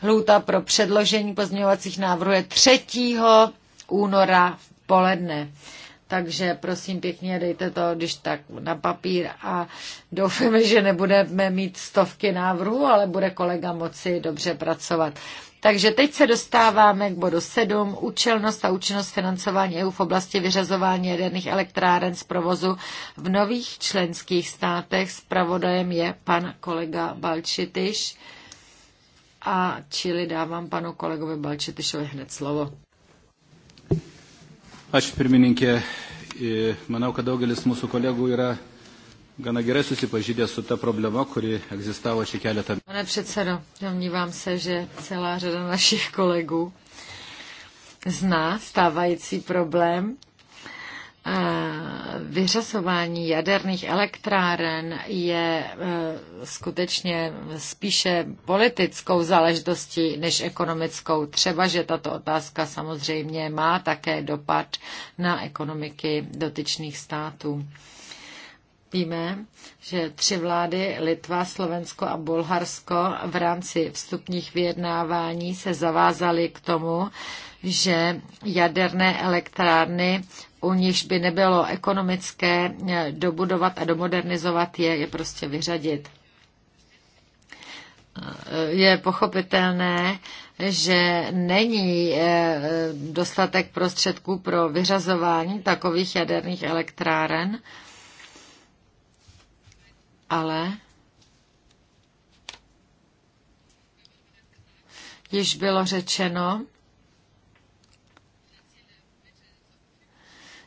Hluta pro předložení pozměňovacích návrhů je 3. února v poledne. Takže prosím pěkně, dejte to, když tak, na papír a doufáme, že nebudeme mít stovky návrhů, ale bude kolega moci dobře pracovat. Takže teď se dostáváme k bodu 7. Účelnost a účinnost financování EU v oblasti vyřazování jaderných elektráren z provozu v nových členských státech. Spravodajem je pan kolega Balčitiš. A čili dávám panu kolegovi Balčitišovi hned slovo. Aš pirmininkė, manau, kad daugelis mūsų kolegų yra gana gerai susipažydę su ta problema, kuri egzistavo čia keletą. Pane předsedo, domnívám se, že celá řada našich kolegů zná stávající problém vyřazování jaderných elektráren je e, skutečně spíše politickou záležitostí než ekonomickou. Třeba, že tato otázka samozřejmě má také dopad na ekonomiky dotyčných států. Víme, že tři vlády, Litva, Slovensko a Bulharsko, v rámci vstupních vyjednávání se zavázaly k tomu, že jaderné elektrárny u níž by nebylo ekonomické eh, dobudovat a domodernizovat je, je prostě vyřadit. Eh, je pochopitelné, že není eh, dostatek prostředků pro vyřazování takových jaderných elektráren, ale již bylo řečeno,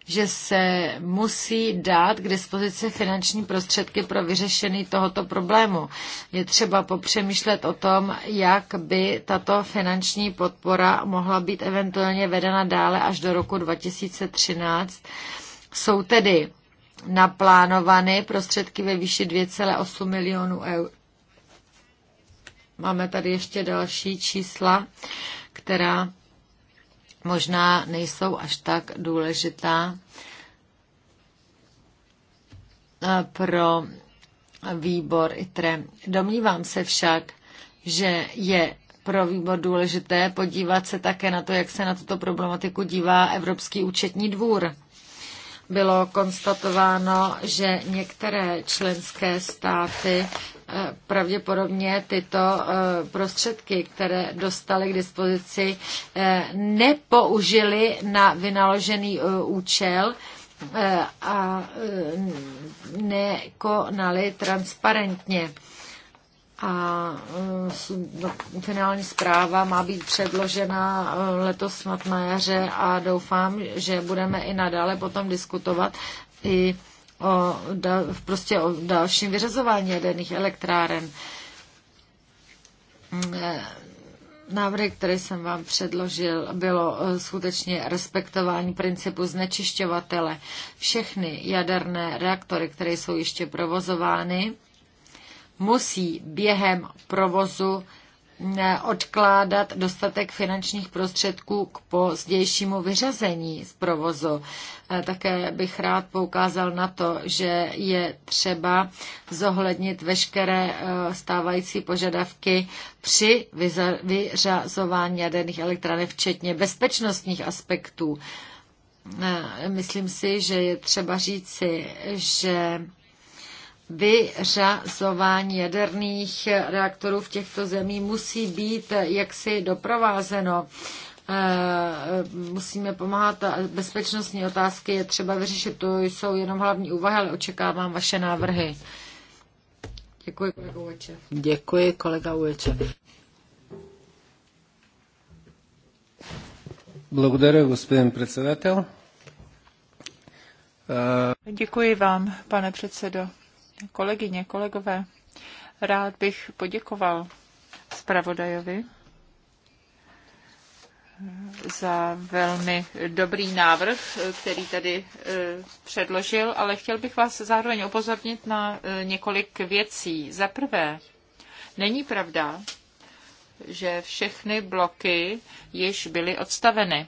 že se musí dát k dispozici finanční prostředky pro vyřešení tohoto problému. Je třeba popřemýšlet o tom, jak by tato finanční podpora mohla být eventuálně vedena dále až do roku 2013. Jsou tedy naplánovány prostředky ve výši 2,8 milionů eur. Máme tady ještě další čísla, která možná nejsou až tak důležitá eh, pro výbor ITRE. Domnívám se však, že je pro výbor důležité podívat se také na to, jak se na tuto problematiku dívá Evropský účetní dvůr bylo konstatováno, že některé členské státy eh, pravděpodobně tyto eh, prostředky, které dostali k dispozici, eh, nepoužili na vynaložený účel a nekonali transparentně a eh, no, finální zpráva má být předložena eh, letos snad na jaře a doufám, že budeme i nadále potom diskutovat i o, da, prostě o dalším vyřazování jaderných elektráren. Mm, eh, návrhy, které jsem vám předložil, bylo skutečně respektování principu znečišťovatele. Všechny jaderné reaktory, které jsou ještě provozovány, musí během provozu eh, odkládat dostatek finančních prostředků k pozdějšímu vyřazení z provozu. Eh, také bych rád poukázal na to, že je třeba zohlednit veškeré eh, stávající požadavky při vyřazování jaderných elektráren, včetně bezpečnostních aspektů. Myslím si, že je třeba říci, že vyřazování jaderných reaktorů v těchto zemí musí být jaksi doprovázeno eh, musíme pomáhat a bezpečnostní otázky je třeba vyřešit. To jsou jenom hlavní úvahy, ale očekávám vaše návrhy. Děkuji, kolega Uječe. Děkuji, kolega Uječe. Благодаря, господин председател. Děkuji vám, pane předsedo kolegyně, kolegové, rád bych poděkoval zpravodajovi za velmi dobrý návrh, který tady eh, předložil, ale chtěl bych vás zároveň upozornit na eh, několik věcí. Za prvé, není pravda, že všechny bloky již byly odstaveny,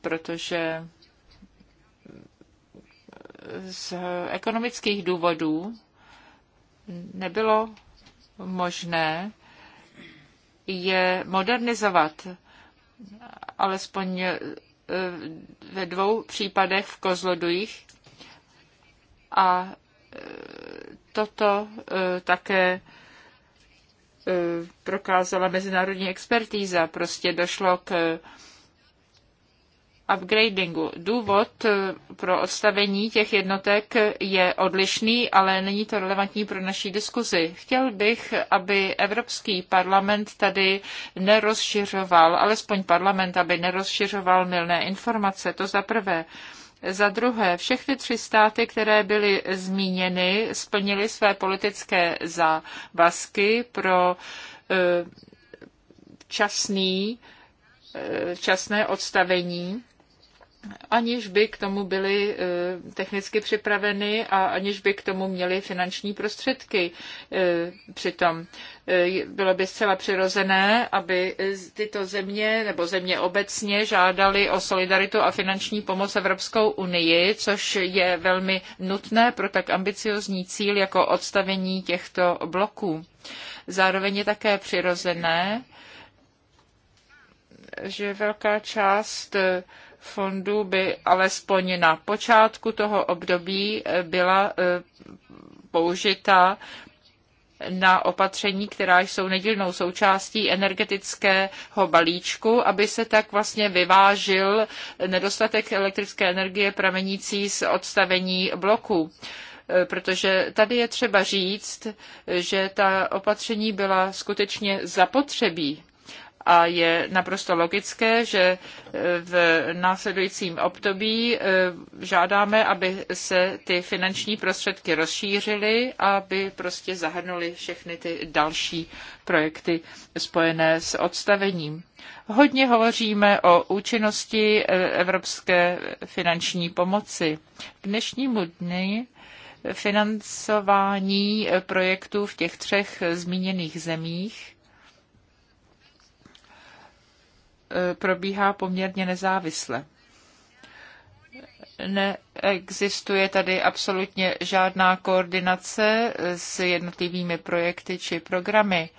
protože z ekonomických důvodů nebylo možné je modernizovat, alespoň e, ve dvou případech v Kozlodujích. A e, toto e, také prokázala mezinárodní expertíza. Prostě došlo k upgradingu. Důvod eh, pro odstavení těch jednotek je odlišný, ale není to relevantní pro naší diskuzi. Chtěl bych, aby Evropský parlament tady nerozšiřoval, alespoň parlament, aby nerozšiřoval milné informace. To za prvé. Za druhé, všechny tři státy, které byly zmíněny, splnily své politické závazky pro eh, časný, eh, časné odstavení aniž by k tomu byly e, technicky připraveny a aniž by k tomu měly finanční prostředky. E, přitom e, bylo by zcela přirozené, aby tyto země nebo země obecně žádaly o solidaritu a finanční pomoc Evropskou unii, což je velmi nutné pro tak ambiciozní cíl jako odstavení těchto bloků. Zároveň je také přirozené, že velká část fondů by alespoň na počátku toho období eh, byla eh, použita na opatření, která jsou nedílnou součástí energetického balíčku, aby se tak vlastně vyvážil nedostatek elektrické energie pramenící z odstavení bloku. Eh, protože tady je třeba říct, že ta opatření byla skutečně zapotřebí a je naprosto logické, že eh, v následujícím období eh, žádáme, aby se ty finanční prostředky rozšířily, aby prostě zahrnuly všechny ty další projekty spojené s odstavením. Hodně hovoříme o účinnosti eh, evropské finanční pomoci. K dnešnímu dni financování projektů v těch třech zmíněných zemích probíhá poměrně nezávisle. Neexistuje tady absolutně žádná koordinace s jednotlivými projekty či programy.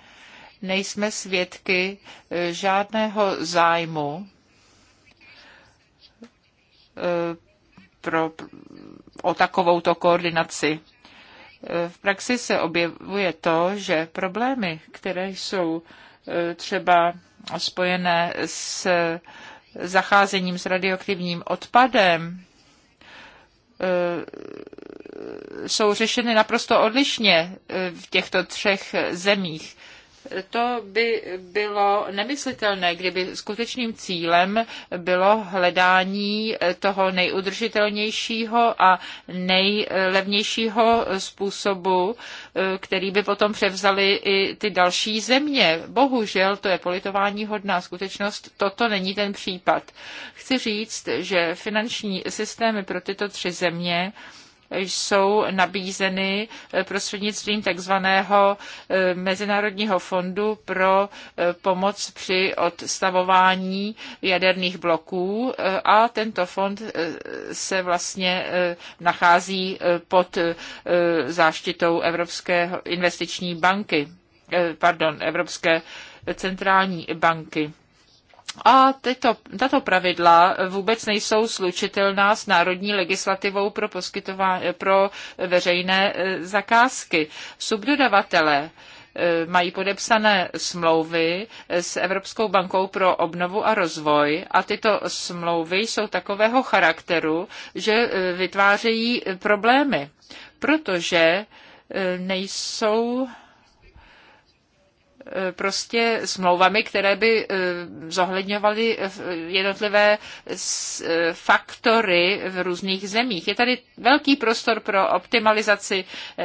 Nejsme svědky eh, žádného zájmu eh, pro, o takovouto koordinaci. Eh, v praxi se objevuje to, že problémy, které jsou třeba spojené s zacházením s radioaktivním odpadem, eh, jsou řešeny naprosto odlišně eh, v těchto třech zemích. To by bylo nemyslitelné, kdyby skutečným cílem bylo hledání toho nejudržitelnějšího a nejlevnějšího způsobu, který by potom převzali i ty další země. Bohužel, to je politování hodná skutečnost, toto není ten případ. Chci říct, že finanční systémy pro tyto tři země, jsou nabízeny eh, prostřednictvím takzvaného eh, Mezinárodního fondu pro eh, pomoc při odstavování jaderných bloků a tento fond se vlastně nachází pod záštitou Evropské investiční banky, pardon, Evropské centrální banky. A tyto, tato pravidla vůbec nejsou slučitelná s národní legislativou pro, pro veřejné e, zakázky. Subdodavatele e, mají podepsané smlouvy e, s Evropskou bankou pro obnovu a rozvoj a tyto smlouvy jsou takového charakteru, že vytvářejí problémy, protože nejsou Eh, prostě smlouvami, které by eh, zohledňovaly eh, jednotlivé faktory v různých zemích. Je tady velký prostor pro optimalizaci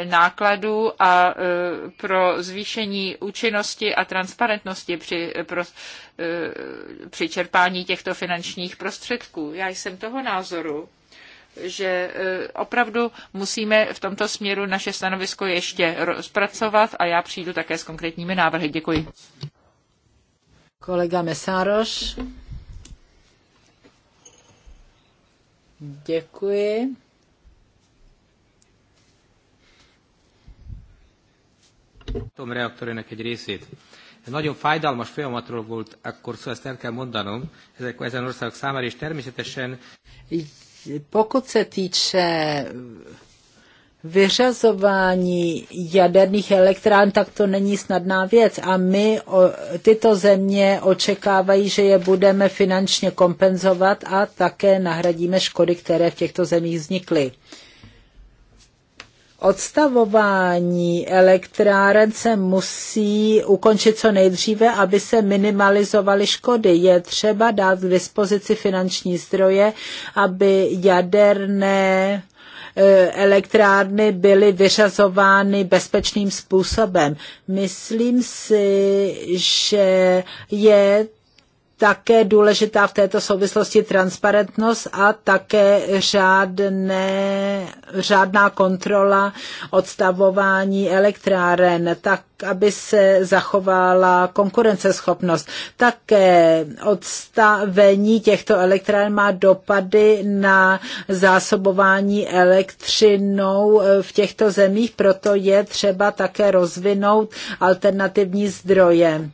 nákladů a pro zvýšení účinnosti a transparentnosti při, pro, při čerpání těchto finančních prostředků. Já jsem toho názoru, že e, opravdu musíme v tomto směru naše stanovisko ještě rozpracovat a já přijdu také s konkrétními návrhy. Děkuji. Kolega Mesároš. Děkuji. Tom reaktorének egy részét. Ez nagyon fájdalmas folyamatról volt akkor szó, szóval ezt el kell mondanom ezek, ezen országok számára, is természetesen... Pokud se týče vyřazování jaderných elektrán, tak to není snadná věc. A my o, tyto země očekávají, že je budeme finančně kompenzovat a také nahradíme škody, které v těchto zemích vznikly odstavování elektráren se musí ukončit co nejdříve, aby se minimalizovaly škody. Je třeba dát k dispozici finanční zdroje, aby jaderné e, elektrárny byly vyřazovány bezpečným způsobem. Myslím si, že je také důležitá v této souvislosti transparentnost a také řádné, řádná kontrola odstavování elektráren, tak aby se zachovala konkurenceschopnost. Také odstavení těchto elektráren má dopady na zásobování elektřinou v těchto zemích, proto je třeba také rozvinout alternativní zdroje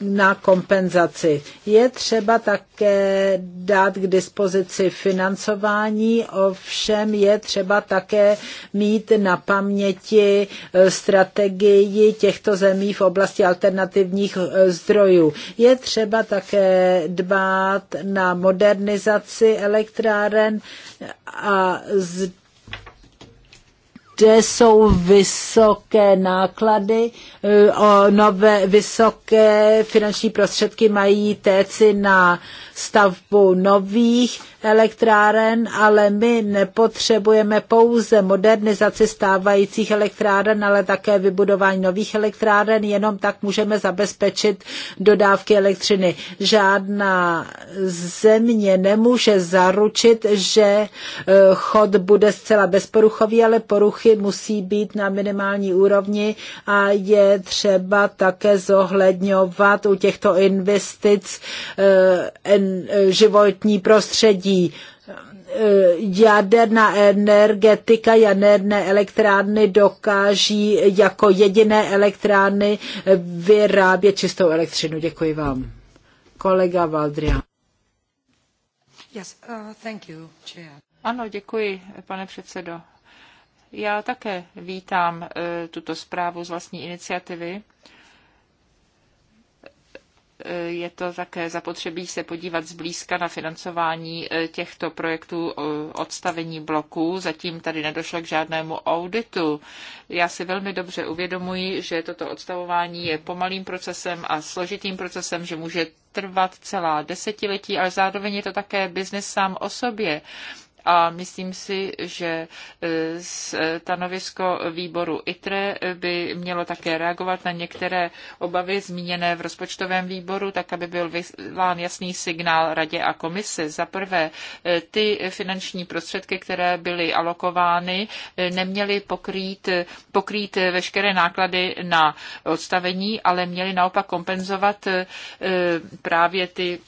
na kompenzaci. Je třeba také dát k dispozici financování, ovšem je třeba také mít na paměti eh, strategii těchto zemí v oblasti alternativních eh, zdrojů. Je třeba také dbát na modernizaci elektráren a kde jsou vysoké náklady, eh, nové, vysoké finanční prostředky mají téci na stavbu nových elektráren, ale my nepotřebujeme pouze modernizaci stávajících elektráren, ale také vybudování nových elektráren, jenom tak můžeme zabezpečit dodávky elektřiny. Žádná země nemůže zaručit, že eh, chod bude zcela bezporuchový, ale poruchy musí být na minimální úrovni a je třeba také zohledňovat u těchto investic eh, en Eh, životní prostředí, eh, jaderná energetika, jaderné elektrárny dokáží jako jediné elektrárny vyrábět čistou elektřinu. Děkuji vám. Kolega Valdria. Yes, uh, thank you, chair. Ano, děkuji, pane předsedo. Já také vítám uh, tuto zprávu z vlastní iniciativy. Uh, je to také zapotřebí se podívat zblízka na financování e, těchto projektů e, odstavení bloků. Zatím tady nedošlo k žádnému auditu. Já si velmi dobře uvědomuji, že toto odstavování je pomalým procesem a složitým procesem, že může trvat celá desetiletí, ale zároveň je to také biznis sám o sobě a myslím si, že e, stanovisko výboru ITRE by mělo také reagovat na některé obavy zmíněné v rozpočtovém výboru, tak aby byl vyslán jasný signál radě a komisi. Za prvé, e, ty finanční prostředky, které byly alokovány, e, neměly pokrýt, pokrýt veškeré náklady na odstavení, ale měly naopak kompenzovat právě ty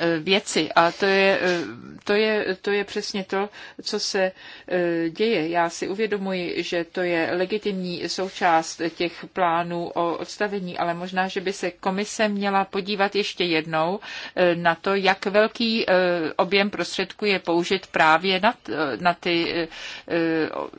Eh, věci. A to je, eh, to, je, to je přesně to, co se eh, děje. Já si uvědomuji, že to je legitimní součást těch plánů o odstavení, ale možná, že by se komise měla podívat ještě jednou na to, jak velký objem prostředků je použit právě na, na, ty,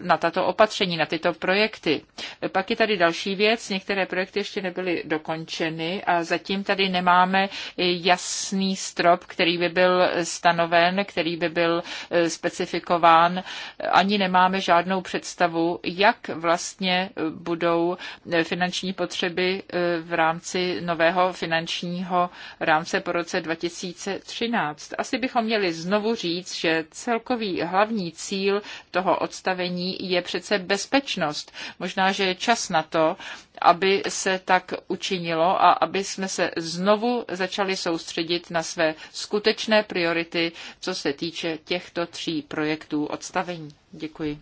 na tato opatření, na tyto projekty. Pak je tady další věc. Některé projekty ještě nebyly dokončeny a zatím tady nemáme jasný strop, který by byl stanoven, který by byl eh, specifikován. Ani nemáme žádnou představu, jak vlastně eh, budou eh, finanční potřeby v rámci nového finančního rámce po roce 2013. Asi bychom měli znovu říct, že celkový hlavní cíl toho odstavení je přece bezpečnost. Možná, že je čas na to, aby se tak učinilo a aby jsme se znovu začali soustředit na své skutečné priority, co se týče těchto tří projektů odstavení. Děkuji.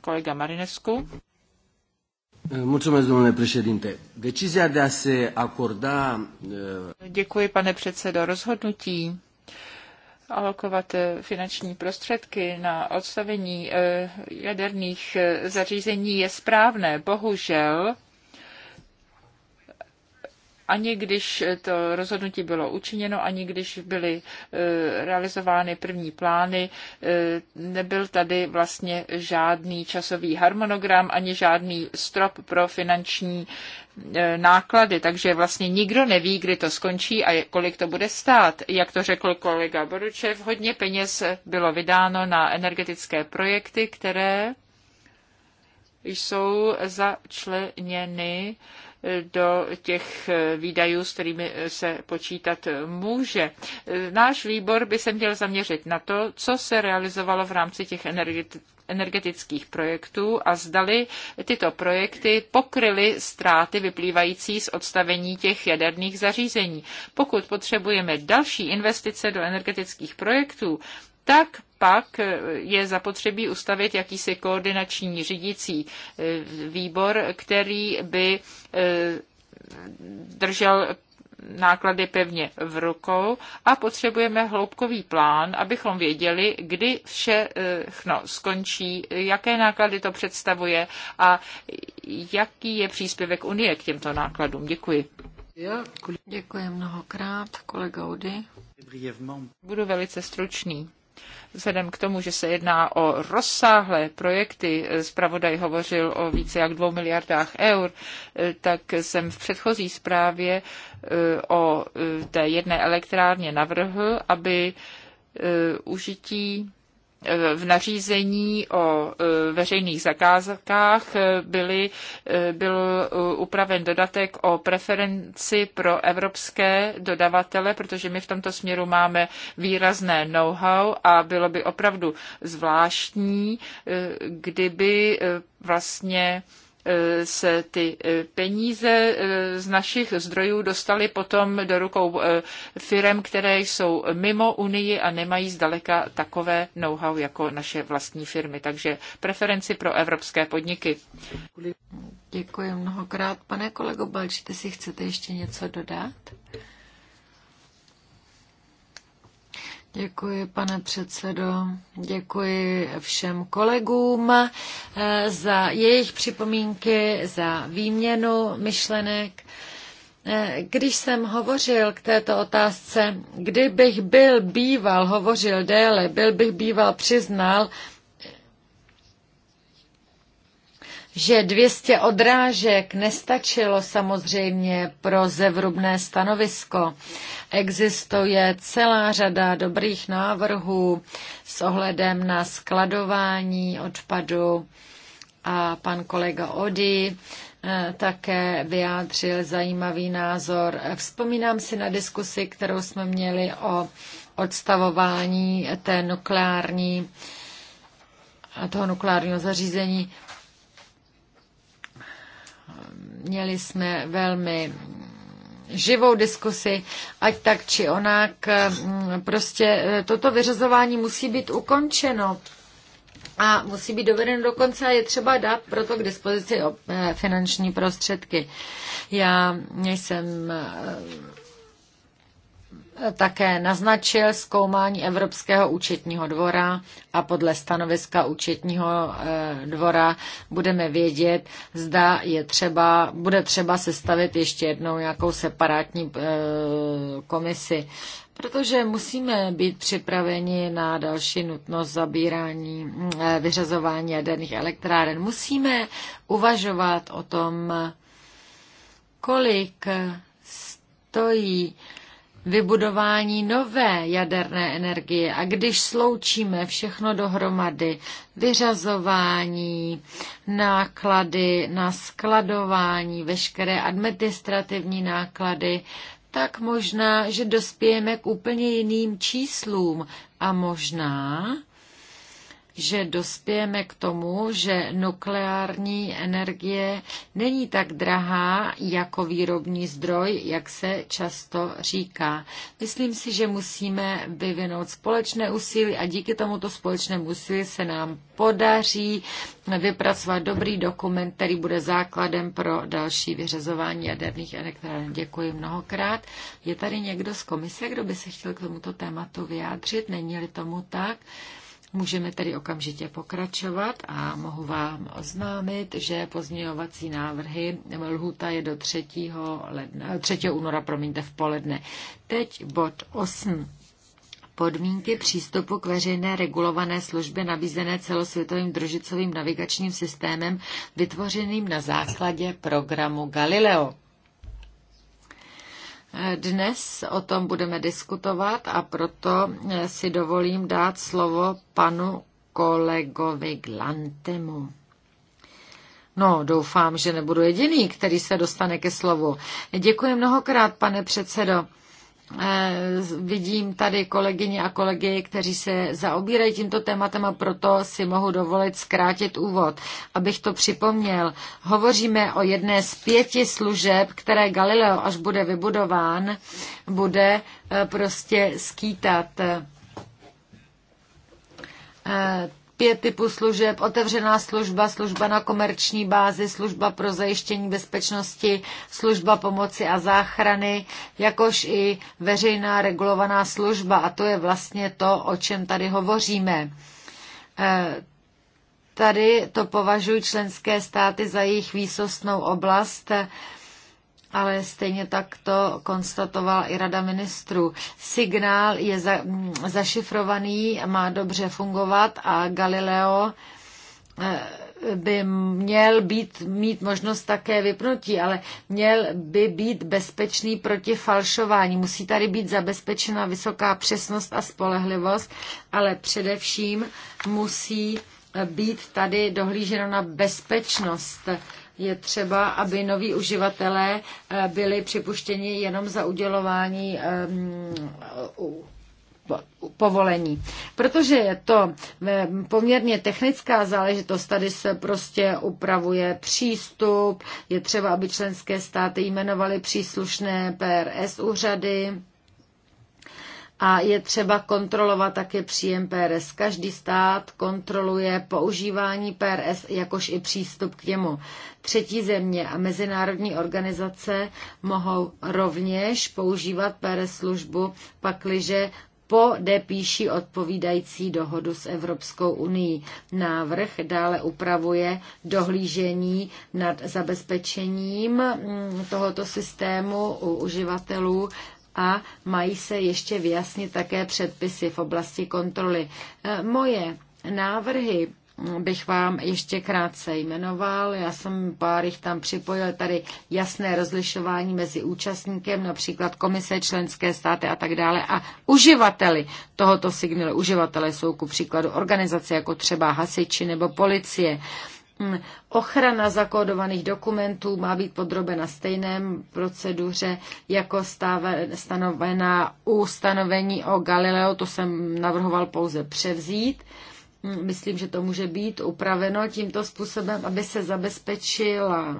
Kolega Marinescu. se e, Děkuji, pane předsedo. Rozhodnutí alokovat e, finanční prostředky na odstavení e, jaderných zařízení je správné. Bohužel ani když to rozhodnutí bylo učiněno, ani když byly e, realizovány první plány, e, nebyl tady vlastně žádný časový harmonogram ani žádný strop pro finanční e, náklady, takže vlastně nikdo neví, kdy to skončí a kolik to bude stát. Jak to řekl kolega Boručev, hodně peněz bylo vydáno na energetické projekty, které jsou začleněny do těch výdajů, s kterými se počítat může. Náš výbor by se měl zaměřit na to, co se realizovalo v rámci těch energetických projektů a zdali tyto projekty pokryly ztráty vyplývající z odstavení těch jaderných zařízení. Pokud potřebujeme další investice do energetických projektů, tak pak je zapotřebí ustavit jakýsi koordinační řídící eh, výbor, který by eh, držel náklady pevně v rukou a potřebujeme hloubkový plán, abychom věděli, kdy všechno eh, skončí, jaké náklady to představuje a jaký je příspěvek Unie k těmto nákladům. Děkuji. Děkuji mnohokrát, kolega Udy. Budu velice stručný. Vzhledem k tomu, že se jedná o rozsáhlé projekty, zpravodaj hovořil o více jak dvou miliardách eur, tak jsem v předchozí zprávě e, o e, té jedné elektrárně navrhl, aby e, užití v nařízení o e, veřejných zakázkách e, byly, e, byl upraven dodatek o preferenci pro evropské dodavatele, protože my v tomto směru máme výrazné know-how a bylo by opravdu zvláštní, kdyby vlastně se ty eh, peníze eh, z našich zdrojů dostaly potom do rukou eh, firem, které jsou mimo Unii a nemají zdaleka takové know-how jako naše vlastní firmy. Takže preferenci pro evropské podniky. Děkuji mnohokrát. Pane kolego Balčite, si chcete ještě něco dodat? Děkuji, pane předsedo. Děkuji všem kolegům eh, za jejich připomínky, za výměnu myšlenek. Eh, když jsem hovořil k této otázce, kdybych byl býval, hovořil déle, byl bych býval, přiznal, že 200 odrážek nestačilo samozřejmě pro zevrubné stanovisko. Existuje celá řada dobrých návrhů s ohledem na skladování odpadu a pan kolega Odi eh, také vyjádřil zajímavý názor. Vzpomínám si na diskusi, kterou jsme měli o odstavování té nukleární toho nukleárního zařízení. Měli jsme velmi živou diskusi, ať tak či onak. Mm, prostě e, toto vyřazování musí být ukončeno a musí být doveden do konce a je třeba dát proto k dispozici e, finanční prostředky. Já jsem e, také naznačil zkoumání Evropského účetního dvora a podle stanoviska účetního eh, dvora budeme vědět, zda je třeba, bude třeba sestavit ještě jednou nějakou separátní eh, komisi, protože musíme být připraveni na další nutnost zabírání, eh, vyřazování jaderných elektráren. Musíme uvažovat o tom, kolik stojí vybudování nové jaderné energie. A když sloučíme všechno dohromady, vyřazování, náklady na skladování, veškeré administrativní náklady, tak možná, že dospějeme k úplně jiným číslům a možná, že dospějeme k tomu, že nukleární energie není tak drahá jako výrobní zdroj, jak se často říká. Myslím si, že musíme vyvinout společné úsilí a díky tomuto společnému úsilí se nám podaří vypracovat dobrý dokument, který bude základem pro další vyřazování jaderných elektráren. Děkuji mnohokrát. Je tady někdo z komise, kdo by se chtěl k tomuto tématu vyjádřit? Není-li tomu tak? Můžeme tedy okamžitě pokračovat a mohu vám oznámit, že pozměňovací návrhy lhuta je do 3. Ledna, 3. února promiňte, v poledne. Teď bod 8. Podmínky přístupu k veřejné regulované službě nabízené celosvětovým družicovým navigačním systémem vytvořeným na základě programu Galileo. Dnes o tom budeme diskutovat a proto eh, si dovolím dát slovo panu kolegovi Glantemu. No, doufám, že nebudu jediný, který se dostane ke slovu. Děkuji mnohokrát, pane předsedo. Eh, vidím tady kolegyně a kolegy, kteří se zaobírají tímto tématem a proto si mohu dovolit zkrátit úvod. Abych to připomněl, hovoříme o jedné z pěti služeb, které Galileo, až bude vybudován, bude eh, prostě skýtat eh, pět typů služeb, otevřená služba, služba na komerční bázi, služba pro zajištění bezpečnosti, služba pomoci a záchrany, jakož i veřejná regulovaná služba. A to je vlastně to, o čem tady hovoříme. Eh, tady to považují členské státy za jejich výsostnou oblast, ale stejně tak to konstatovala i Rada ministrů. Signál je za, zašifrovaný, má dobře fungovat a Galileo eh, by měl být, mít možnost také vypnutí, ale měl by být bezpečný proti falšování. Musí tady být zabezpečena vysoká přesnost a spolehlivost, ale především musí být tady dohlíženo na bezpečnost je třeba, aby noví uživatelé eh, byli připuštěni jenom za udělování eh, povolení. Protože je to eh, poměrně technická záležitost, tady se prostě upravuje přístup, je třeba, aby členské státy jmenovaly příslušné PRS úřady, a je třeba kontrolovat také příjem PRS. Každý stát kontroluje používání PRS, jakož i přístup k němu. Třetí země a mezinárodní organizace mohou rovněž používat PRS službu, pakliže podepíší odpovídající dohodu s Evropskou unii. Návrh dále upravuje dohlížení nad zabezpečením mm, tohoto systému u uživatelů a mají se ještě vyjasnit také předpisy v oblasti kontroly. E, moje návrhy bych vám ještě krátce jmenoval. Já jsem pár jich tam připojil. Tady jasné rozlišování mezi účastníkem, například komise, členské státy a tak dále a uživateli tohoto signálu. Uživatele jsou ku příkladu organizace jako třeba hasiči nebo policie. Uh, Hmm. Ochrana zakódovaných dokumentů má být podrobena stejném proceduře jako stave, stanovená u stanovení o Galileo. To jsem navrhoval pouze převzít. Hmm, myslím, že to může být upraveno tímto způsobem, aby se zabezpečila,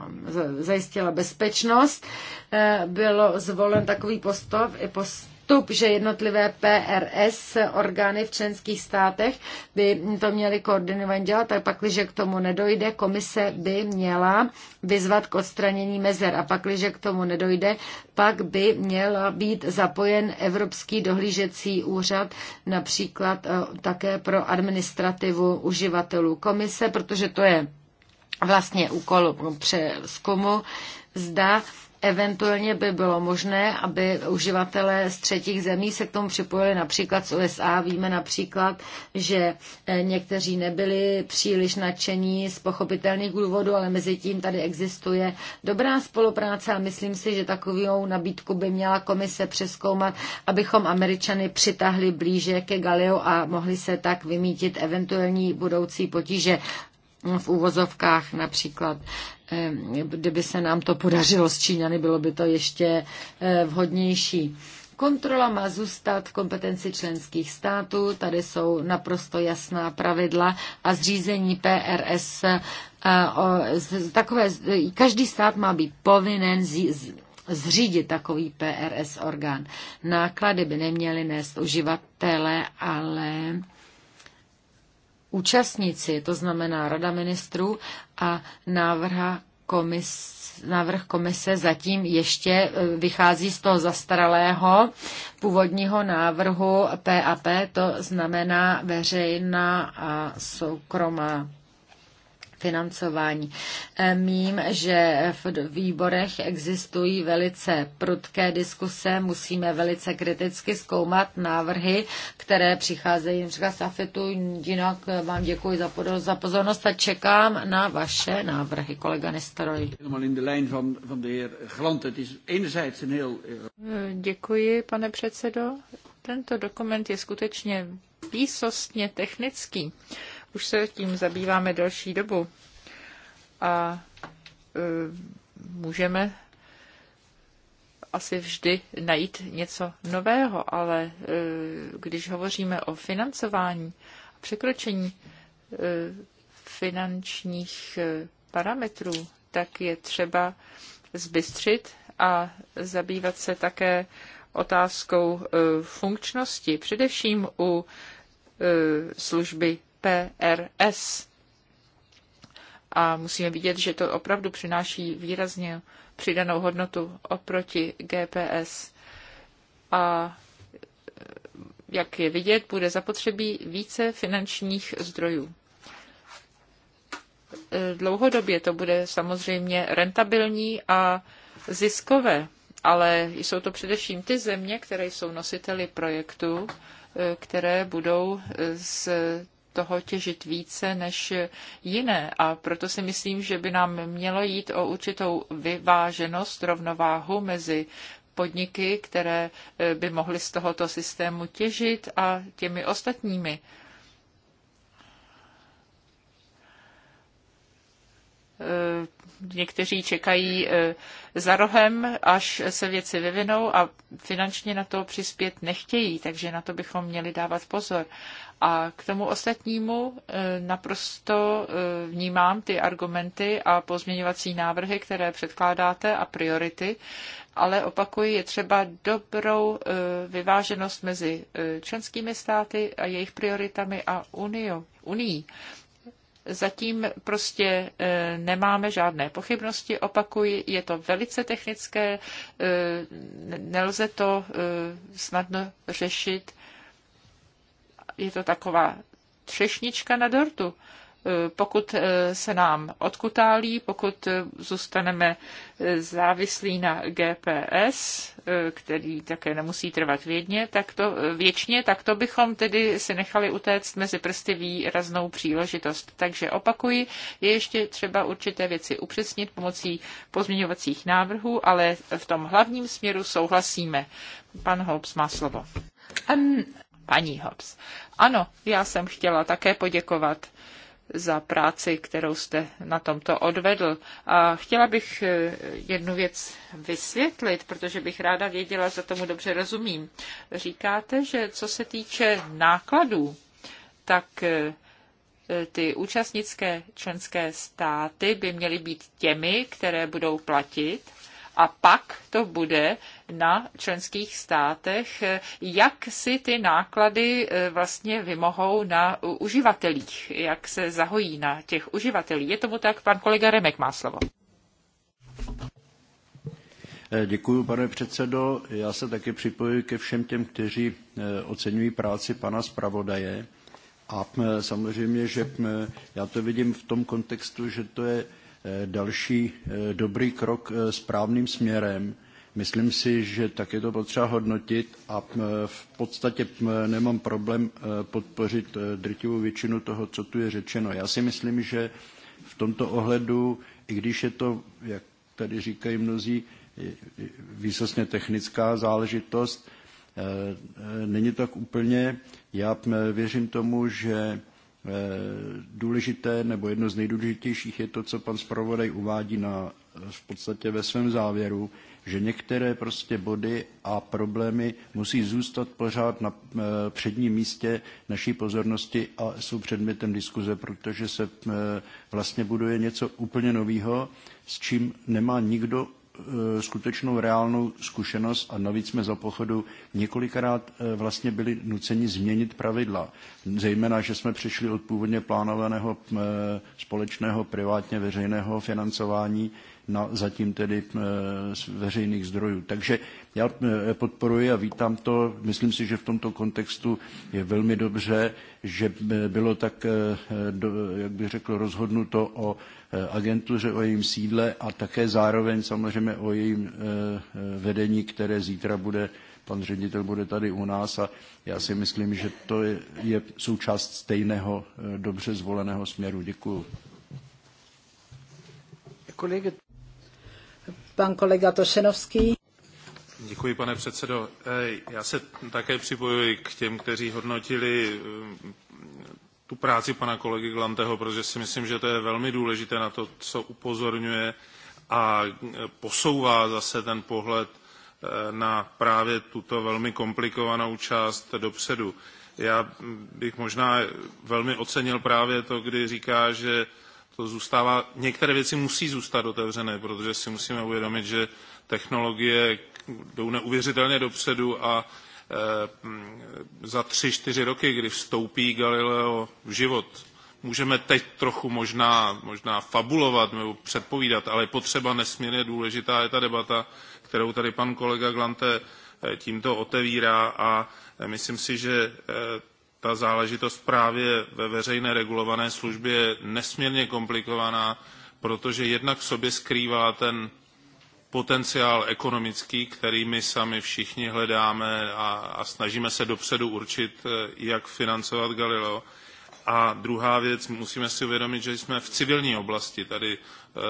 zajistila bezpečnost. Eh, bylo zvolen takový postup, postup vstup, že jednotlivé PRS orgány v členských státech by to měly koordinovaně dělat, tak pak, když k tomu nedojde, komise by měla vyzvat k odstranění mezer a pak, když k tomu nedojde, pak by měla být zapojen Evropský dohlížecí úřad, například eh, také pro administrativu uživatelů komise, protože to je vlastně úkol přeskumu, zda Eventuálně by bylo možné, aby uživatelé z třetích zemí se k tomu připojili například z USA. Víme například, že eh, někteří nebyli příliš nadšení z pochopitelných důvodů, ale mezi tím tady existuje dobrá spolupráce a myslím si, že takovou nabídku by měla komise přeskoumat, abychom Američany přitáhli blíže ke Galio a mohli se tak vymítit eventuální budoucí potíže v úvozovkách například, eh, kdyby se nám to podařilo s Číňany, bylo by to ještě eh, vhodnější. Kontrola má zůstat v kompetenci členských států, tady jsou naprosto jasná pravidla a zřízení PRS, eh, takové, každý stát má být povinen zřídit takový PRS orgán. Náklady by neměly nést uživatele, ale účastníci, to znamená Rada ministrů a návrha komis, návrh komise zatím ještě e, vychází z toho zastaralého původního návrhu PAP, to znamená veřejná a soukromá financování. Eh, Mím, že v výborech existují velice prudké diskuse, musíme velice kriticky zkoumat návrhy, které přicházejí například z Jinak eh, vám děkuji za, za pozornost a čekám na vaše návrhy, kolega Nestoroj. Eh, děkuji, pane předsedo. Tento dokument je skutečně výsostně technický. Už se tím zabýváme další dobu a e, můžeme asi vždy najít něco nového, ale e, když hovoříme o financování a překročení e, finančních parametrů, tak je třeba zbystřit a zabývat se také otázkou funkčnosti, především u služby PRS. A musíme vidět, že to opravdu přináší výrazně přidanou hodnotu oproti GPS. A eh, jak je vidět, bude zapotřebí více finančních zdrojů. Eh, dlouhodobě to bude samozřejmě rentabilní a ziskové, ale jsou to především ty země, které jsou nositeli projektu, eh, které budou z toho těžit více než jiné. A proto si myslím, že by nám mělo jít o určitou vyváženost, rovnováhu mezi podniky, které eh, by mohly z tohoto systému těžit a těmi ostatními. Eh, někteří čekají e, za rohem, až se věci vyvinou a finančně na to přispět nechtějí, takže na to bychom měli dávat pozor. A k tomu ostatnímu e, naprosto e, vnímám ty argumenty a pozměňovací návrhy, které předkládáte a priority, ale opakuji, je třeba dobrou vyváženost mezi členskými státy a jejich prioritami a unii. unii. Zatím prostě e, nemáme žádné pochybnosti, opakuji, je to velice technické, e, nelze to e, snadno řešit. Je to taková třešnička na dortu Eh, pokud eh, se nám odkutálí, pokud eh, zůstaneme závislí na GPS, který také nemusí trvat vědně, tak to, věčně, tak to bychom tedy si nechali utéct mezi prsty výraznou příležitost. Takže opakuji, je ještě třeba určité věci upřesnit pomocí pozměňovacích návrhů, ale v tom hlavním směru souhlasíme. Pan Hobbs má slovo. Um... Paní Hobbs. Ano, já jsem chtěla také poděkovat za práci, kterou jste na tomto odvedl. A chtěla bych eh, jednu věc vysvětlit, protože bych ráda věděla, za tomu dobře rozumím. Říkáte, že co se týče nákladů, tak eh, ty účastnické členské státy by měly být těmi, které budou platit a pak to bude na členských státech, jak si ty náklady eh, vlastně vymohou na uživatelích, jak se zahojí na těch uživatelích. Je tomu tak, pan kolega Remek má slovo. Eh, Děkuji, pane předsedo. Já se také připojuji ke všem těm, kteří eh, oceňují práci pana zpravodaje. A samozřejmě, že já to vidím v tom kontextu, že to je Eh, další eh, dobrý krok eh, správným směrem. Myslím si, že tak je to potřeba hodnotit a v podstatě nemám problém podpořit drtivou většinu toho, co tu je řečeno. Já si myslím, že v tomto ohledu, i když je to, jak tady říkají mnozí, výsostně technická záležitost, není tak úplně. Já věřím tomu, že Eh, důležité nebo jedno z nejdůležitějších je to, co pan zpravodaj uvádí na, eh, v podstatě ve svém závěru, že některé prostě body a problémy musí zůstat pořád na eh, předním místě naší pozornosti a jsou předmětem diskuze, protože se vlastně buduje něco úplně nového, s čím nemá nikdo E, skutečnou reálnou zkušenost a navíc jsme za pochodu několikrát e, vlastně byli nuceni změnit pravidla. Zejména, že jsme přišli od původně plánovaného e, společného privátně veřejného financování na zatím tedy z veřejných zdrojů. Takže já podporuji a vítám to. Myslím si, že v tomto kontextu je velmi dobře, že bylo tak, jak bych řekl, rozhodnuto o Eh, agentuře, o jejím sídle a také zároveň samozřejmě o jejím eh, eh, vedení, které zítra bude, pan ředitel bude tady u nás a já si myslím, že to je, je součást stejného dobře zvoleného směru. Děkuju. Pan kolega Tošenovský. Děkuji, pane předsedo. Já se také připojuji k těm, kteří hodnotili tu práci pana kolegy Glanteho, protože si myslím, že to je velmi důležité na to, co upozorňuje a posouvá zase ten pohled eh, na právě tuto velmi komplikovanou část dopředu. Já bych možná velmi ocenil právě to, kdy říká, že to zůstává, některé věci musí zůstat otevřené, protože si musíme uvědomit, že technologie jdou neuvěřitelně dopředu a Eh, za tři, čtyři roky, kdy vstoupí Galileo v život. Můžeme teď trochu možná, možná fabulovat nebo předpovídat, ale potřeba nesmírně důležitá je ta debata, kterou tady pan kolega Glante eh, tímto otevírá a eh, myslím si, že ta záležitost právě ve veřejné regulované službě je nesmírně komplikovaná, protože jednak v sobě skrývá ten potenciál ekonomický, který my sami všichni hledáme a, a snažíme se dopředu určit, eh, jak financovat Galileo. A druhá věc, musíme si uvědomit, že jsme v civilní oblasti. Tady eh,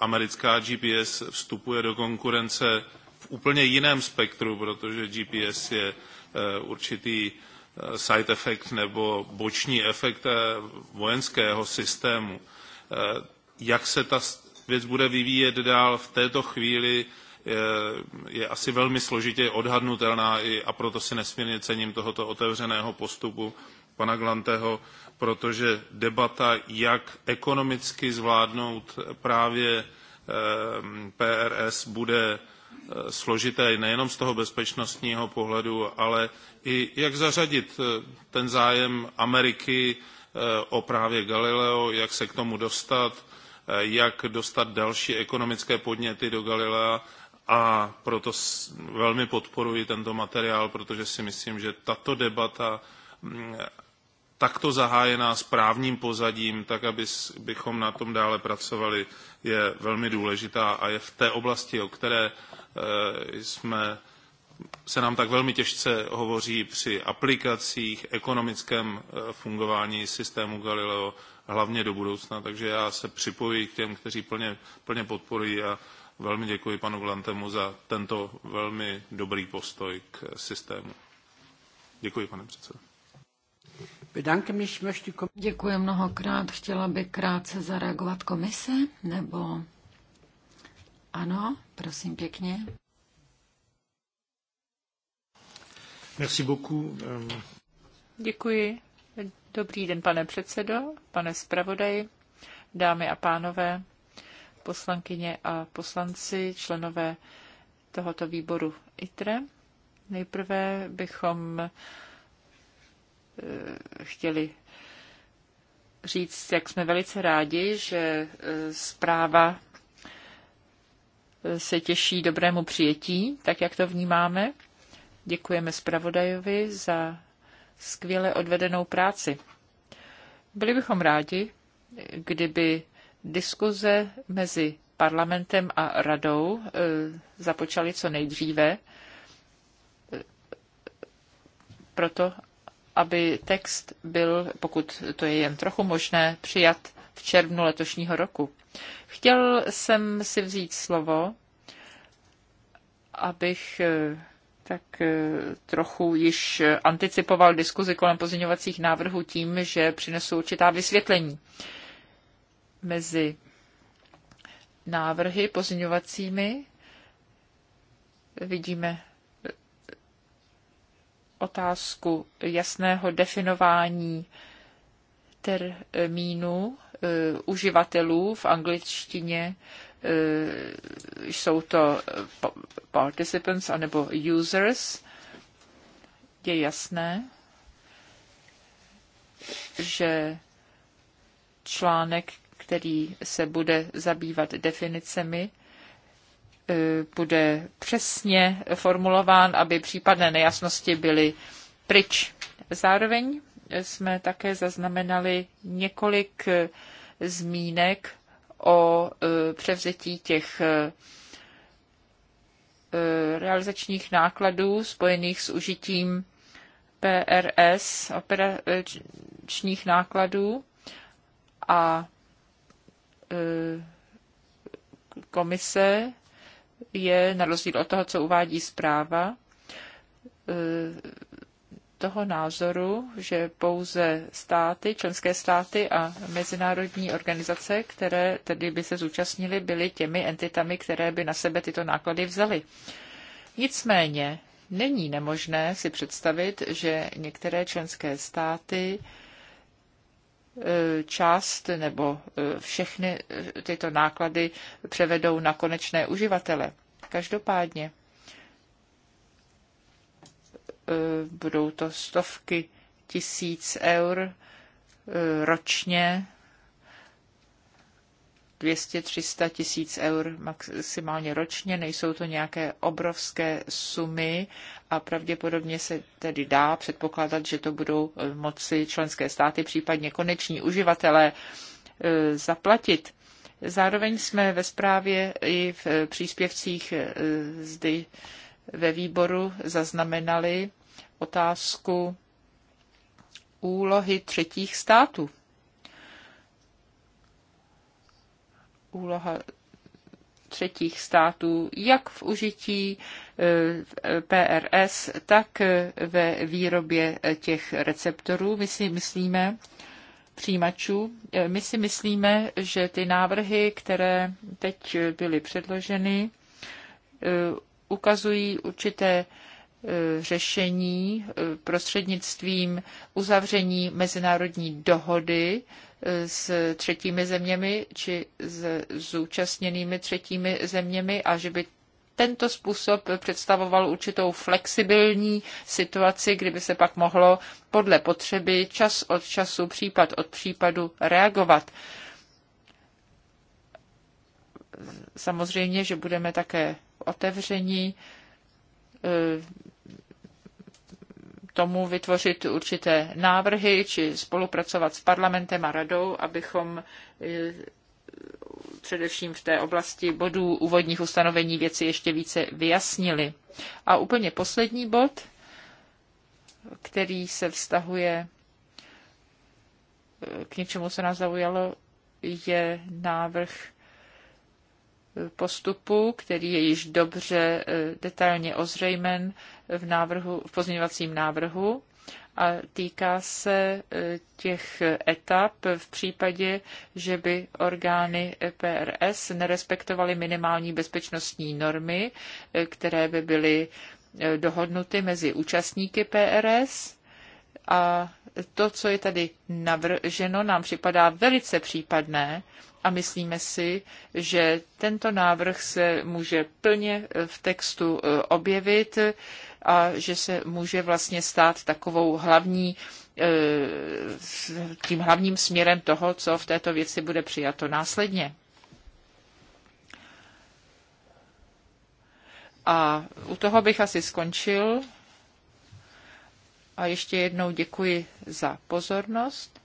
americká GPS vstupuje do konkurence v úplně jiném spektru, protože GPS je eh, určitý eh, side effect nebo boční efekt eh, vojenského systému. Eh, jak se ta věc bude vyvíjet dál. V této chvíli eh, je asi velmi složitě odhadnutelná i, a proto si nesmírně cením tohoto otevřeného postupu pana Glanteho, protože debata, jak ekonomicky zvládnout právě eh, PRS, bude eh, složité nejenom z toho bezpečnostního pohledu, ale i jak zařadit ten zájem Ameriky o právě Galileo, jak se k tomu dostat, Eh, jak dostat další ekonomické podněty do Galilea a proto velmi podporuji tento materiál, protože si myslím, že tato debata mm, takto zahájená správným pozadím, tak abychom na tom dále pracovali, je velmi důležitá a je v té oblasti, o které eh, jsme, se nám tak velmi těžce hovoří při aplikacích, ekonomickém eh, fungování systému Galileo, hlavně do budoucna. Takže já se připojuji k těm, kteří plně, plně podporují a velmi děkuji panu Glantemu za tento velmi dobrý postoj k systému. Děkuji, pane předsedo. Děkuji mnohokrát. Chtěla by krátce zareagovat komise, nebo ano, prosím pěkně. Merci beaucoup. Euh, děkuji. Dobrý den, pane předsedo, pane zpravodaji, dámy a pánové, poslankyně a poslanci, členové tohoto výboru ITRE. Nejprve bychom eh, chtěli říct, jak jsme velice rádi, že eh, zpráva eh, se těší dobrému přijetí, tak jak to vnímáme. Děkujeme zpravodajovi za skvěle odvedenou práci. Byli bychom rádi, kdyby diskuze mezi parlamentem a radou eh, započaly co nejdříve, eh, proto aby text byl, pokud to je jen trochu možné, přijat v červnu letošního roku. Chtěl jsem si vzít slovo, abych eh, tak eh, trochu již eh, anticipoval diskuzi kolem pozměňovacích návrhů tím, že přinesu určitá vysvětlení mezi návrhy pozměňovacími. Vidíme eh, otázku jasného definování termínu uživatelů v angličtině Eh, jsou to eh, participants anebo users, je jasné, že článek, který se bude zabývat definicemi, eh, bude přesně formulován, aby případné nejasnosti byly pryč. Zároveň jsme také zaznamenali několik zmínek o e, převzetí těch e, e, realizačních nákladů spojených s užitím PRS, operačních nákladů a komise je, na rozdíl od toho, co uvádí zpráva, toho názoru, že pouze státy, členské státy a mezinárodní organizace, které tedy by se zúčastnily, byly těmi entitami, které by na sebe tyto náklady vzaly. Nicméně není nemožné si představit, že některé členské státy e, část nebo e, všechny tyto náklady převedou na konečné uživatele. Každopádně Eh, budou to stovky tisíc eur eh, ročně, 200-300 tisíc eur maximálně ročně, nejsou to nějaké obrovské sumy a pravděpodobně se tedy dá předpokládat, že to budou eh, moci členské státy, případně koneční uživatelé zaplatit. Zároveň jsme ve zprávě i v příspěvcích zde ve výboru zaznamenali otázku úlohy třetích států. Úloha třetích států, jak v užití eh, eh, PRS, tak eh, ve výrobě těch receptorů. My si myslíme, přijímačů. My si myslíme, že ty návrhy, které teď byly předloženy, ukazují určité e, řešení e, prostřednictvím uzavření mezinárodní dohody e, s třetími zeměmi či s zúčastněnými třetími zeměmi a že by tento způsob představoval určitou flexibilní situaci, kdyby se pak mohlo podle potřeby čas od času, případ od případu reagovat. Samozřejmě, že budeme také otevření eh, tomu vytvořit určité návrhy či spolupracovat s parlamentem a radou, abychom eh, především v té oblasti bodů úvodních ustanovení věci ještě více vyjasnili. A úplně poslední bod, který se vztahuje eh, k něčemu, co nás zaujalo, je návrh postupu, který je již dobře eh, detailně ozřejmen v, návrhu, v pozměňovacím návrhu a týká se eh, těch etap v případě, že by orgány e PRS nerespektovaly minimální bezpečnostní normy, eh, které by byly dohodnuty mezi účastníky PRS a to, co je tady navrženo, nám připadá velice případné a myslíme si, že tento návrh se může plně v textu e, objevit a že se může vlastně stát takovou hlavní e, tím hlavním směrem toho, co v této věci bude přijato následně. A u toho bych asi skončil. A ještě jednou děkuji za pozornost.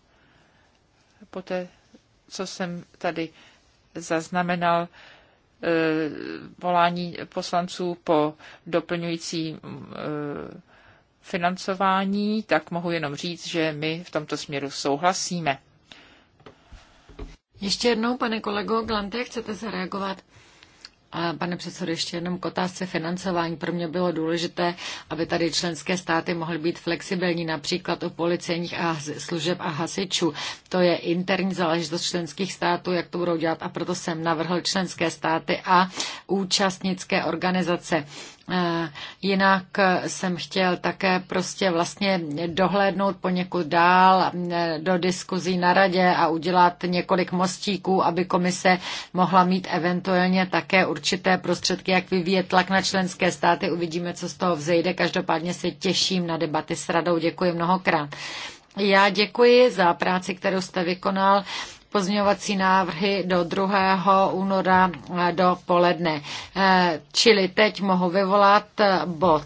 Poté, co jsem tady zaznamenal e, volání poslanců po doplňující e, financování, tak mohu jenom říct, že my v tomto směru souhlasíme. Ještě jednou, pane kolego Glante, chcete zareagovat? Pane předsedo, ještě jenom k otázce financování. Pro mě bylo důležité, aby tady členské státy mohly být flexibilní, například u policejních a služeb a hasičů. To je interní záležitost členských států, jak to budou dělat a proto jsem navrhl členské státy a účastnické organizace. Eh, jinak eh, jsem chtěl také prostě vlastně dohlédnout poněkud dál eh, do diskuzí na radě a udělat několik mostíků, aby komise mohla mít eventuálně také určité prostředky, jak vyvíjet tlak na členské státy. Uvidíme, co z toho vzejde. Každopádně se těším na debaty s radou. Děkuji mnohokrát. Já děkuji za práci, kterou jste vykonal pozměňovací návrhy do 2. února eh, do poledne. Eh, čili teď mohu vyvolat eh, bod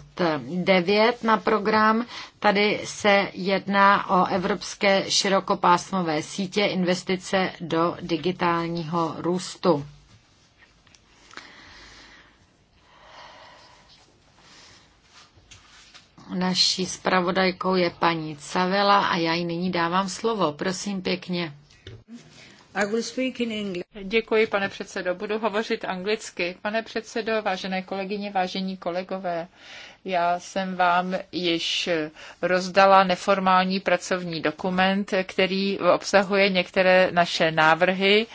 9 na program. Tady se jedná o evropské širokopásmové sítě investice do digitálního růstu. Naší zpravodajkou je paní Cavela a já jí nyní dávám slovo. Prosím pěkně. Děkuji, pane předsedo. Budu hovořit anglicky. Pane předsedo, vážené kolegyně, vážení kolegové, já jsem vám již rozdala neformální pracovní dokument, který obsahuje některé naše návrhy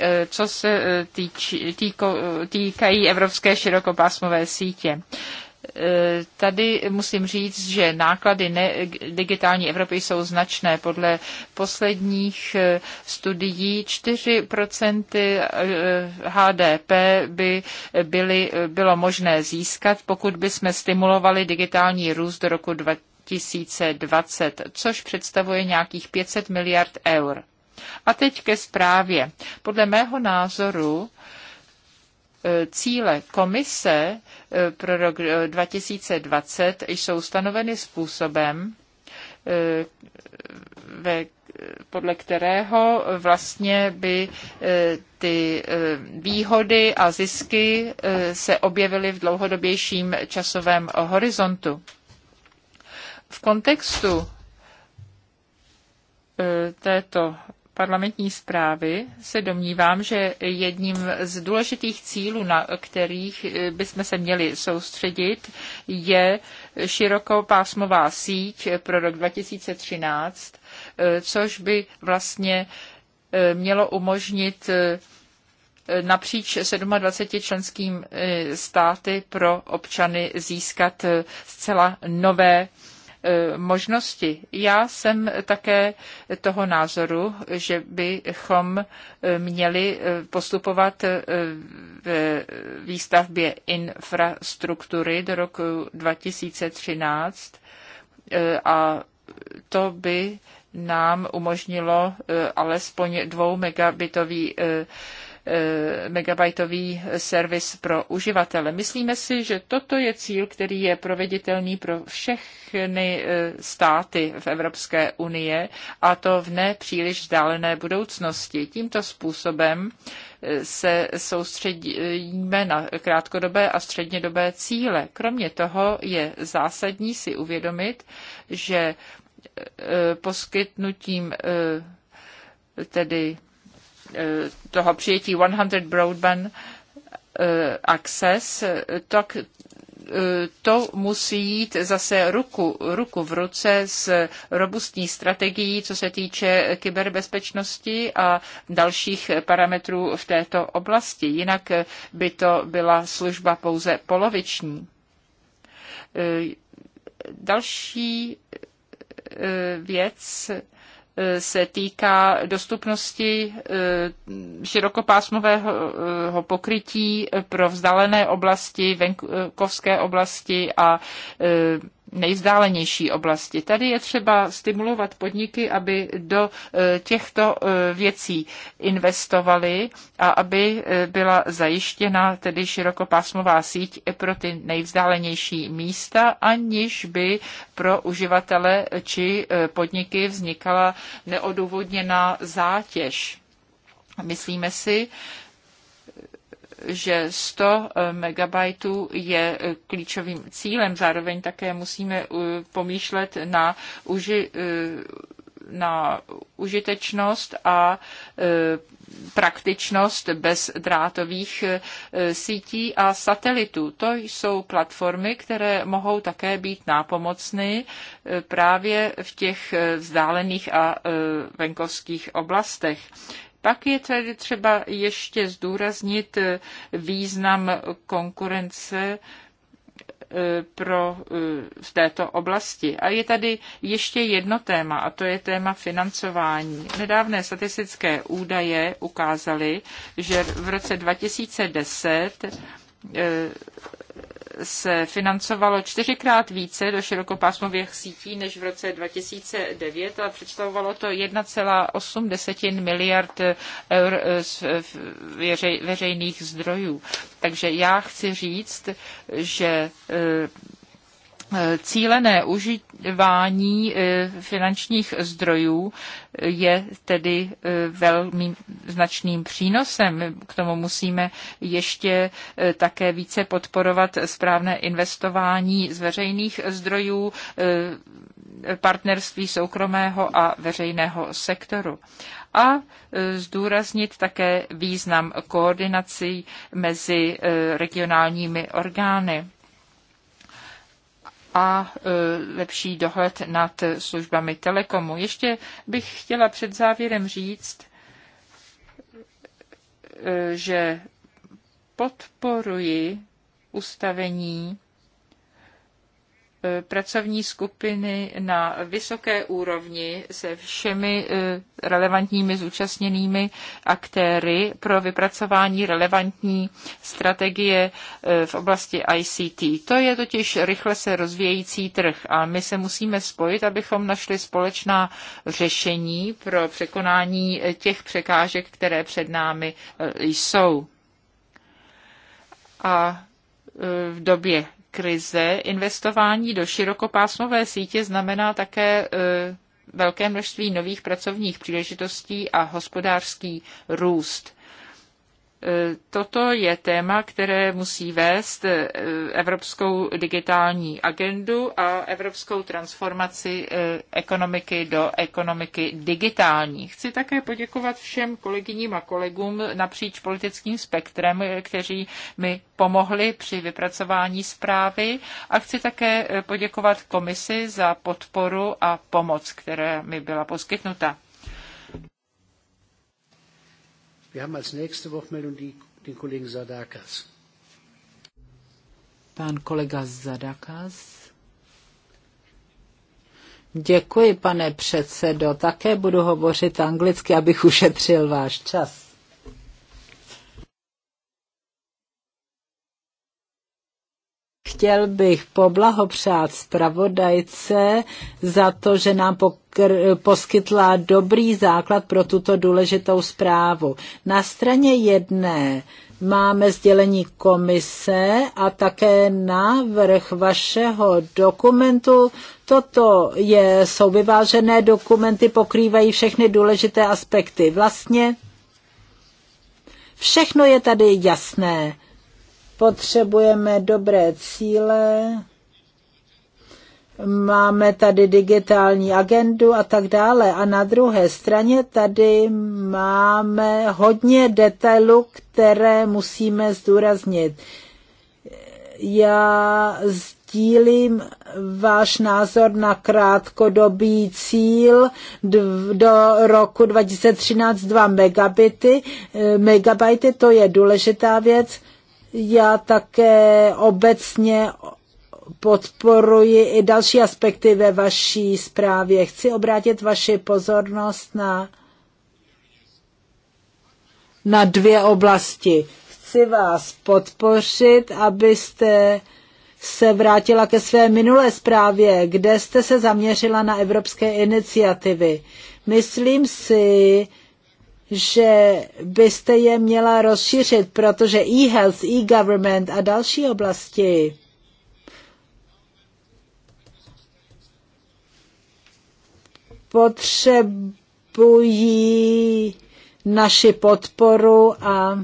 eh, co se eh, týč, týko, týkají evropské širokopásmové sítě. Tady musím říct, že náklady ne- digitální Evropy jsou značné. Podle posledních eh, studií 4% eh, HDP by byly, eh, bylo možné získat, pokud by jsme stimulovali digitální růst do roku 2020, což představuje nějakých 500 miliard eur. A teď ke zprávě. Podle mého názoru cíle komise Eh, pro rok 2020 eh, jsou stanoveny způsobem, eh, ve, podle kterého vlastně by ty výhody a zisky se objevily v dlouhodobějším časovém horizontu. V kontextu této parlamentní zprávy se domnívám, že jedním z důležitých cílů, na kterých eh, bychom se měli soustředit, je širokopásmová síť pro rok 2013, eh, což by vlastně eh, mělo umožnit napříč 27 členským státy pro občany získat zcela nové E, možnosti. Já jsem také toho názoru, že bychom e, měli e, postupovat v výstavbě infrastruktury do roku 2013 a to by nám umožnilo alespoň dvou megabitový megabajtový servis pro uživatele. Myslíme si, že toto je cíl, který je proveditelný pro všechny e, státy v Evropské unie a to v nepříliš vzdálené budoucnosti. Tímto způsobem e, se soustředíme na krátkodobé a střednědobé cíle. Kromě toho je zásadní si uvědomit, že e, poskytnutím tedy Eh, toho přijetí 100 Broadband eh, Access, tak eh, to musí jít zase ruku, ruku v ruce s robustní strategií, co se týče kyberbezpečnosti a dalších parametrů v této oblasti. Jinak by to byla služba pouze poloviční. Další věc se týká dostupnosti eh, širokopásmového pokrytí pro vzdálené oblasti, venkovské eh, oblasti a eh, nejzdálenější oblasti. Tady je třeba stimulovat podniky, aby do eh, těchto eh, věcí investovali a aby eh, byla zajištěna tedy širokopásmová síť pro ty nejvzdálenější místa, aniž by pro uživatele či podniky vznikala neodůvodněná zátěž. Myslíme si, že 100 eh, MB je eh, klíčovým cílem. Zároveň také musíme eh, pomýšlet na uži, na užitečnost a praktičnost bezdrátových sítí a satelitů. To jsou platformy, které mohou také být nápomocny právě v těch vzdálených a venkovských oblastech. Pak je tady třeba ještě zdůraznit eh, význam konkurence eh, pro, eh, v této oblasti. A je tady ještě jedno téma, a to je téma financování. Nedávné statistické údaje ukázaly, že v roce 2010 Eh, se financovalo čtyřikrát více do širokopásmových sítí než v roce 2009 a představovalo to 1,8 desetin miliard eur eh, z veřejných zdrojů. Takže já chci říct, že eh, cílené užívání eh, finančních zdrojů je tedy eh, velmi značným přínosem. K tomu musíme ještě eh, také více podporovat správné investování z veřejných zdrojů, partnerství soukromého a veřejného sektoru a zdůraznit také význam koordinací mezi regionálními orgány a e, lepší dohled nad službami telekomu. Ještě bych chtěla před závěrem říct, e, že podporuji ustavení E, pracovní skupiny na vysoké úrovni se všemi e, relevantními zúčastněnými aktéry pro vypracování relevantní strategie e, v oblasti ICT. To je totiž rychle se rozvíjející trh a my se musíme spojit, abychom našli společná řešení pro překonání těch překážek, které před námi jsou. A v době krize investování do širokopásmové sítě znamená také e, velké množství nových pracovních příležitostí a hospodářský růst. E, toto je téma, které musí vést e, evropskou digitální agendu a evropskou transformaci e, ekonomiky do ekonomiky digitální. Chci také poděkovat všem kolegyním a kolegům napříč politickým spektrem, kteří mi pomohli při vypracování zprávy a chci také poděkovat komisi za podporu a pomoc, která mi byla poskytnuta. Wir haben als nächste Wortmeldung die, den Kollegen Sadakas. Pan kolega Zadakas. Děkuji, pane předsedo. Také budu hovořit anglicky, abych ušetřil váš čas. chtěl bych poblahopřát zpravodajce za to, že nám pokr- poskytla dobrý základ pro tuto důležitou zprávu. Na straně jedné máme sdělení komise a také návrh vašeho dokumentu. Toto je, jsou vyvážené dokumenty, pokrývají všechny důležité aspekty. Vlastně všechno je tady jasné Potřebujeme dobré cíle, máme tady digitální agendu a tak dále. A na druhé straně tady máme hodně detailů, které musíme zdůraznit. Já sdílím váš názor na krátkodobý cíl do roku 2013 2 megabity. Eh, megabajty to je důležitá věc já také obecně podporuji i další aspekty ve vaší zprávě. Chci obrátit vaši pozornost na, na dvě oblasti. Chci vás podpořit, abyste se vrátila ke své minulé zprávě, kde jste se zaměřila na evropské iniciativy. Myslím si, že byste je měla rozšířit, protože e-health, e-government a další oblasti potřebují naši podporu a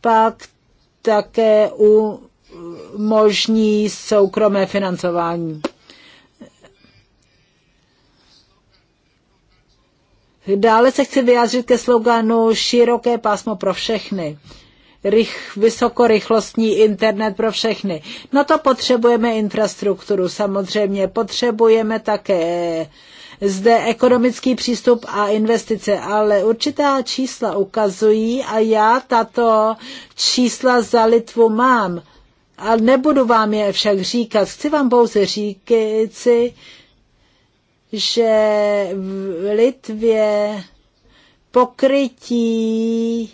pak také umožní soukromé financování. Dále se chci vyjádřit ke sloganu široké pásmo pro všechny. Rych, vysokorychlostní internet pro všechny. No to potřebujeme infrastrukturu samozřejmě, potřebujeme také eh, zde ekonomický přístup a investice, ale určitá čísla ukazují a já tato čísla za Litvu mám. A nebudu vám je však říkat, chci vám pouze říci, že v Litvě pokrytí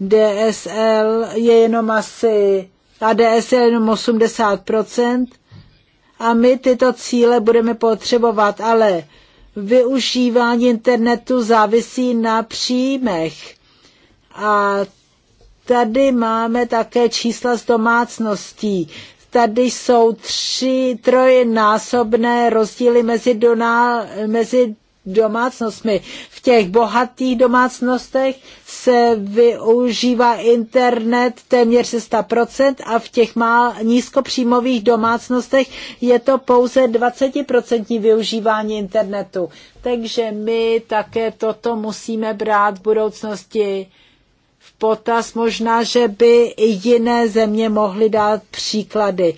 DSL je jenom asi, a DSL je jenom 80%, a my tyto cíle budeme potřebovat, ale využívání internetu závisí na příjmech. A tady máme také čísla z domácností tady jsou tři trojnásobné rozdíly mezi, doná, mezi domácnostmi. V těch bohatých domácnostech se využívá internet téměř 100% a v těch má nízkopříjmových domácnostech je to pouze 20% využívání internetu. Takže my také toto musíme brát v budoucnosti v potaz. Možná, že by i jiné země mohly dát příklady.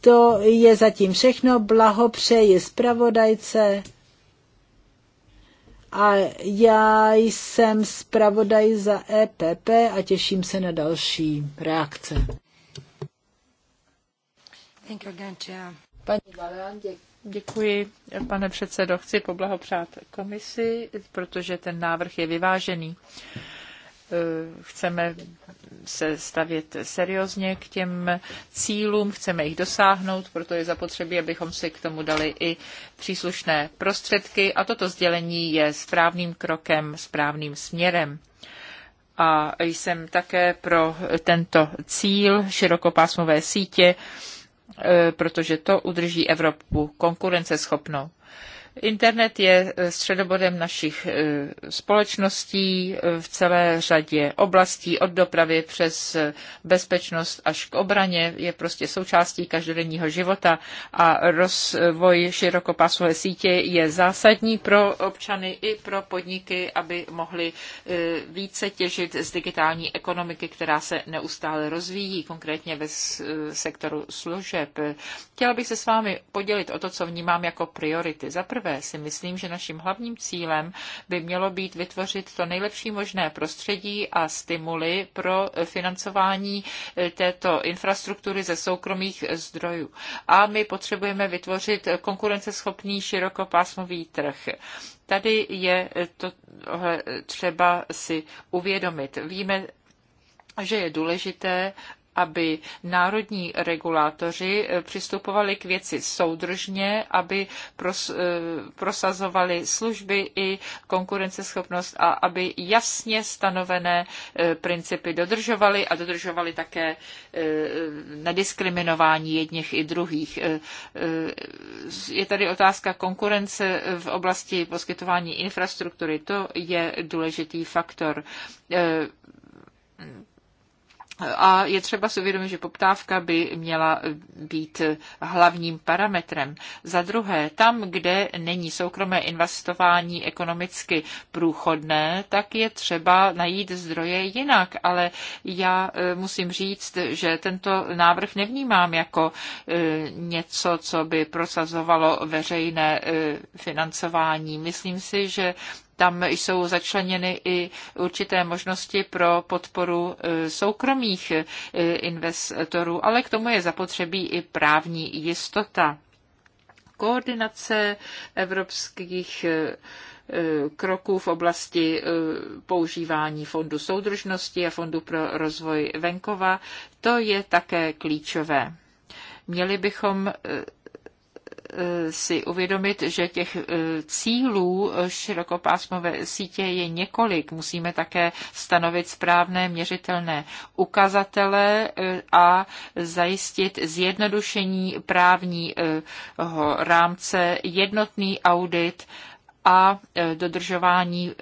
To je zatím všechno. Blahopřeji zpravodajce. A já jsem zpravodaj za EPP a těším se na další reakce. Thank you again, Paní Valán, děkuji. pane předsedo. Chci poblahopřát komisi, protože ten návrh je vyvážený. Uh, Eh, chceme se stavět seriózně k těm cílům, chceme jich dosáhnout, proto je zapotřebí, abychom si k tomu dali i příslušné prostředky a toto sdělení je správným krokem, správným směrem. A jsem také pro tento cíl širokopásmové sítě, eh, protože to udrží Evropu konkurenceschopnou. Internet je eh, středobodem našich eh, společností eh, v celé řadě oblastí, od dopravy přes bezpečnost až k obraně, je prostě součástí každodenního života a rozvoj širokopásové sítě je zásadní pro občany i pro podniky, aby mohli více těžit z digitální ekonomiky, která se neustále rozvíjí, konkrétně ve sektoru služeb. Chtěla bych se s vámi podělit o to, co vnímám jako priority. Za prvé, prvé si myslím, že naším hlavním cílem by mělo být vytvořit to nejlepší možné prostředí a stimuly pro financování eh, této infrastruktury ze soukromých zdrojů. A my potřebujeme vytvořit konkurenceschopný širokopásmový trh tady je eh, to eh, třeba si uvědomit. Víme, že je důležité, aby národní regulátoři eh, přistupovali k věci soudržně, aby eh, prosazovali služby i konkurenceschopnost a aby jasně stanovené eh, principy dodržovali a dodržovali také nediskriminování jedněch i druhých. Je tady otázka konkurence v oblasti poskytování infrastruktury. To je důležitý faktor a je třeba si uvědomit, že poptávka by měla být hlavním parametrem. Za druhé, tam, kde není soukromé investování ekonomicky průchodné, tak je třeba najít zdroje jinak. Ale já e, musím říct, že tento návrh nevnímám jako e, něco, co by prosazovalo veřejné e, financování. Myslím si, že tam jsou začleněny i určité možnosti pro podporu e, soukromých e, investorů, ale k tomu je zapotřebí i právní jistota. Koordinace evropských e, kroků v oblasti používání fondu soudržnosti a fondu pro rozvoj venkova, to je také klíčové. Měli bychom si uvědomit, že těch e, cílů e, širokopásmové sítě je několik. Musíme také stanovit správné měřitelné ukazatele e, a zajistit zjednodušení právního rámce, jednotný audit, a e, dodržování e,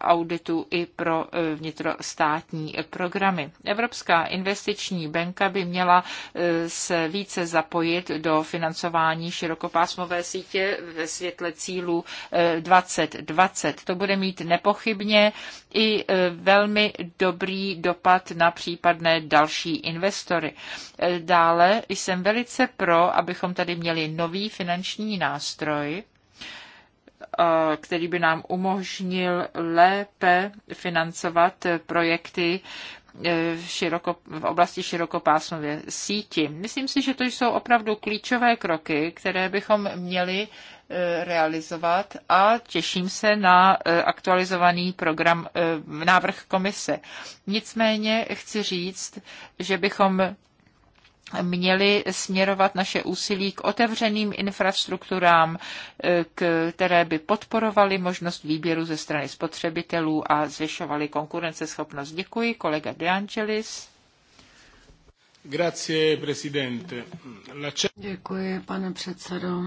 auditu i pro e, vnitrostátní programy. Evropská investiční banka by měla se více zapojit do financování širokopásmové sítě ve světle cílů 2020. To bude mít nepochybně i velmi dobrý dopad na případné další investory. Dále jsem velice pro, abychom tady měli nový finanční nástroj, který by nám umožnil lépe financovat projekty v, e, široko, v oblasti širokopásmové síti. Myslím si, že to jsou opravdu klíčové kroky, které bychom měli e, realizovat a těším se na e, aktualizovaný program, návrh komise. Nicméně chci říct, že bychom měli směrovat naše úsilí k otevřeným infrastrukturám, e, které by podporovaly možnost výběru ze strany spotřebitelů a zvyšovaly konkurenceschopnost. Děkuji, kolega De Angelis. Grazie, presidente. Děkuji, pane předsedo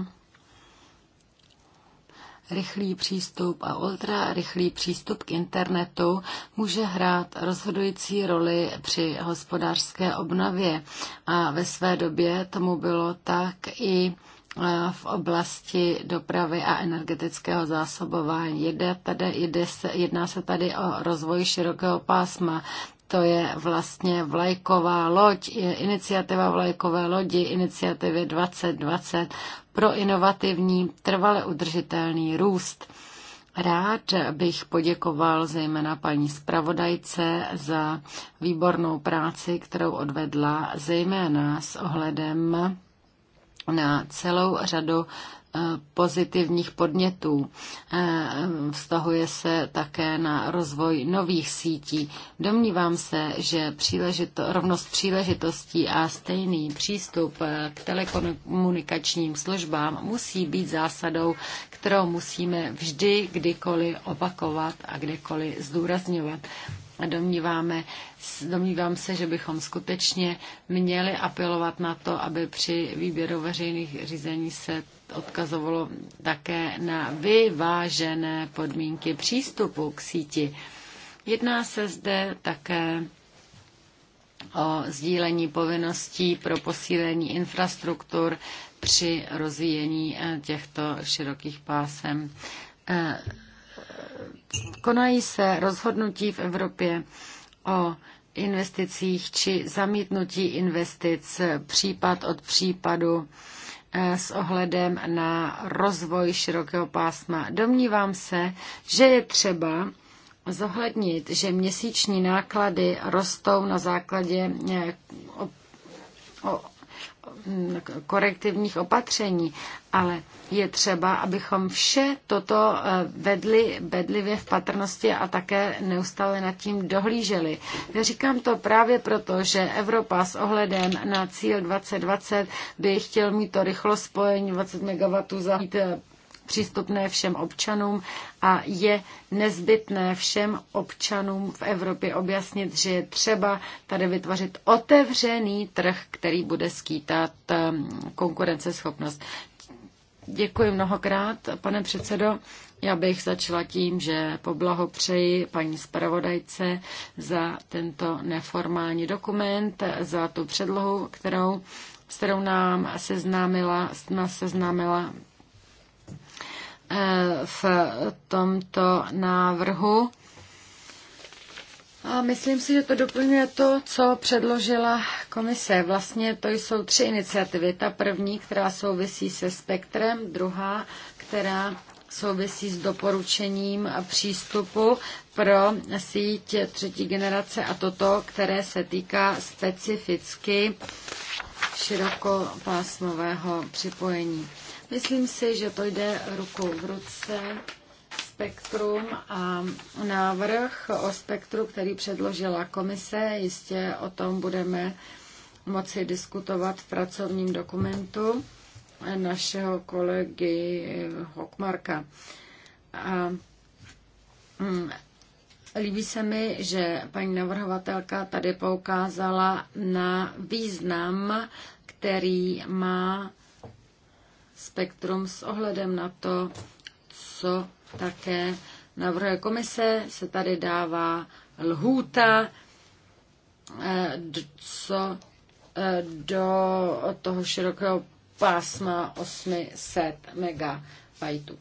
rychlý přístup a ultra rychlý přístup k internetu může hrát rozhodující roli při hospodářské obnově. A ve své době tomu bylo tak i eh, v oblasti dopravy a energetického zásobování. Jde tady, jde se, jedná se tady o rozvoj širokého pásma to je vlastně vlajková loď, iniciativa vlajkové lodi, iniciativy 2020 pro inovativní, trvale udržitelný růst. Rád bych poděkoval zejména paní zpravodajce za výbornou práci, kterou odvedla zejména s ohledem na celou řadu Eh, pozitivních podnětů. Eh, vztahuje se také na rozvoj nových sítí. Domnívám se, že příležito, rovnost příležitostí a stejný přístup eh, k telekomunikačním službám musí být zásadou, kterou musíme vždy, kdykoliv opakovat a kdekoliv zdůrazňovat a domníváme, domnívám se, že bychom skutečně měli apelovat na to, aby při výběru veřejných řízení se odkazovalo také na vyvážené podmínky přístupu k síti. Jedná se zde také o sdílení povinností pro posílení infrastruktur při rozvíjení eh, těchto širokých pásem. Eh, konají se rozhodnutí v Evropě o investicích či zamítnutí investic případ od případu Eh, s ohledem na rozvoj širokého pásma. Domnívám se, že je třeba zohlednit, že měsíční náklady rostou na základě eh, korektivních opatření, ale je třeba, abychom vše toto eh, vedli bedlivě v patrnosti a také neustále nad tím dohlíželi. Já Říkám to právě proto, že Evropa s ohledem na cíl 2020 by chtěl mít to rychlo spojení 20 MW za eh, přístupné všem občanům a je nezbytné všem občanům v Evropě objasnit, že je třeba tady vytvořit otevřený trh, který bude skýtat ehm, konkurenceschopnost. Děkuji mnohokrát, pane předsedo. Já bych začala tím, že poblahopřeji paní zpravodajce za tento neformální dokument, za tu předlohu, kterou s kterou nám seznámila, nás seznámila v tomto návrhu. A myslím si, že to doplňuje to, co předložila komise. Vlastně to jsou tři iniciativy. Ta první, která souvisí se spektrem, druhá, která souvisí s doporučením přístupu pro síť třetí generace a toto, které se týká specificky širokopásmového připojení. Myslím si, že to jde ruku v ruce spektrum a návrh o spektru, který předložila komise, jistě o tom budeme moci diskutovat v pracovním dokumentu našeho kolegy Hokmarka. A mm, Líbí se mi, že paní navrhovatelka tady poukázala na význam, který má spektrum s ohledem na to, co také navrhuje komise. Se tady dává lhůta, eh, co eh, do toho širokého pásma 800 megabajtů.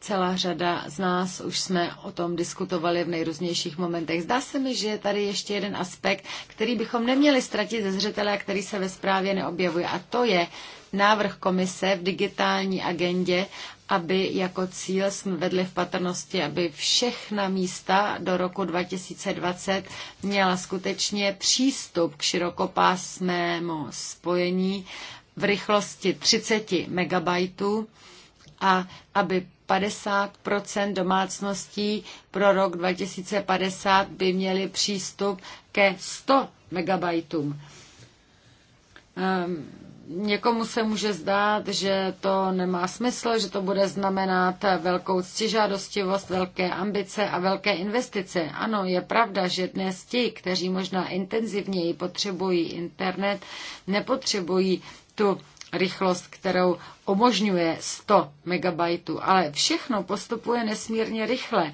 Celá řada z nás už jsme o tom diskutovali v nejrůznějších momentech. Zdá se mi, že je tady ještě jeden aspekt, který bychom neměli ztratit ze zřetele, který se ve zprávě neobjevuje, a to je návrh komise v digitální agendě, aby jako cíl jsme vedli v patrnosti, aby všechna místa do roku 2020 měla skutečně přístup k širokopásmému spojení v rychlosti 30 MB a aby 50 domácností pro rok 2050 by měli přístup ke 100 megabajtům. Ehm, Někomu se může zdát, že to nemá smysl, že to bude znamenat velkou ctižádostivost, velké ambice a velké investice. Ano, je pravda, že dnes ti, kteří možná intenzivněji potřebují internet, nepotřebují tu rychlost, kterou umožňuje 100 MB, ale všechno postupuje nesmírně rychle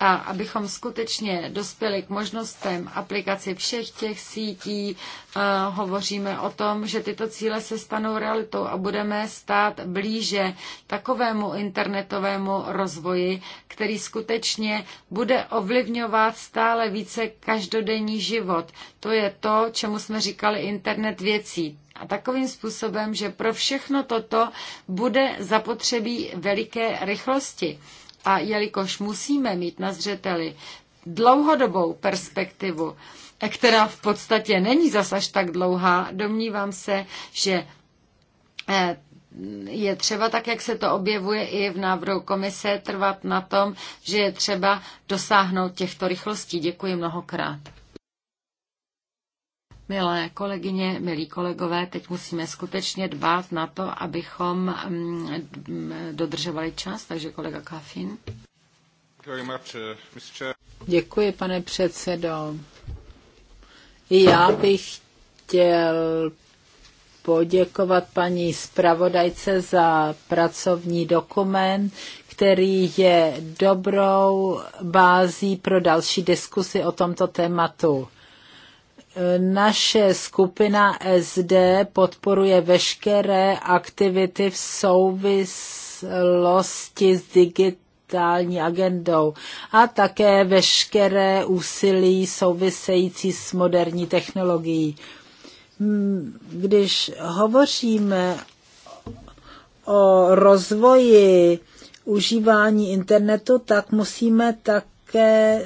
a abychom skutečně dospěli k možnostem aplikaci všech těch sítí, eh, hovoříme o tom, že tyto cíle se stanou realitou a budeme stát blíže takovému internetovému rozvoji, který skutečně bude ovlivňovat stále více každodenní život. To je to, čemu jsme říkali internet věcí. A takovým způsobem, že pro všechno toto bude zapotřebí veliké rychlosti. A jelikož musíme mít na zřeteli dlouhodobou perspektivu, která v podstatě není zas až tak dlouhá, domnívám se, že eh, je třeba, tak jak se to objevuje i v návrhu komise, trvat na tom, že je třeba dosáhnout těchto rychlostí. Děkuji mnohokrát. Milé kolegyně, milí kolegové, teď musíme skutečně dbát na to, abychom mm, mm, dodržovali čas, takže kolega Kafin. Děkuji, pane předsedo. I já bych chtěl poděkovat paní zpravodajce za pracovní dokument, který je dobrou bází pro další diskusy o tomto tématu. Naše skupina SD podporuje veškeré aktivity v souvislosti s digitální agendou a také veškeré úsilí související s moderní technologií. Hmm, když hovoříme o rozvoji užívání internetu, tak musíme také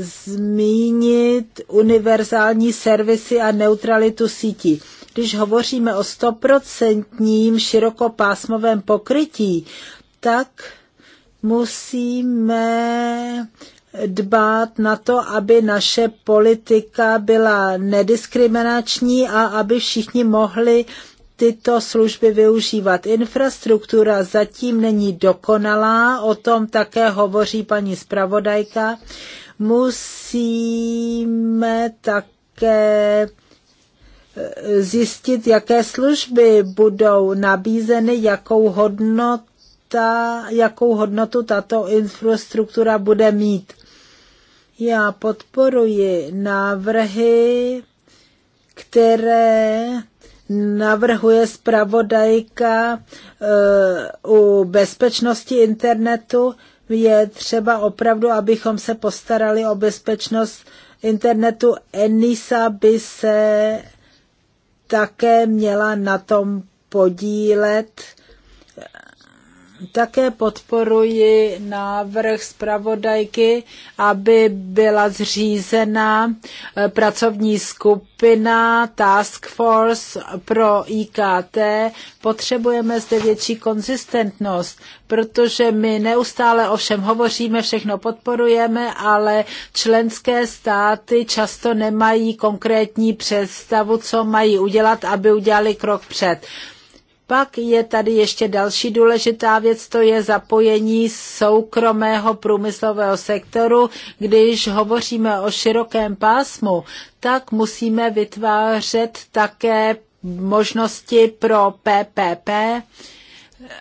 zmínit univerzální servisy a neutralitu sítí. Když hovoříme o stoprocentním širokopásmovém pokrytí, tak musíme dbát na to, aby naše politika byla nediskriminační a aby všichni mohli tyto služby využívat. Infrastruktura zatím není dokonalá, o tom také hovoří paní zpravodajka. Musíme také eh, zjistit, jaké služby budou nabízeny, jakou hodnota, jakou hodnotu tato infrastruktura bude mít. Já podporuji návrhy, které navrhuje zpravodajka eh, u bezpečnosti internetu je třeba opravdu, abychom se postarali o bezpečnost internetu. Enisa by se také měla na tom podílet také podporuji návrh zpravodajky, aby byla zřízena eh, pracovní skupina Task Force pro IKT. Potřebujeme zde větší konzistentnost, protože my neustále všem hovoříme, všechno podporujeme, ale členské státy často nemají konkrétní představu, co mají udělat, aby udělali krok před. Pak je tady ještě další důležitá věc, to je zapojení soukromého průmyslového sektoru. Když hovoříme o širokém pásmu, tak musíme vytvářet také možnosti pro PPP.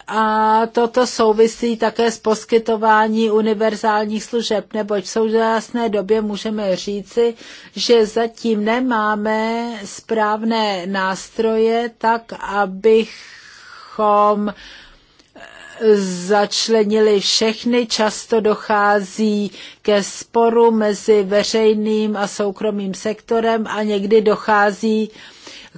A toto souvisí také s poskytování univerzálních služeb, neboť v současné době můžeme říci, že zatím nemáme správné nástroje tak, abych abychom eh, začlenili všechny. Často dochází ke sporu mezi veřejným a soukromým sektorem a někdy dochází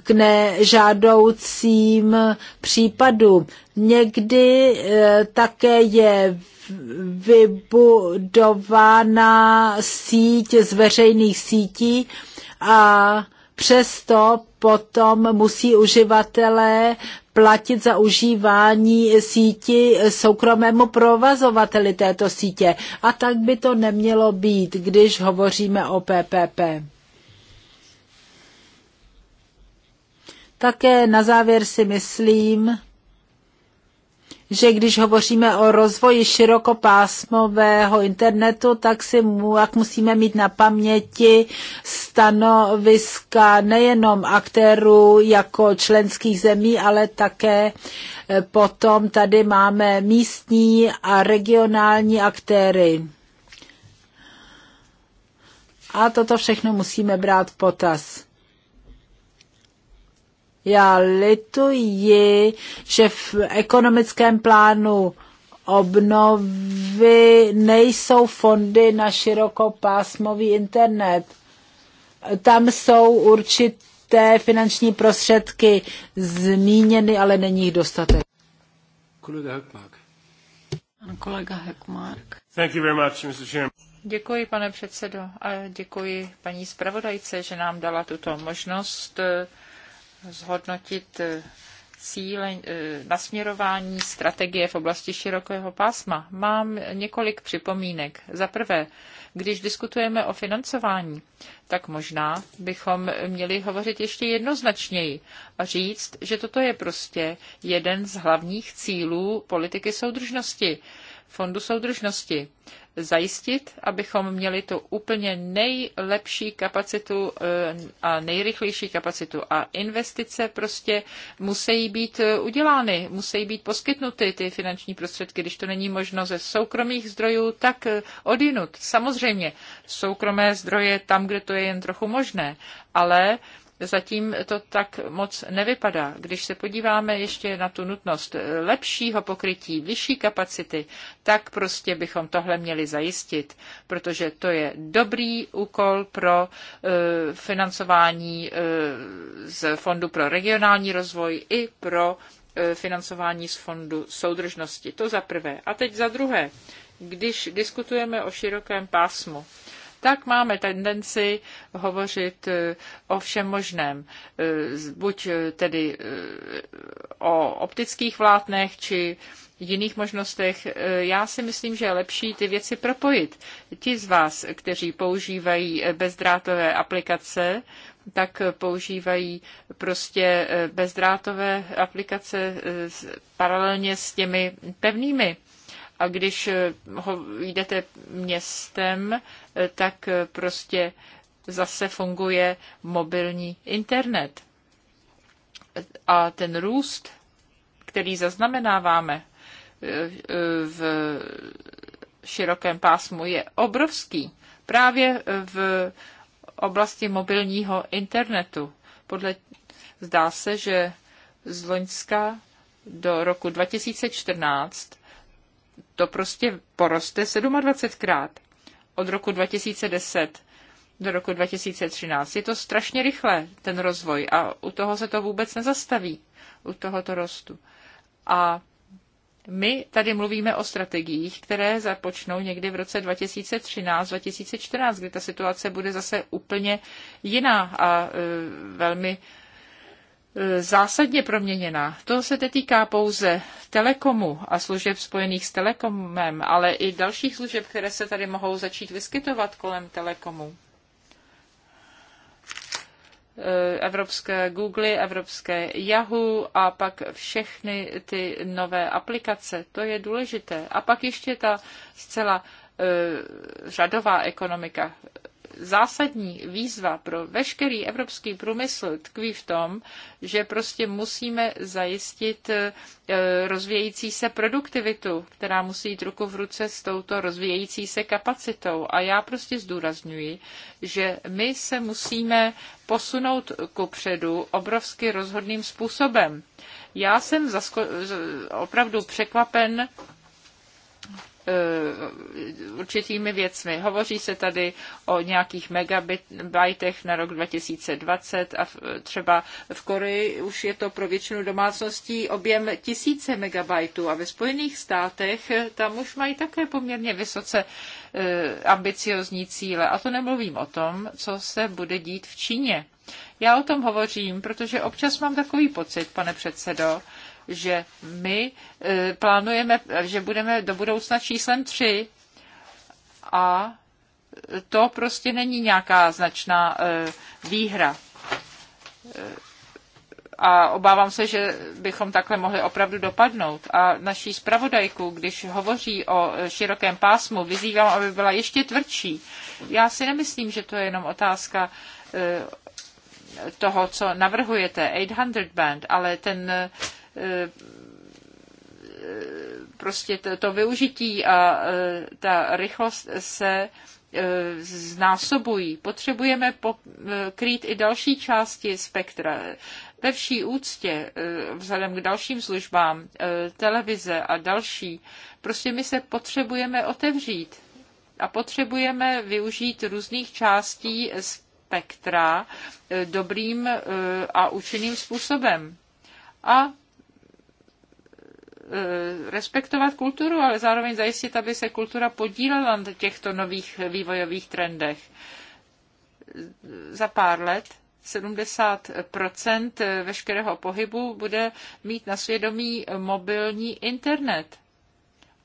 k nežádoucím případům. Někdy eh, také je vybudována síť z veřejných sítí a přesto potom musí uživatelé platit za užívání síti soukromému provazovateli této sítě. A tak by to nemělo být, když hovoříme o PPP. Také na závěr si myslím, že když hovoříme o rozvoji širokopásmového internetu, tak si mu, jak musíme mít na paměti stanoviska nejenom aktérů jako členských zemí, ale také e, potom tady máme místní a regionální aktéry. A toto všechno musíme brát v potaz. Já lituji, že v ekonomickém plánu obnovy nejsou fondy na širokopásmový internet. Tam jsou určité finanční prostředky zmíněny, ale není jich dostatek. Kolega Hekmark. Ano, kolega Hökmark. Thank you very much, Mr. Chairman. Děkuji, pane předsedo, a děkuji paní zpravodajce, že nám dala tuto možnost uh, zhodnotit eh, cíle, eh, nasměrování strategie v oblasti širokého pásma. Mám několik připomínek. Za prvé, když diskutujeme o financování, tak možná bychom měli hovořit ještě jednoznačněji a říct, že toto je prostě jeden z hlavních cílů politiky soudržnosti, fondu soudržnosti zajistit, abychom měli tu úplně nejlepší kapacitu eh, a nejrychlejší kapacitu. A investice prostě musí být eh, udělány, musí být poskytnuty ty finanční prostředky. Když to není možno ze soukromých zdrojů, tak eh, odinut. Samozřejmě soukromé zdroje tam, kde to je jen trochu možné, ale Zatím to tak moc nevypadá. Když se podíváme ještě na tu nutnost lepšího pokrytí, vyšší kapacity, tak prostě bychom tohle měli zajistit, protože to je dobrý úkol pro e, financování e, z Fondu pro regionální rozvoj i pro e, financování z Fondu soudržnosti. To za prvé. A teď za druhé, když diskutujeme o širokém pásmu, tak máme tendenci hovořit eh, o všem možném. Eh, buď eh, tedy o optických vlátnech, či jiných možnostech. Já si myslím, že je lepší ty věci propojit. Ti z vás, kteří používají bezdrátové aplikace, tak používají prostě bezdrátové aplikace paralelně s těmi pevnými a když eh, ho jdete městem, eh, tak eh, prostě zase funguje mobilní internet. A ten růst, který zaznamenáváme v širokém pásmu, je obrovský. Právě v oblasti mobilního internetu. Podle zdá se, že z Loňska do roku 2014 to prostě poroste 27krát od roku 2010 do roku 2013. Je to strašně rychle, ten rozvoj, a u toho se to vůbec nezastaví, u tohoto rostu. A my tady mluvíme o strategiích, které započnou někdy v roce 2013-2014, kdy ta situace bude zase úplně jiná a e, velmi E, zásadně proměněna. To se netýká pouze telekomu a služeb spojených s telekomem, ale i dalších služeb, které se tady mohou začít vyskytovat kolem telekomu. E, evropské Google, evropské Yahoo a pak všechny ty nové aplikace. To je důležité. A pak ještě ta zcela e, řadová ekonomika zásadní výzva pro veškerý evropský průmysl tkví v tom, že prostě musíme zajistit eh, rozvíjející se produktivitu, která musí jít ruku v ruce s touto rozvíjející se kapacitou. A já prostě zdůrazňuji, že my se musíme posunout ku předu obrovsky rozhodným způsobem. Já jsem opravdu překvapen Eh, určitými věcmi. Hovoří se tady o nějakých megabajtech na rok 2020 a třeba v Koreji už je to pro většinu domácností objem tisíce megabajtů a ve Spojených státech tam už mají také poměrně vysoce eh, ambiciozní cíle. A to nemluvím o tom, co se bude dít v Číně. Já o tom hovořím, protože občas mám takový pocit, pane předsedo, že my e, plánujeme, že budeme do budoucna číslem 3 a to prostě není nějaká značná e, výhra. E, a obávám se, že bychom takhle mohli opravdu dopadnout. A naší zpravodajku, když hovoří o širokém pásmu, vyzývám, aby byla ještě tvrdší. Já si nemyslím, že to je jenom otázka toho, co navrhujete, 800 band, ale ten Eh, prostě to, to využití a eh, ta rychlost se eh, znásobují. Potřebujeme krýt i další části spektra. Ve vší úctě, vzhledem k dalším službám, televize a další, prostě my se potřebujeme otevřít a potřebujeme využít různých částí spektra dobrým a účinným způsobem. A Eh, respektovat kulturu, ale zároveň zajistit, aby se kultura podílela na těchto nových vývojových trendech. Za pár let 70 veškerého pohybu bude mít na svědomí mobilní internet.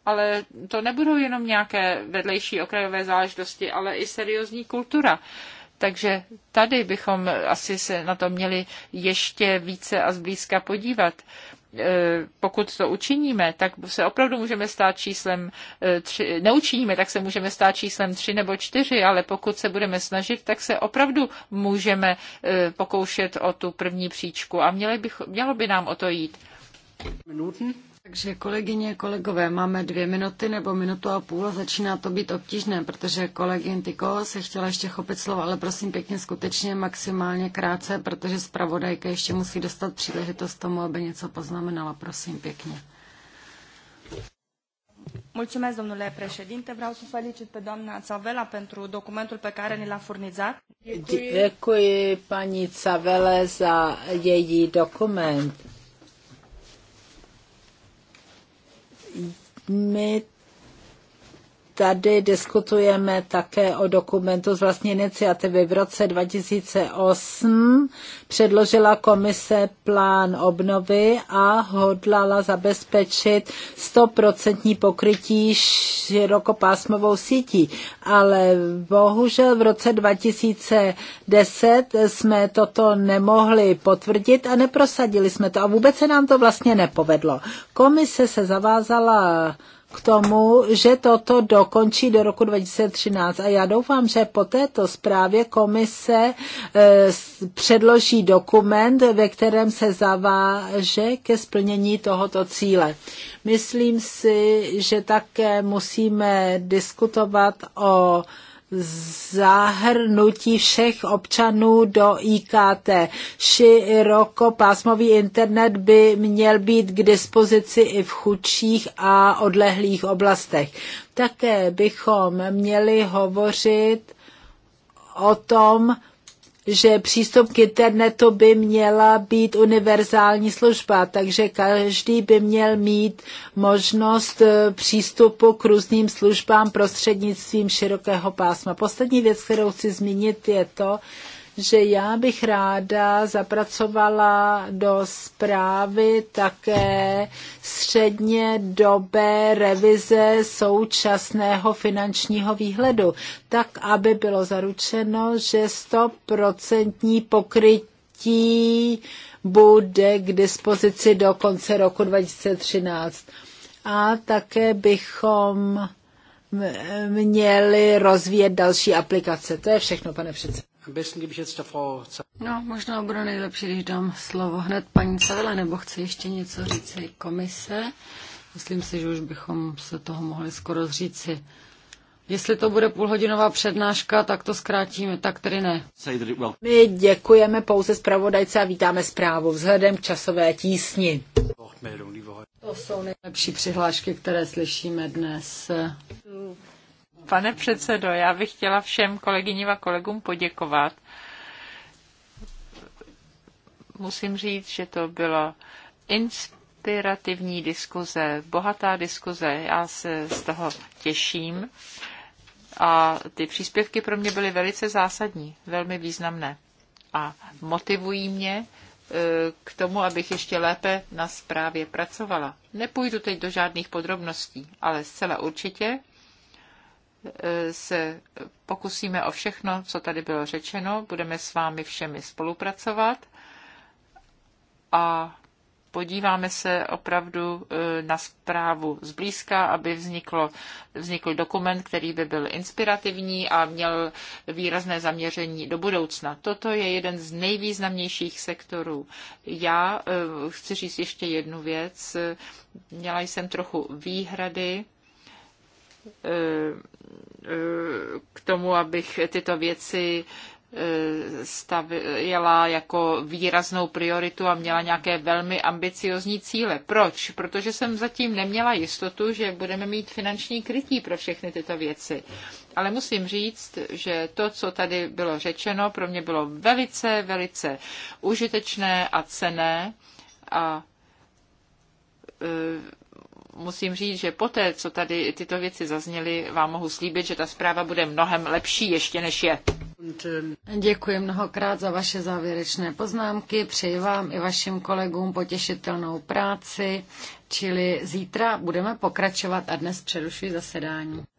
Ale to nebudou jenom nějaké vedlejší okrajové záležitosti, ale i seriózní kultura. Takže tady bychom asi se na to měli ještě více a zblízka podívat. Eh, pokud to učiníme, tak se opravdu můžeme stát číslem eh, tři, neučiníme, tak se můžeme stát číslem tři nebo čtyři, ale pokud se budeme snažit, tak se opravdu můžeme eh, pokoušet o tu první příčku a měli bych, mělo by nám o to jít. Minuten. Takže kolegyně, kolegové, máme dvě minuty nebo minutu a půl a začíná to být obtížné, protože kolegyně Tyko se chtěla ještě chopit slovo, ale prosím pěkně skutečně maximálně krátce, protože zpravodajka ještě musí dostat příležitost tomu, aby něco poznamenala. Prosím pěkně. Mulțumesc, domnule președinte. Vreau să felicit pe doamna Țavela pentru documentul pe care ni l-a furnizat. Děkuji paní Cavele za její dokument my tady diskutujeme také o dokumentu z vlastní iniciativy. V roce 2008 předložila komise plán obnovy a hodlala zabezpečit 100% pokrytí širokopásmovou sítí. Ale bohužel v roce 2010 jsme toto nemohli potvrdit a neprosadili jsme to. A vůbec se nám to vlastně nepovedlo. Komise se zavázala k tomu, že toto dokončí do roku 2013. A já doufám, že po této zprávě komise eh, předloží dokument, ve kterém se zaváže ke splnění tohoto cíle. Myslím si, že také musíme diskutovat o zahrnutí všech občanů do IKT. Širokopásmový internet by měl být k dispozici i v chudších a odlehlých oblastech. Také bychom měli hovořit o tom, že přístup k internetu by měla být univerzální služba, takže každý by měl mít možnost eh, přístupu k různým službám prostřednictvím širokého pásma. Poslední věc, kterou chci zmínit, je to, že já bych ráda zapracovala do zprávy také středně dobé revize současného finančního výhledu, tak aby bylo zaručeno, že 100% pokrytí bude k dispozici do konce roku 2013. A také bychom měli rozvíjet další aplikace. To je všechno, pane předsedo. No, možná bude nejlepší, když dám slovo hned paní Cavila, nebo chce ještě něco říct komise. Myslím si, že už bychom se toho mohli skoro zříci. Jestli to bude půlhodinová přednáška, tak to zkrátíme, tak tedy ne. My děkujeme pouze zpravodajce a vítáme zprávu vzhledem k časové tísni. To jsou nejlepší přihlášky, které slyšíme dnes. Pane předsedo, já bych chtěla všem kolegyním a kolegům poděkovat. Musím říct, že to byla inspirativní diskuze, bohatá diskuze. Já se z toho těším. A ty příspěvky pro mě byly velice zásadní, velmi významné. A motivují mě e, k tomu, abych ještě lépe na zprávě pracovala. Nepůjdu teď do žádných podrobností, ale zcela určitě E, se pokusíme o všechno, co tady bylo řečeno, budeme s vámi všemi spolupracovat a podíváme se opravdu e, na zprávu zblízka, aby vzniklo, vznikl dokument, který by byl inspirativní a měl výrazné zaměření do budoucna. Toto je jeden z nejvýznamnějších sektorů. Já e, chci říct ještě jednu věc. Měla jsem trochu výhrady Eh, k tomu, abych tyto věci eh, stavěla jako výraznou prioritu a měla nějaké velmi ambiciozní cíle. Proč? Protože jsem zatím neměla jistotu, že budeme mít finanční krytí pro všechny tyto věci. Ale musím říct, že to, co tady bylo řečeno, pro mě bylo velice, velice užitečné a cené a eh, musím říct, že poté, co tady tyto věci zazněly, vám mohu slíbit, že ta zpráva bude mnohem lepší ještě než je. Děkuji mnohokrát za vaše závěrečné poznámky. Přeji vám i vašim kolegům potěšitelnou práci. Čili zítra budeme pokračovat a dnes přerušuji zasedání.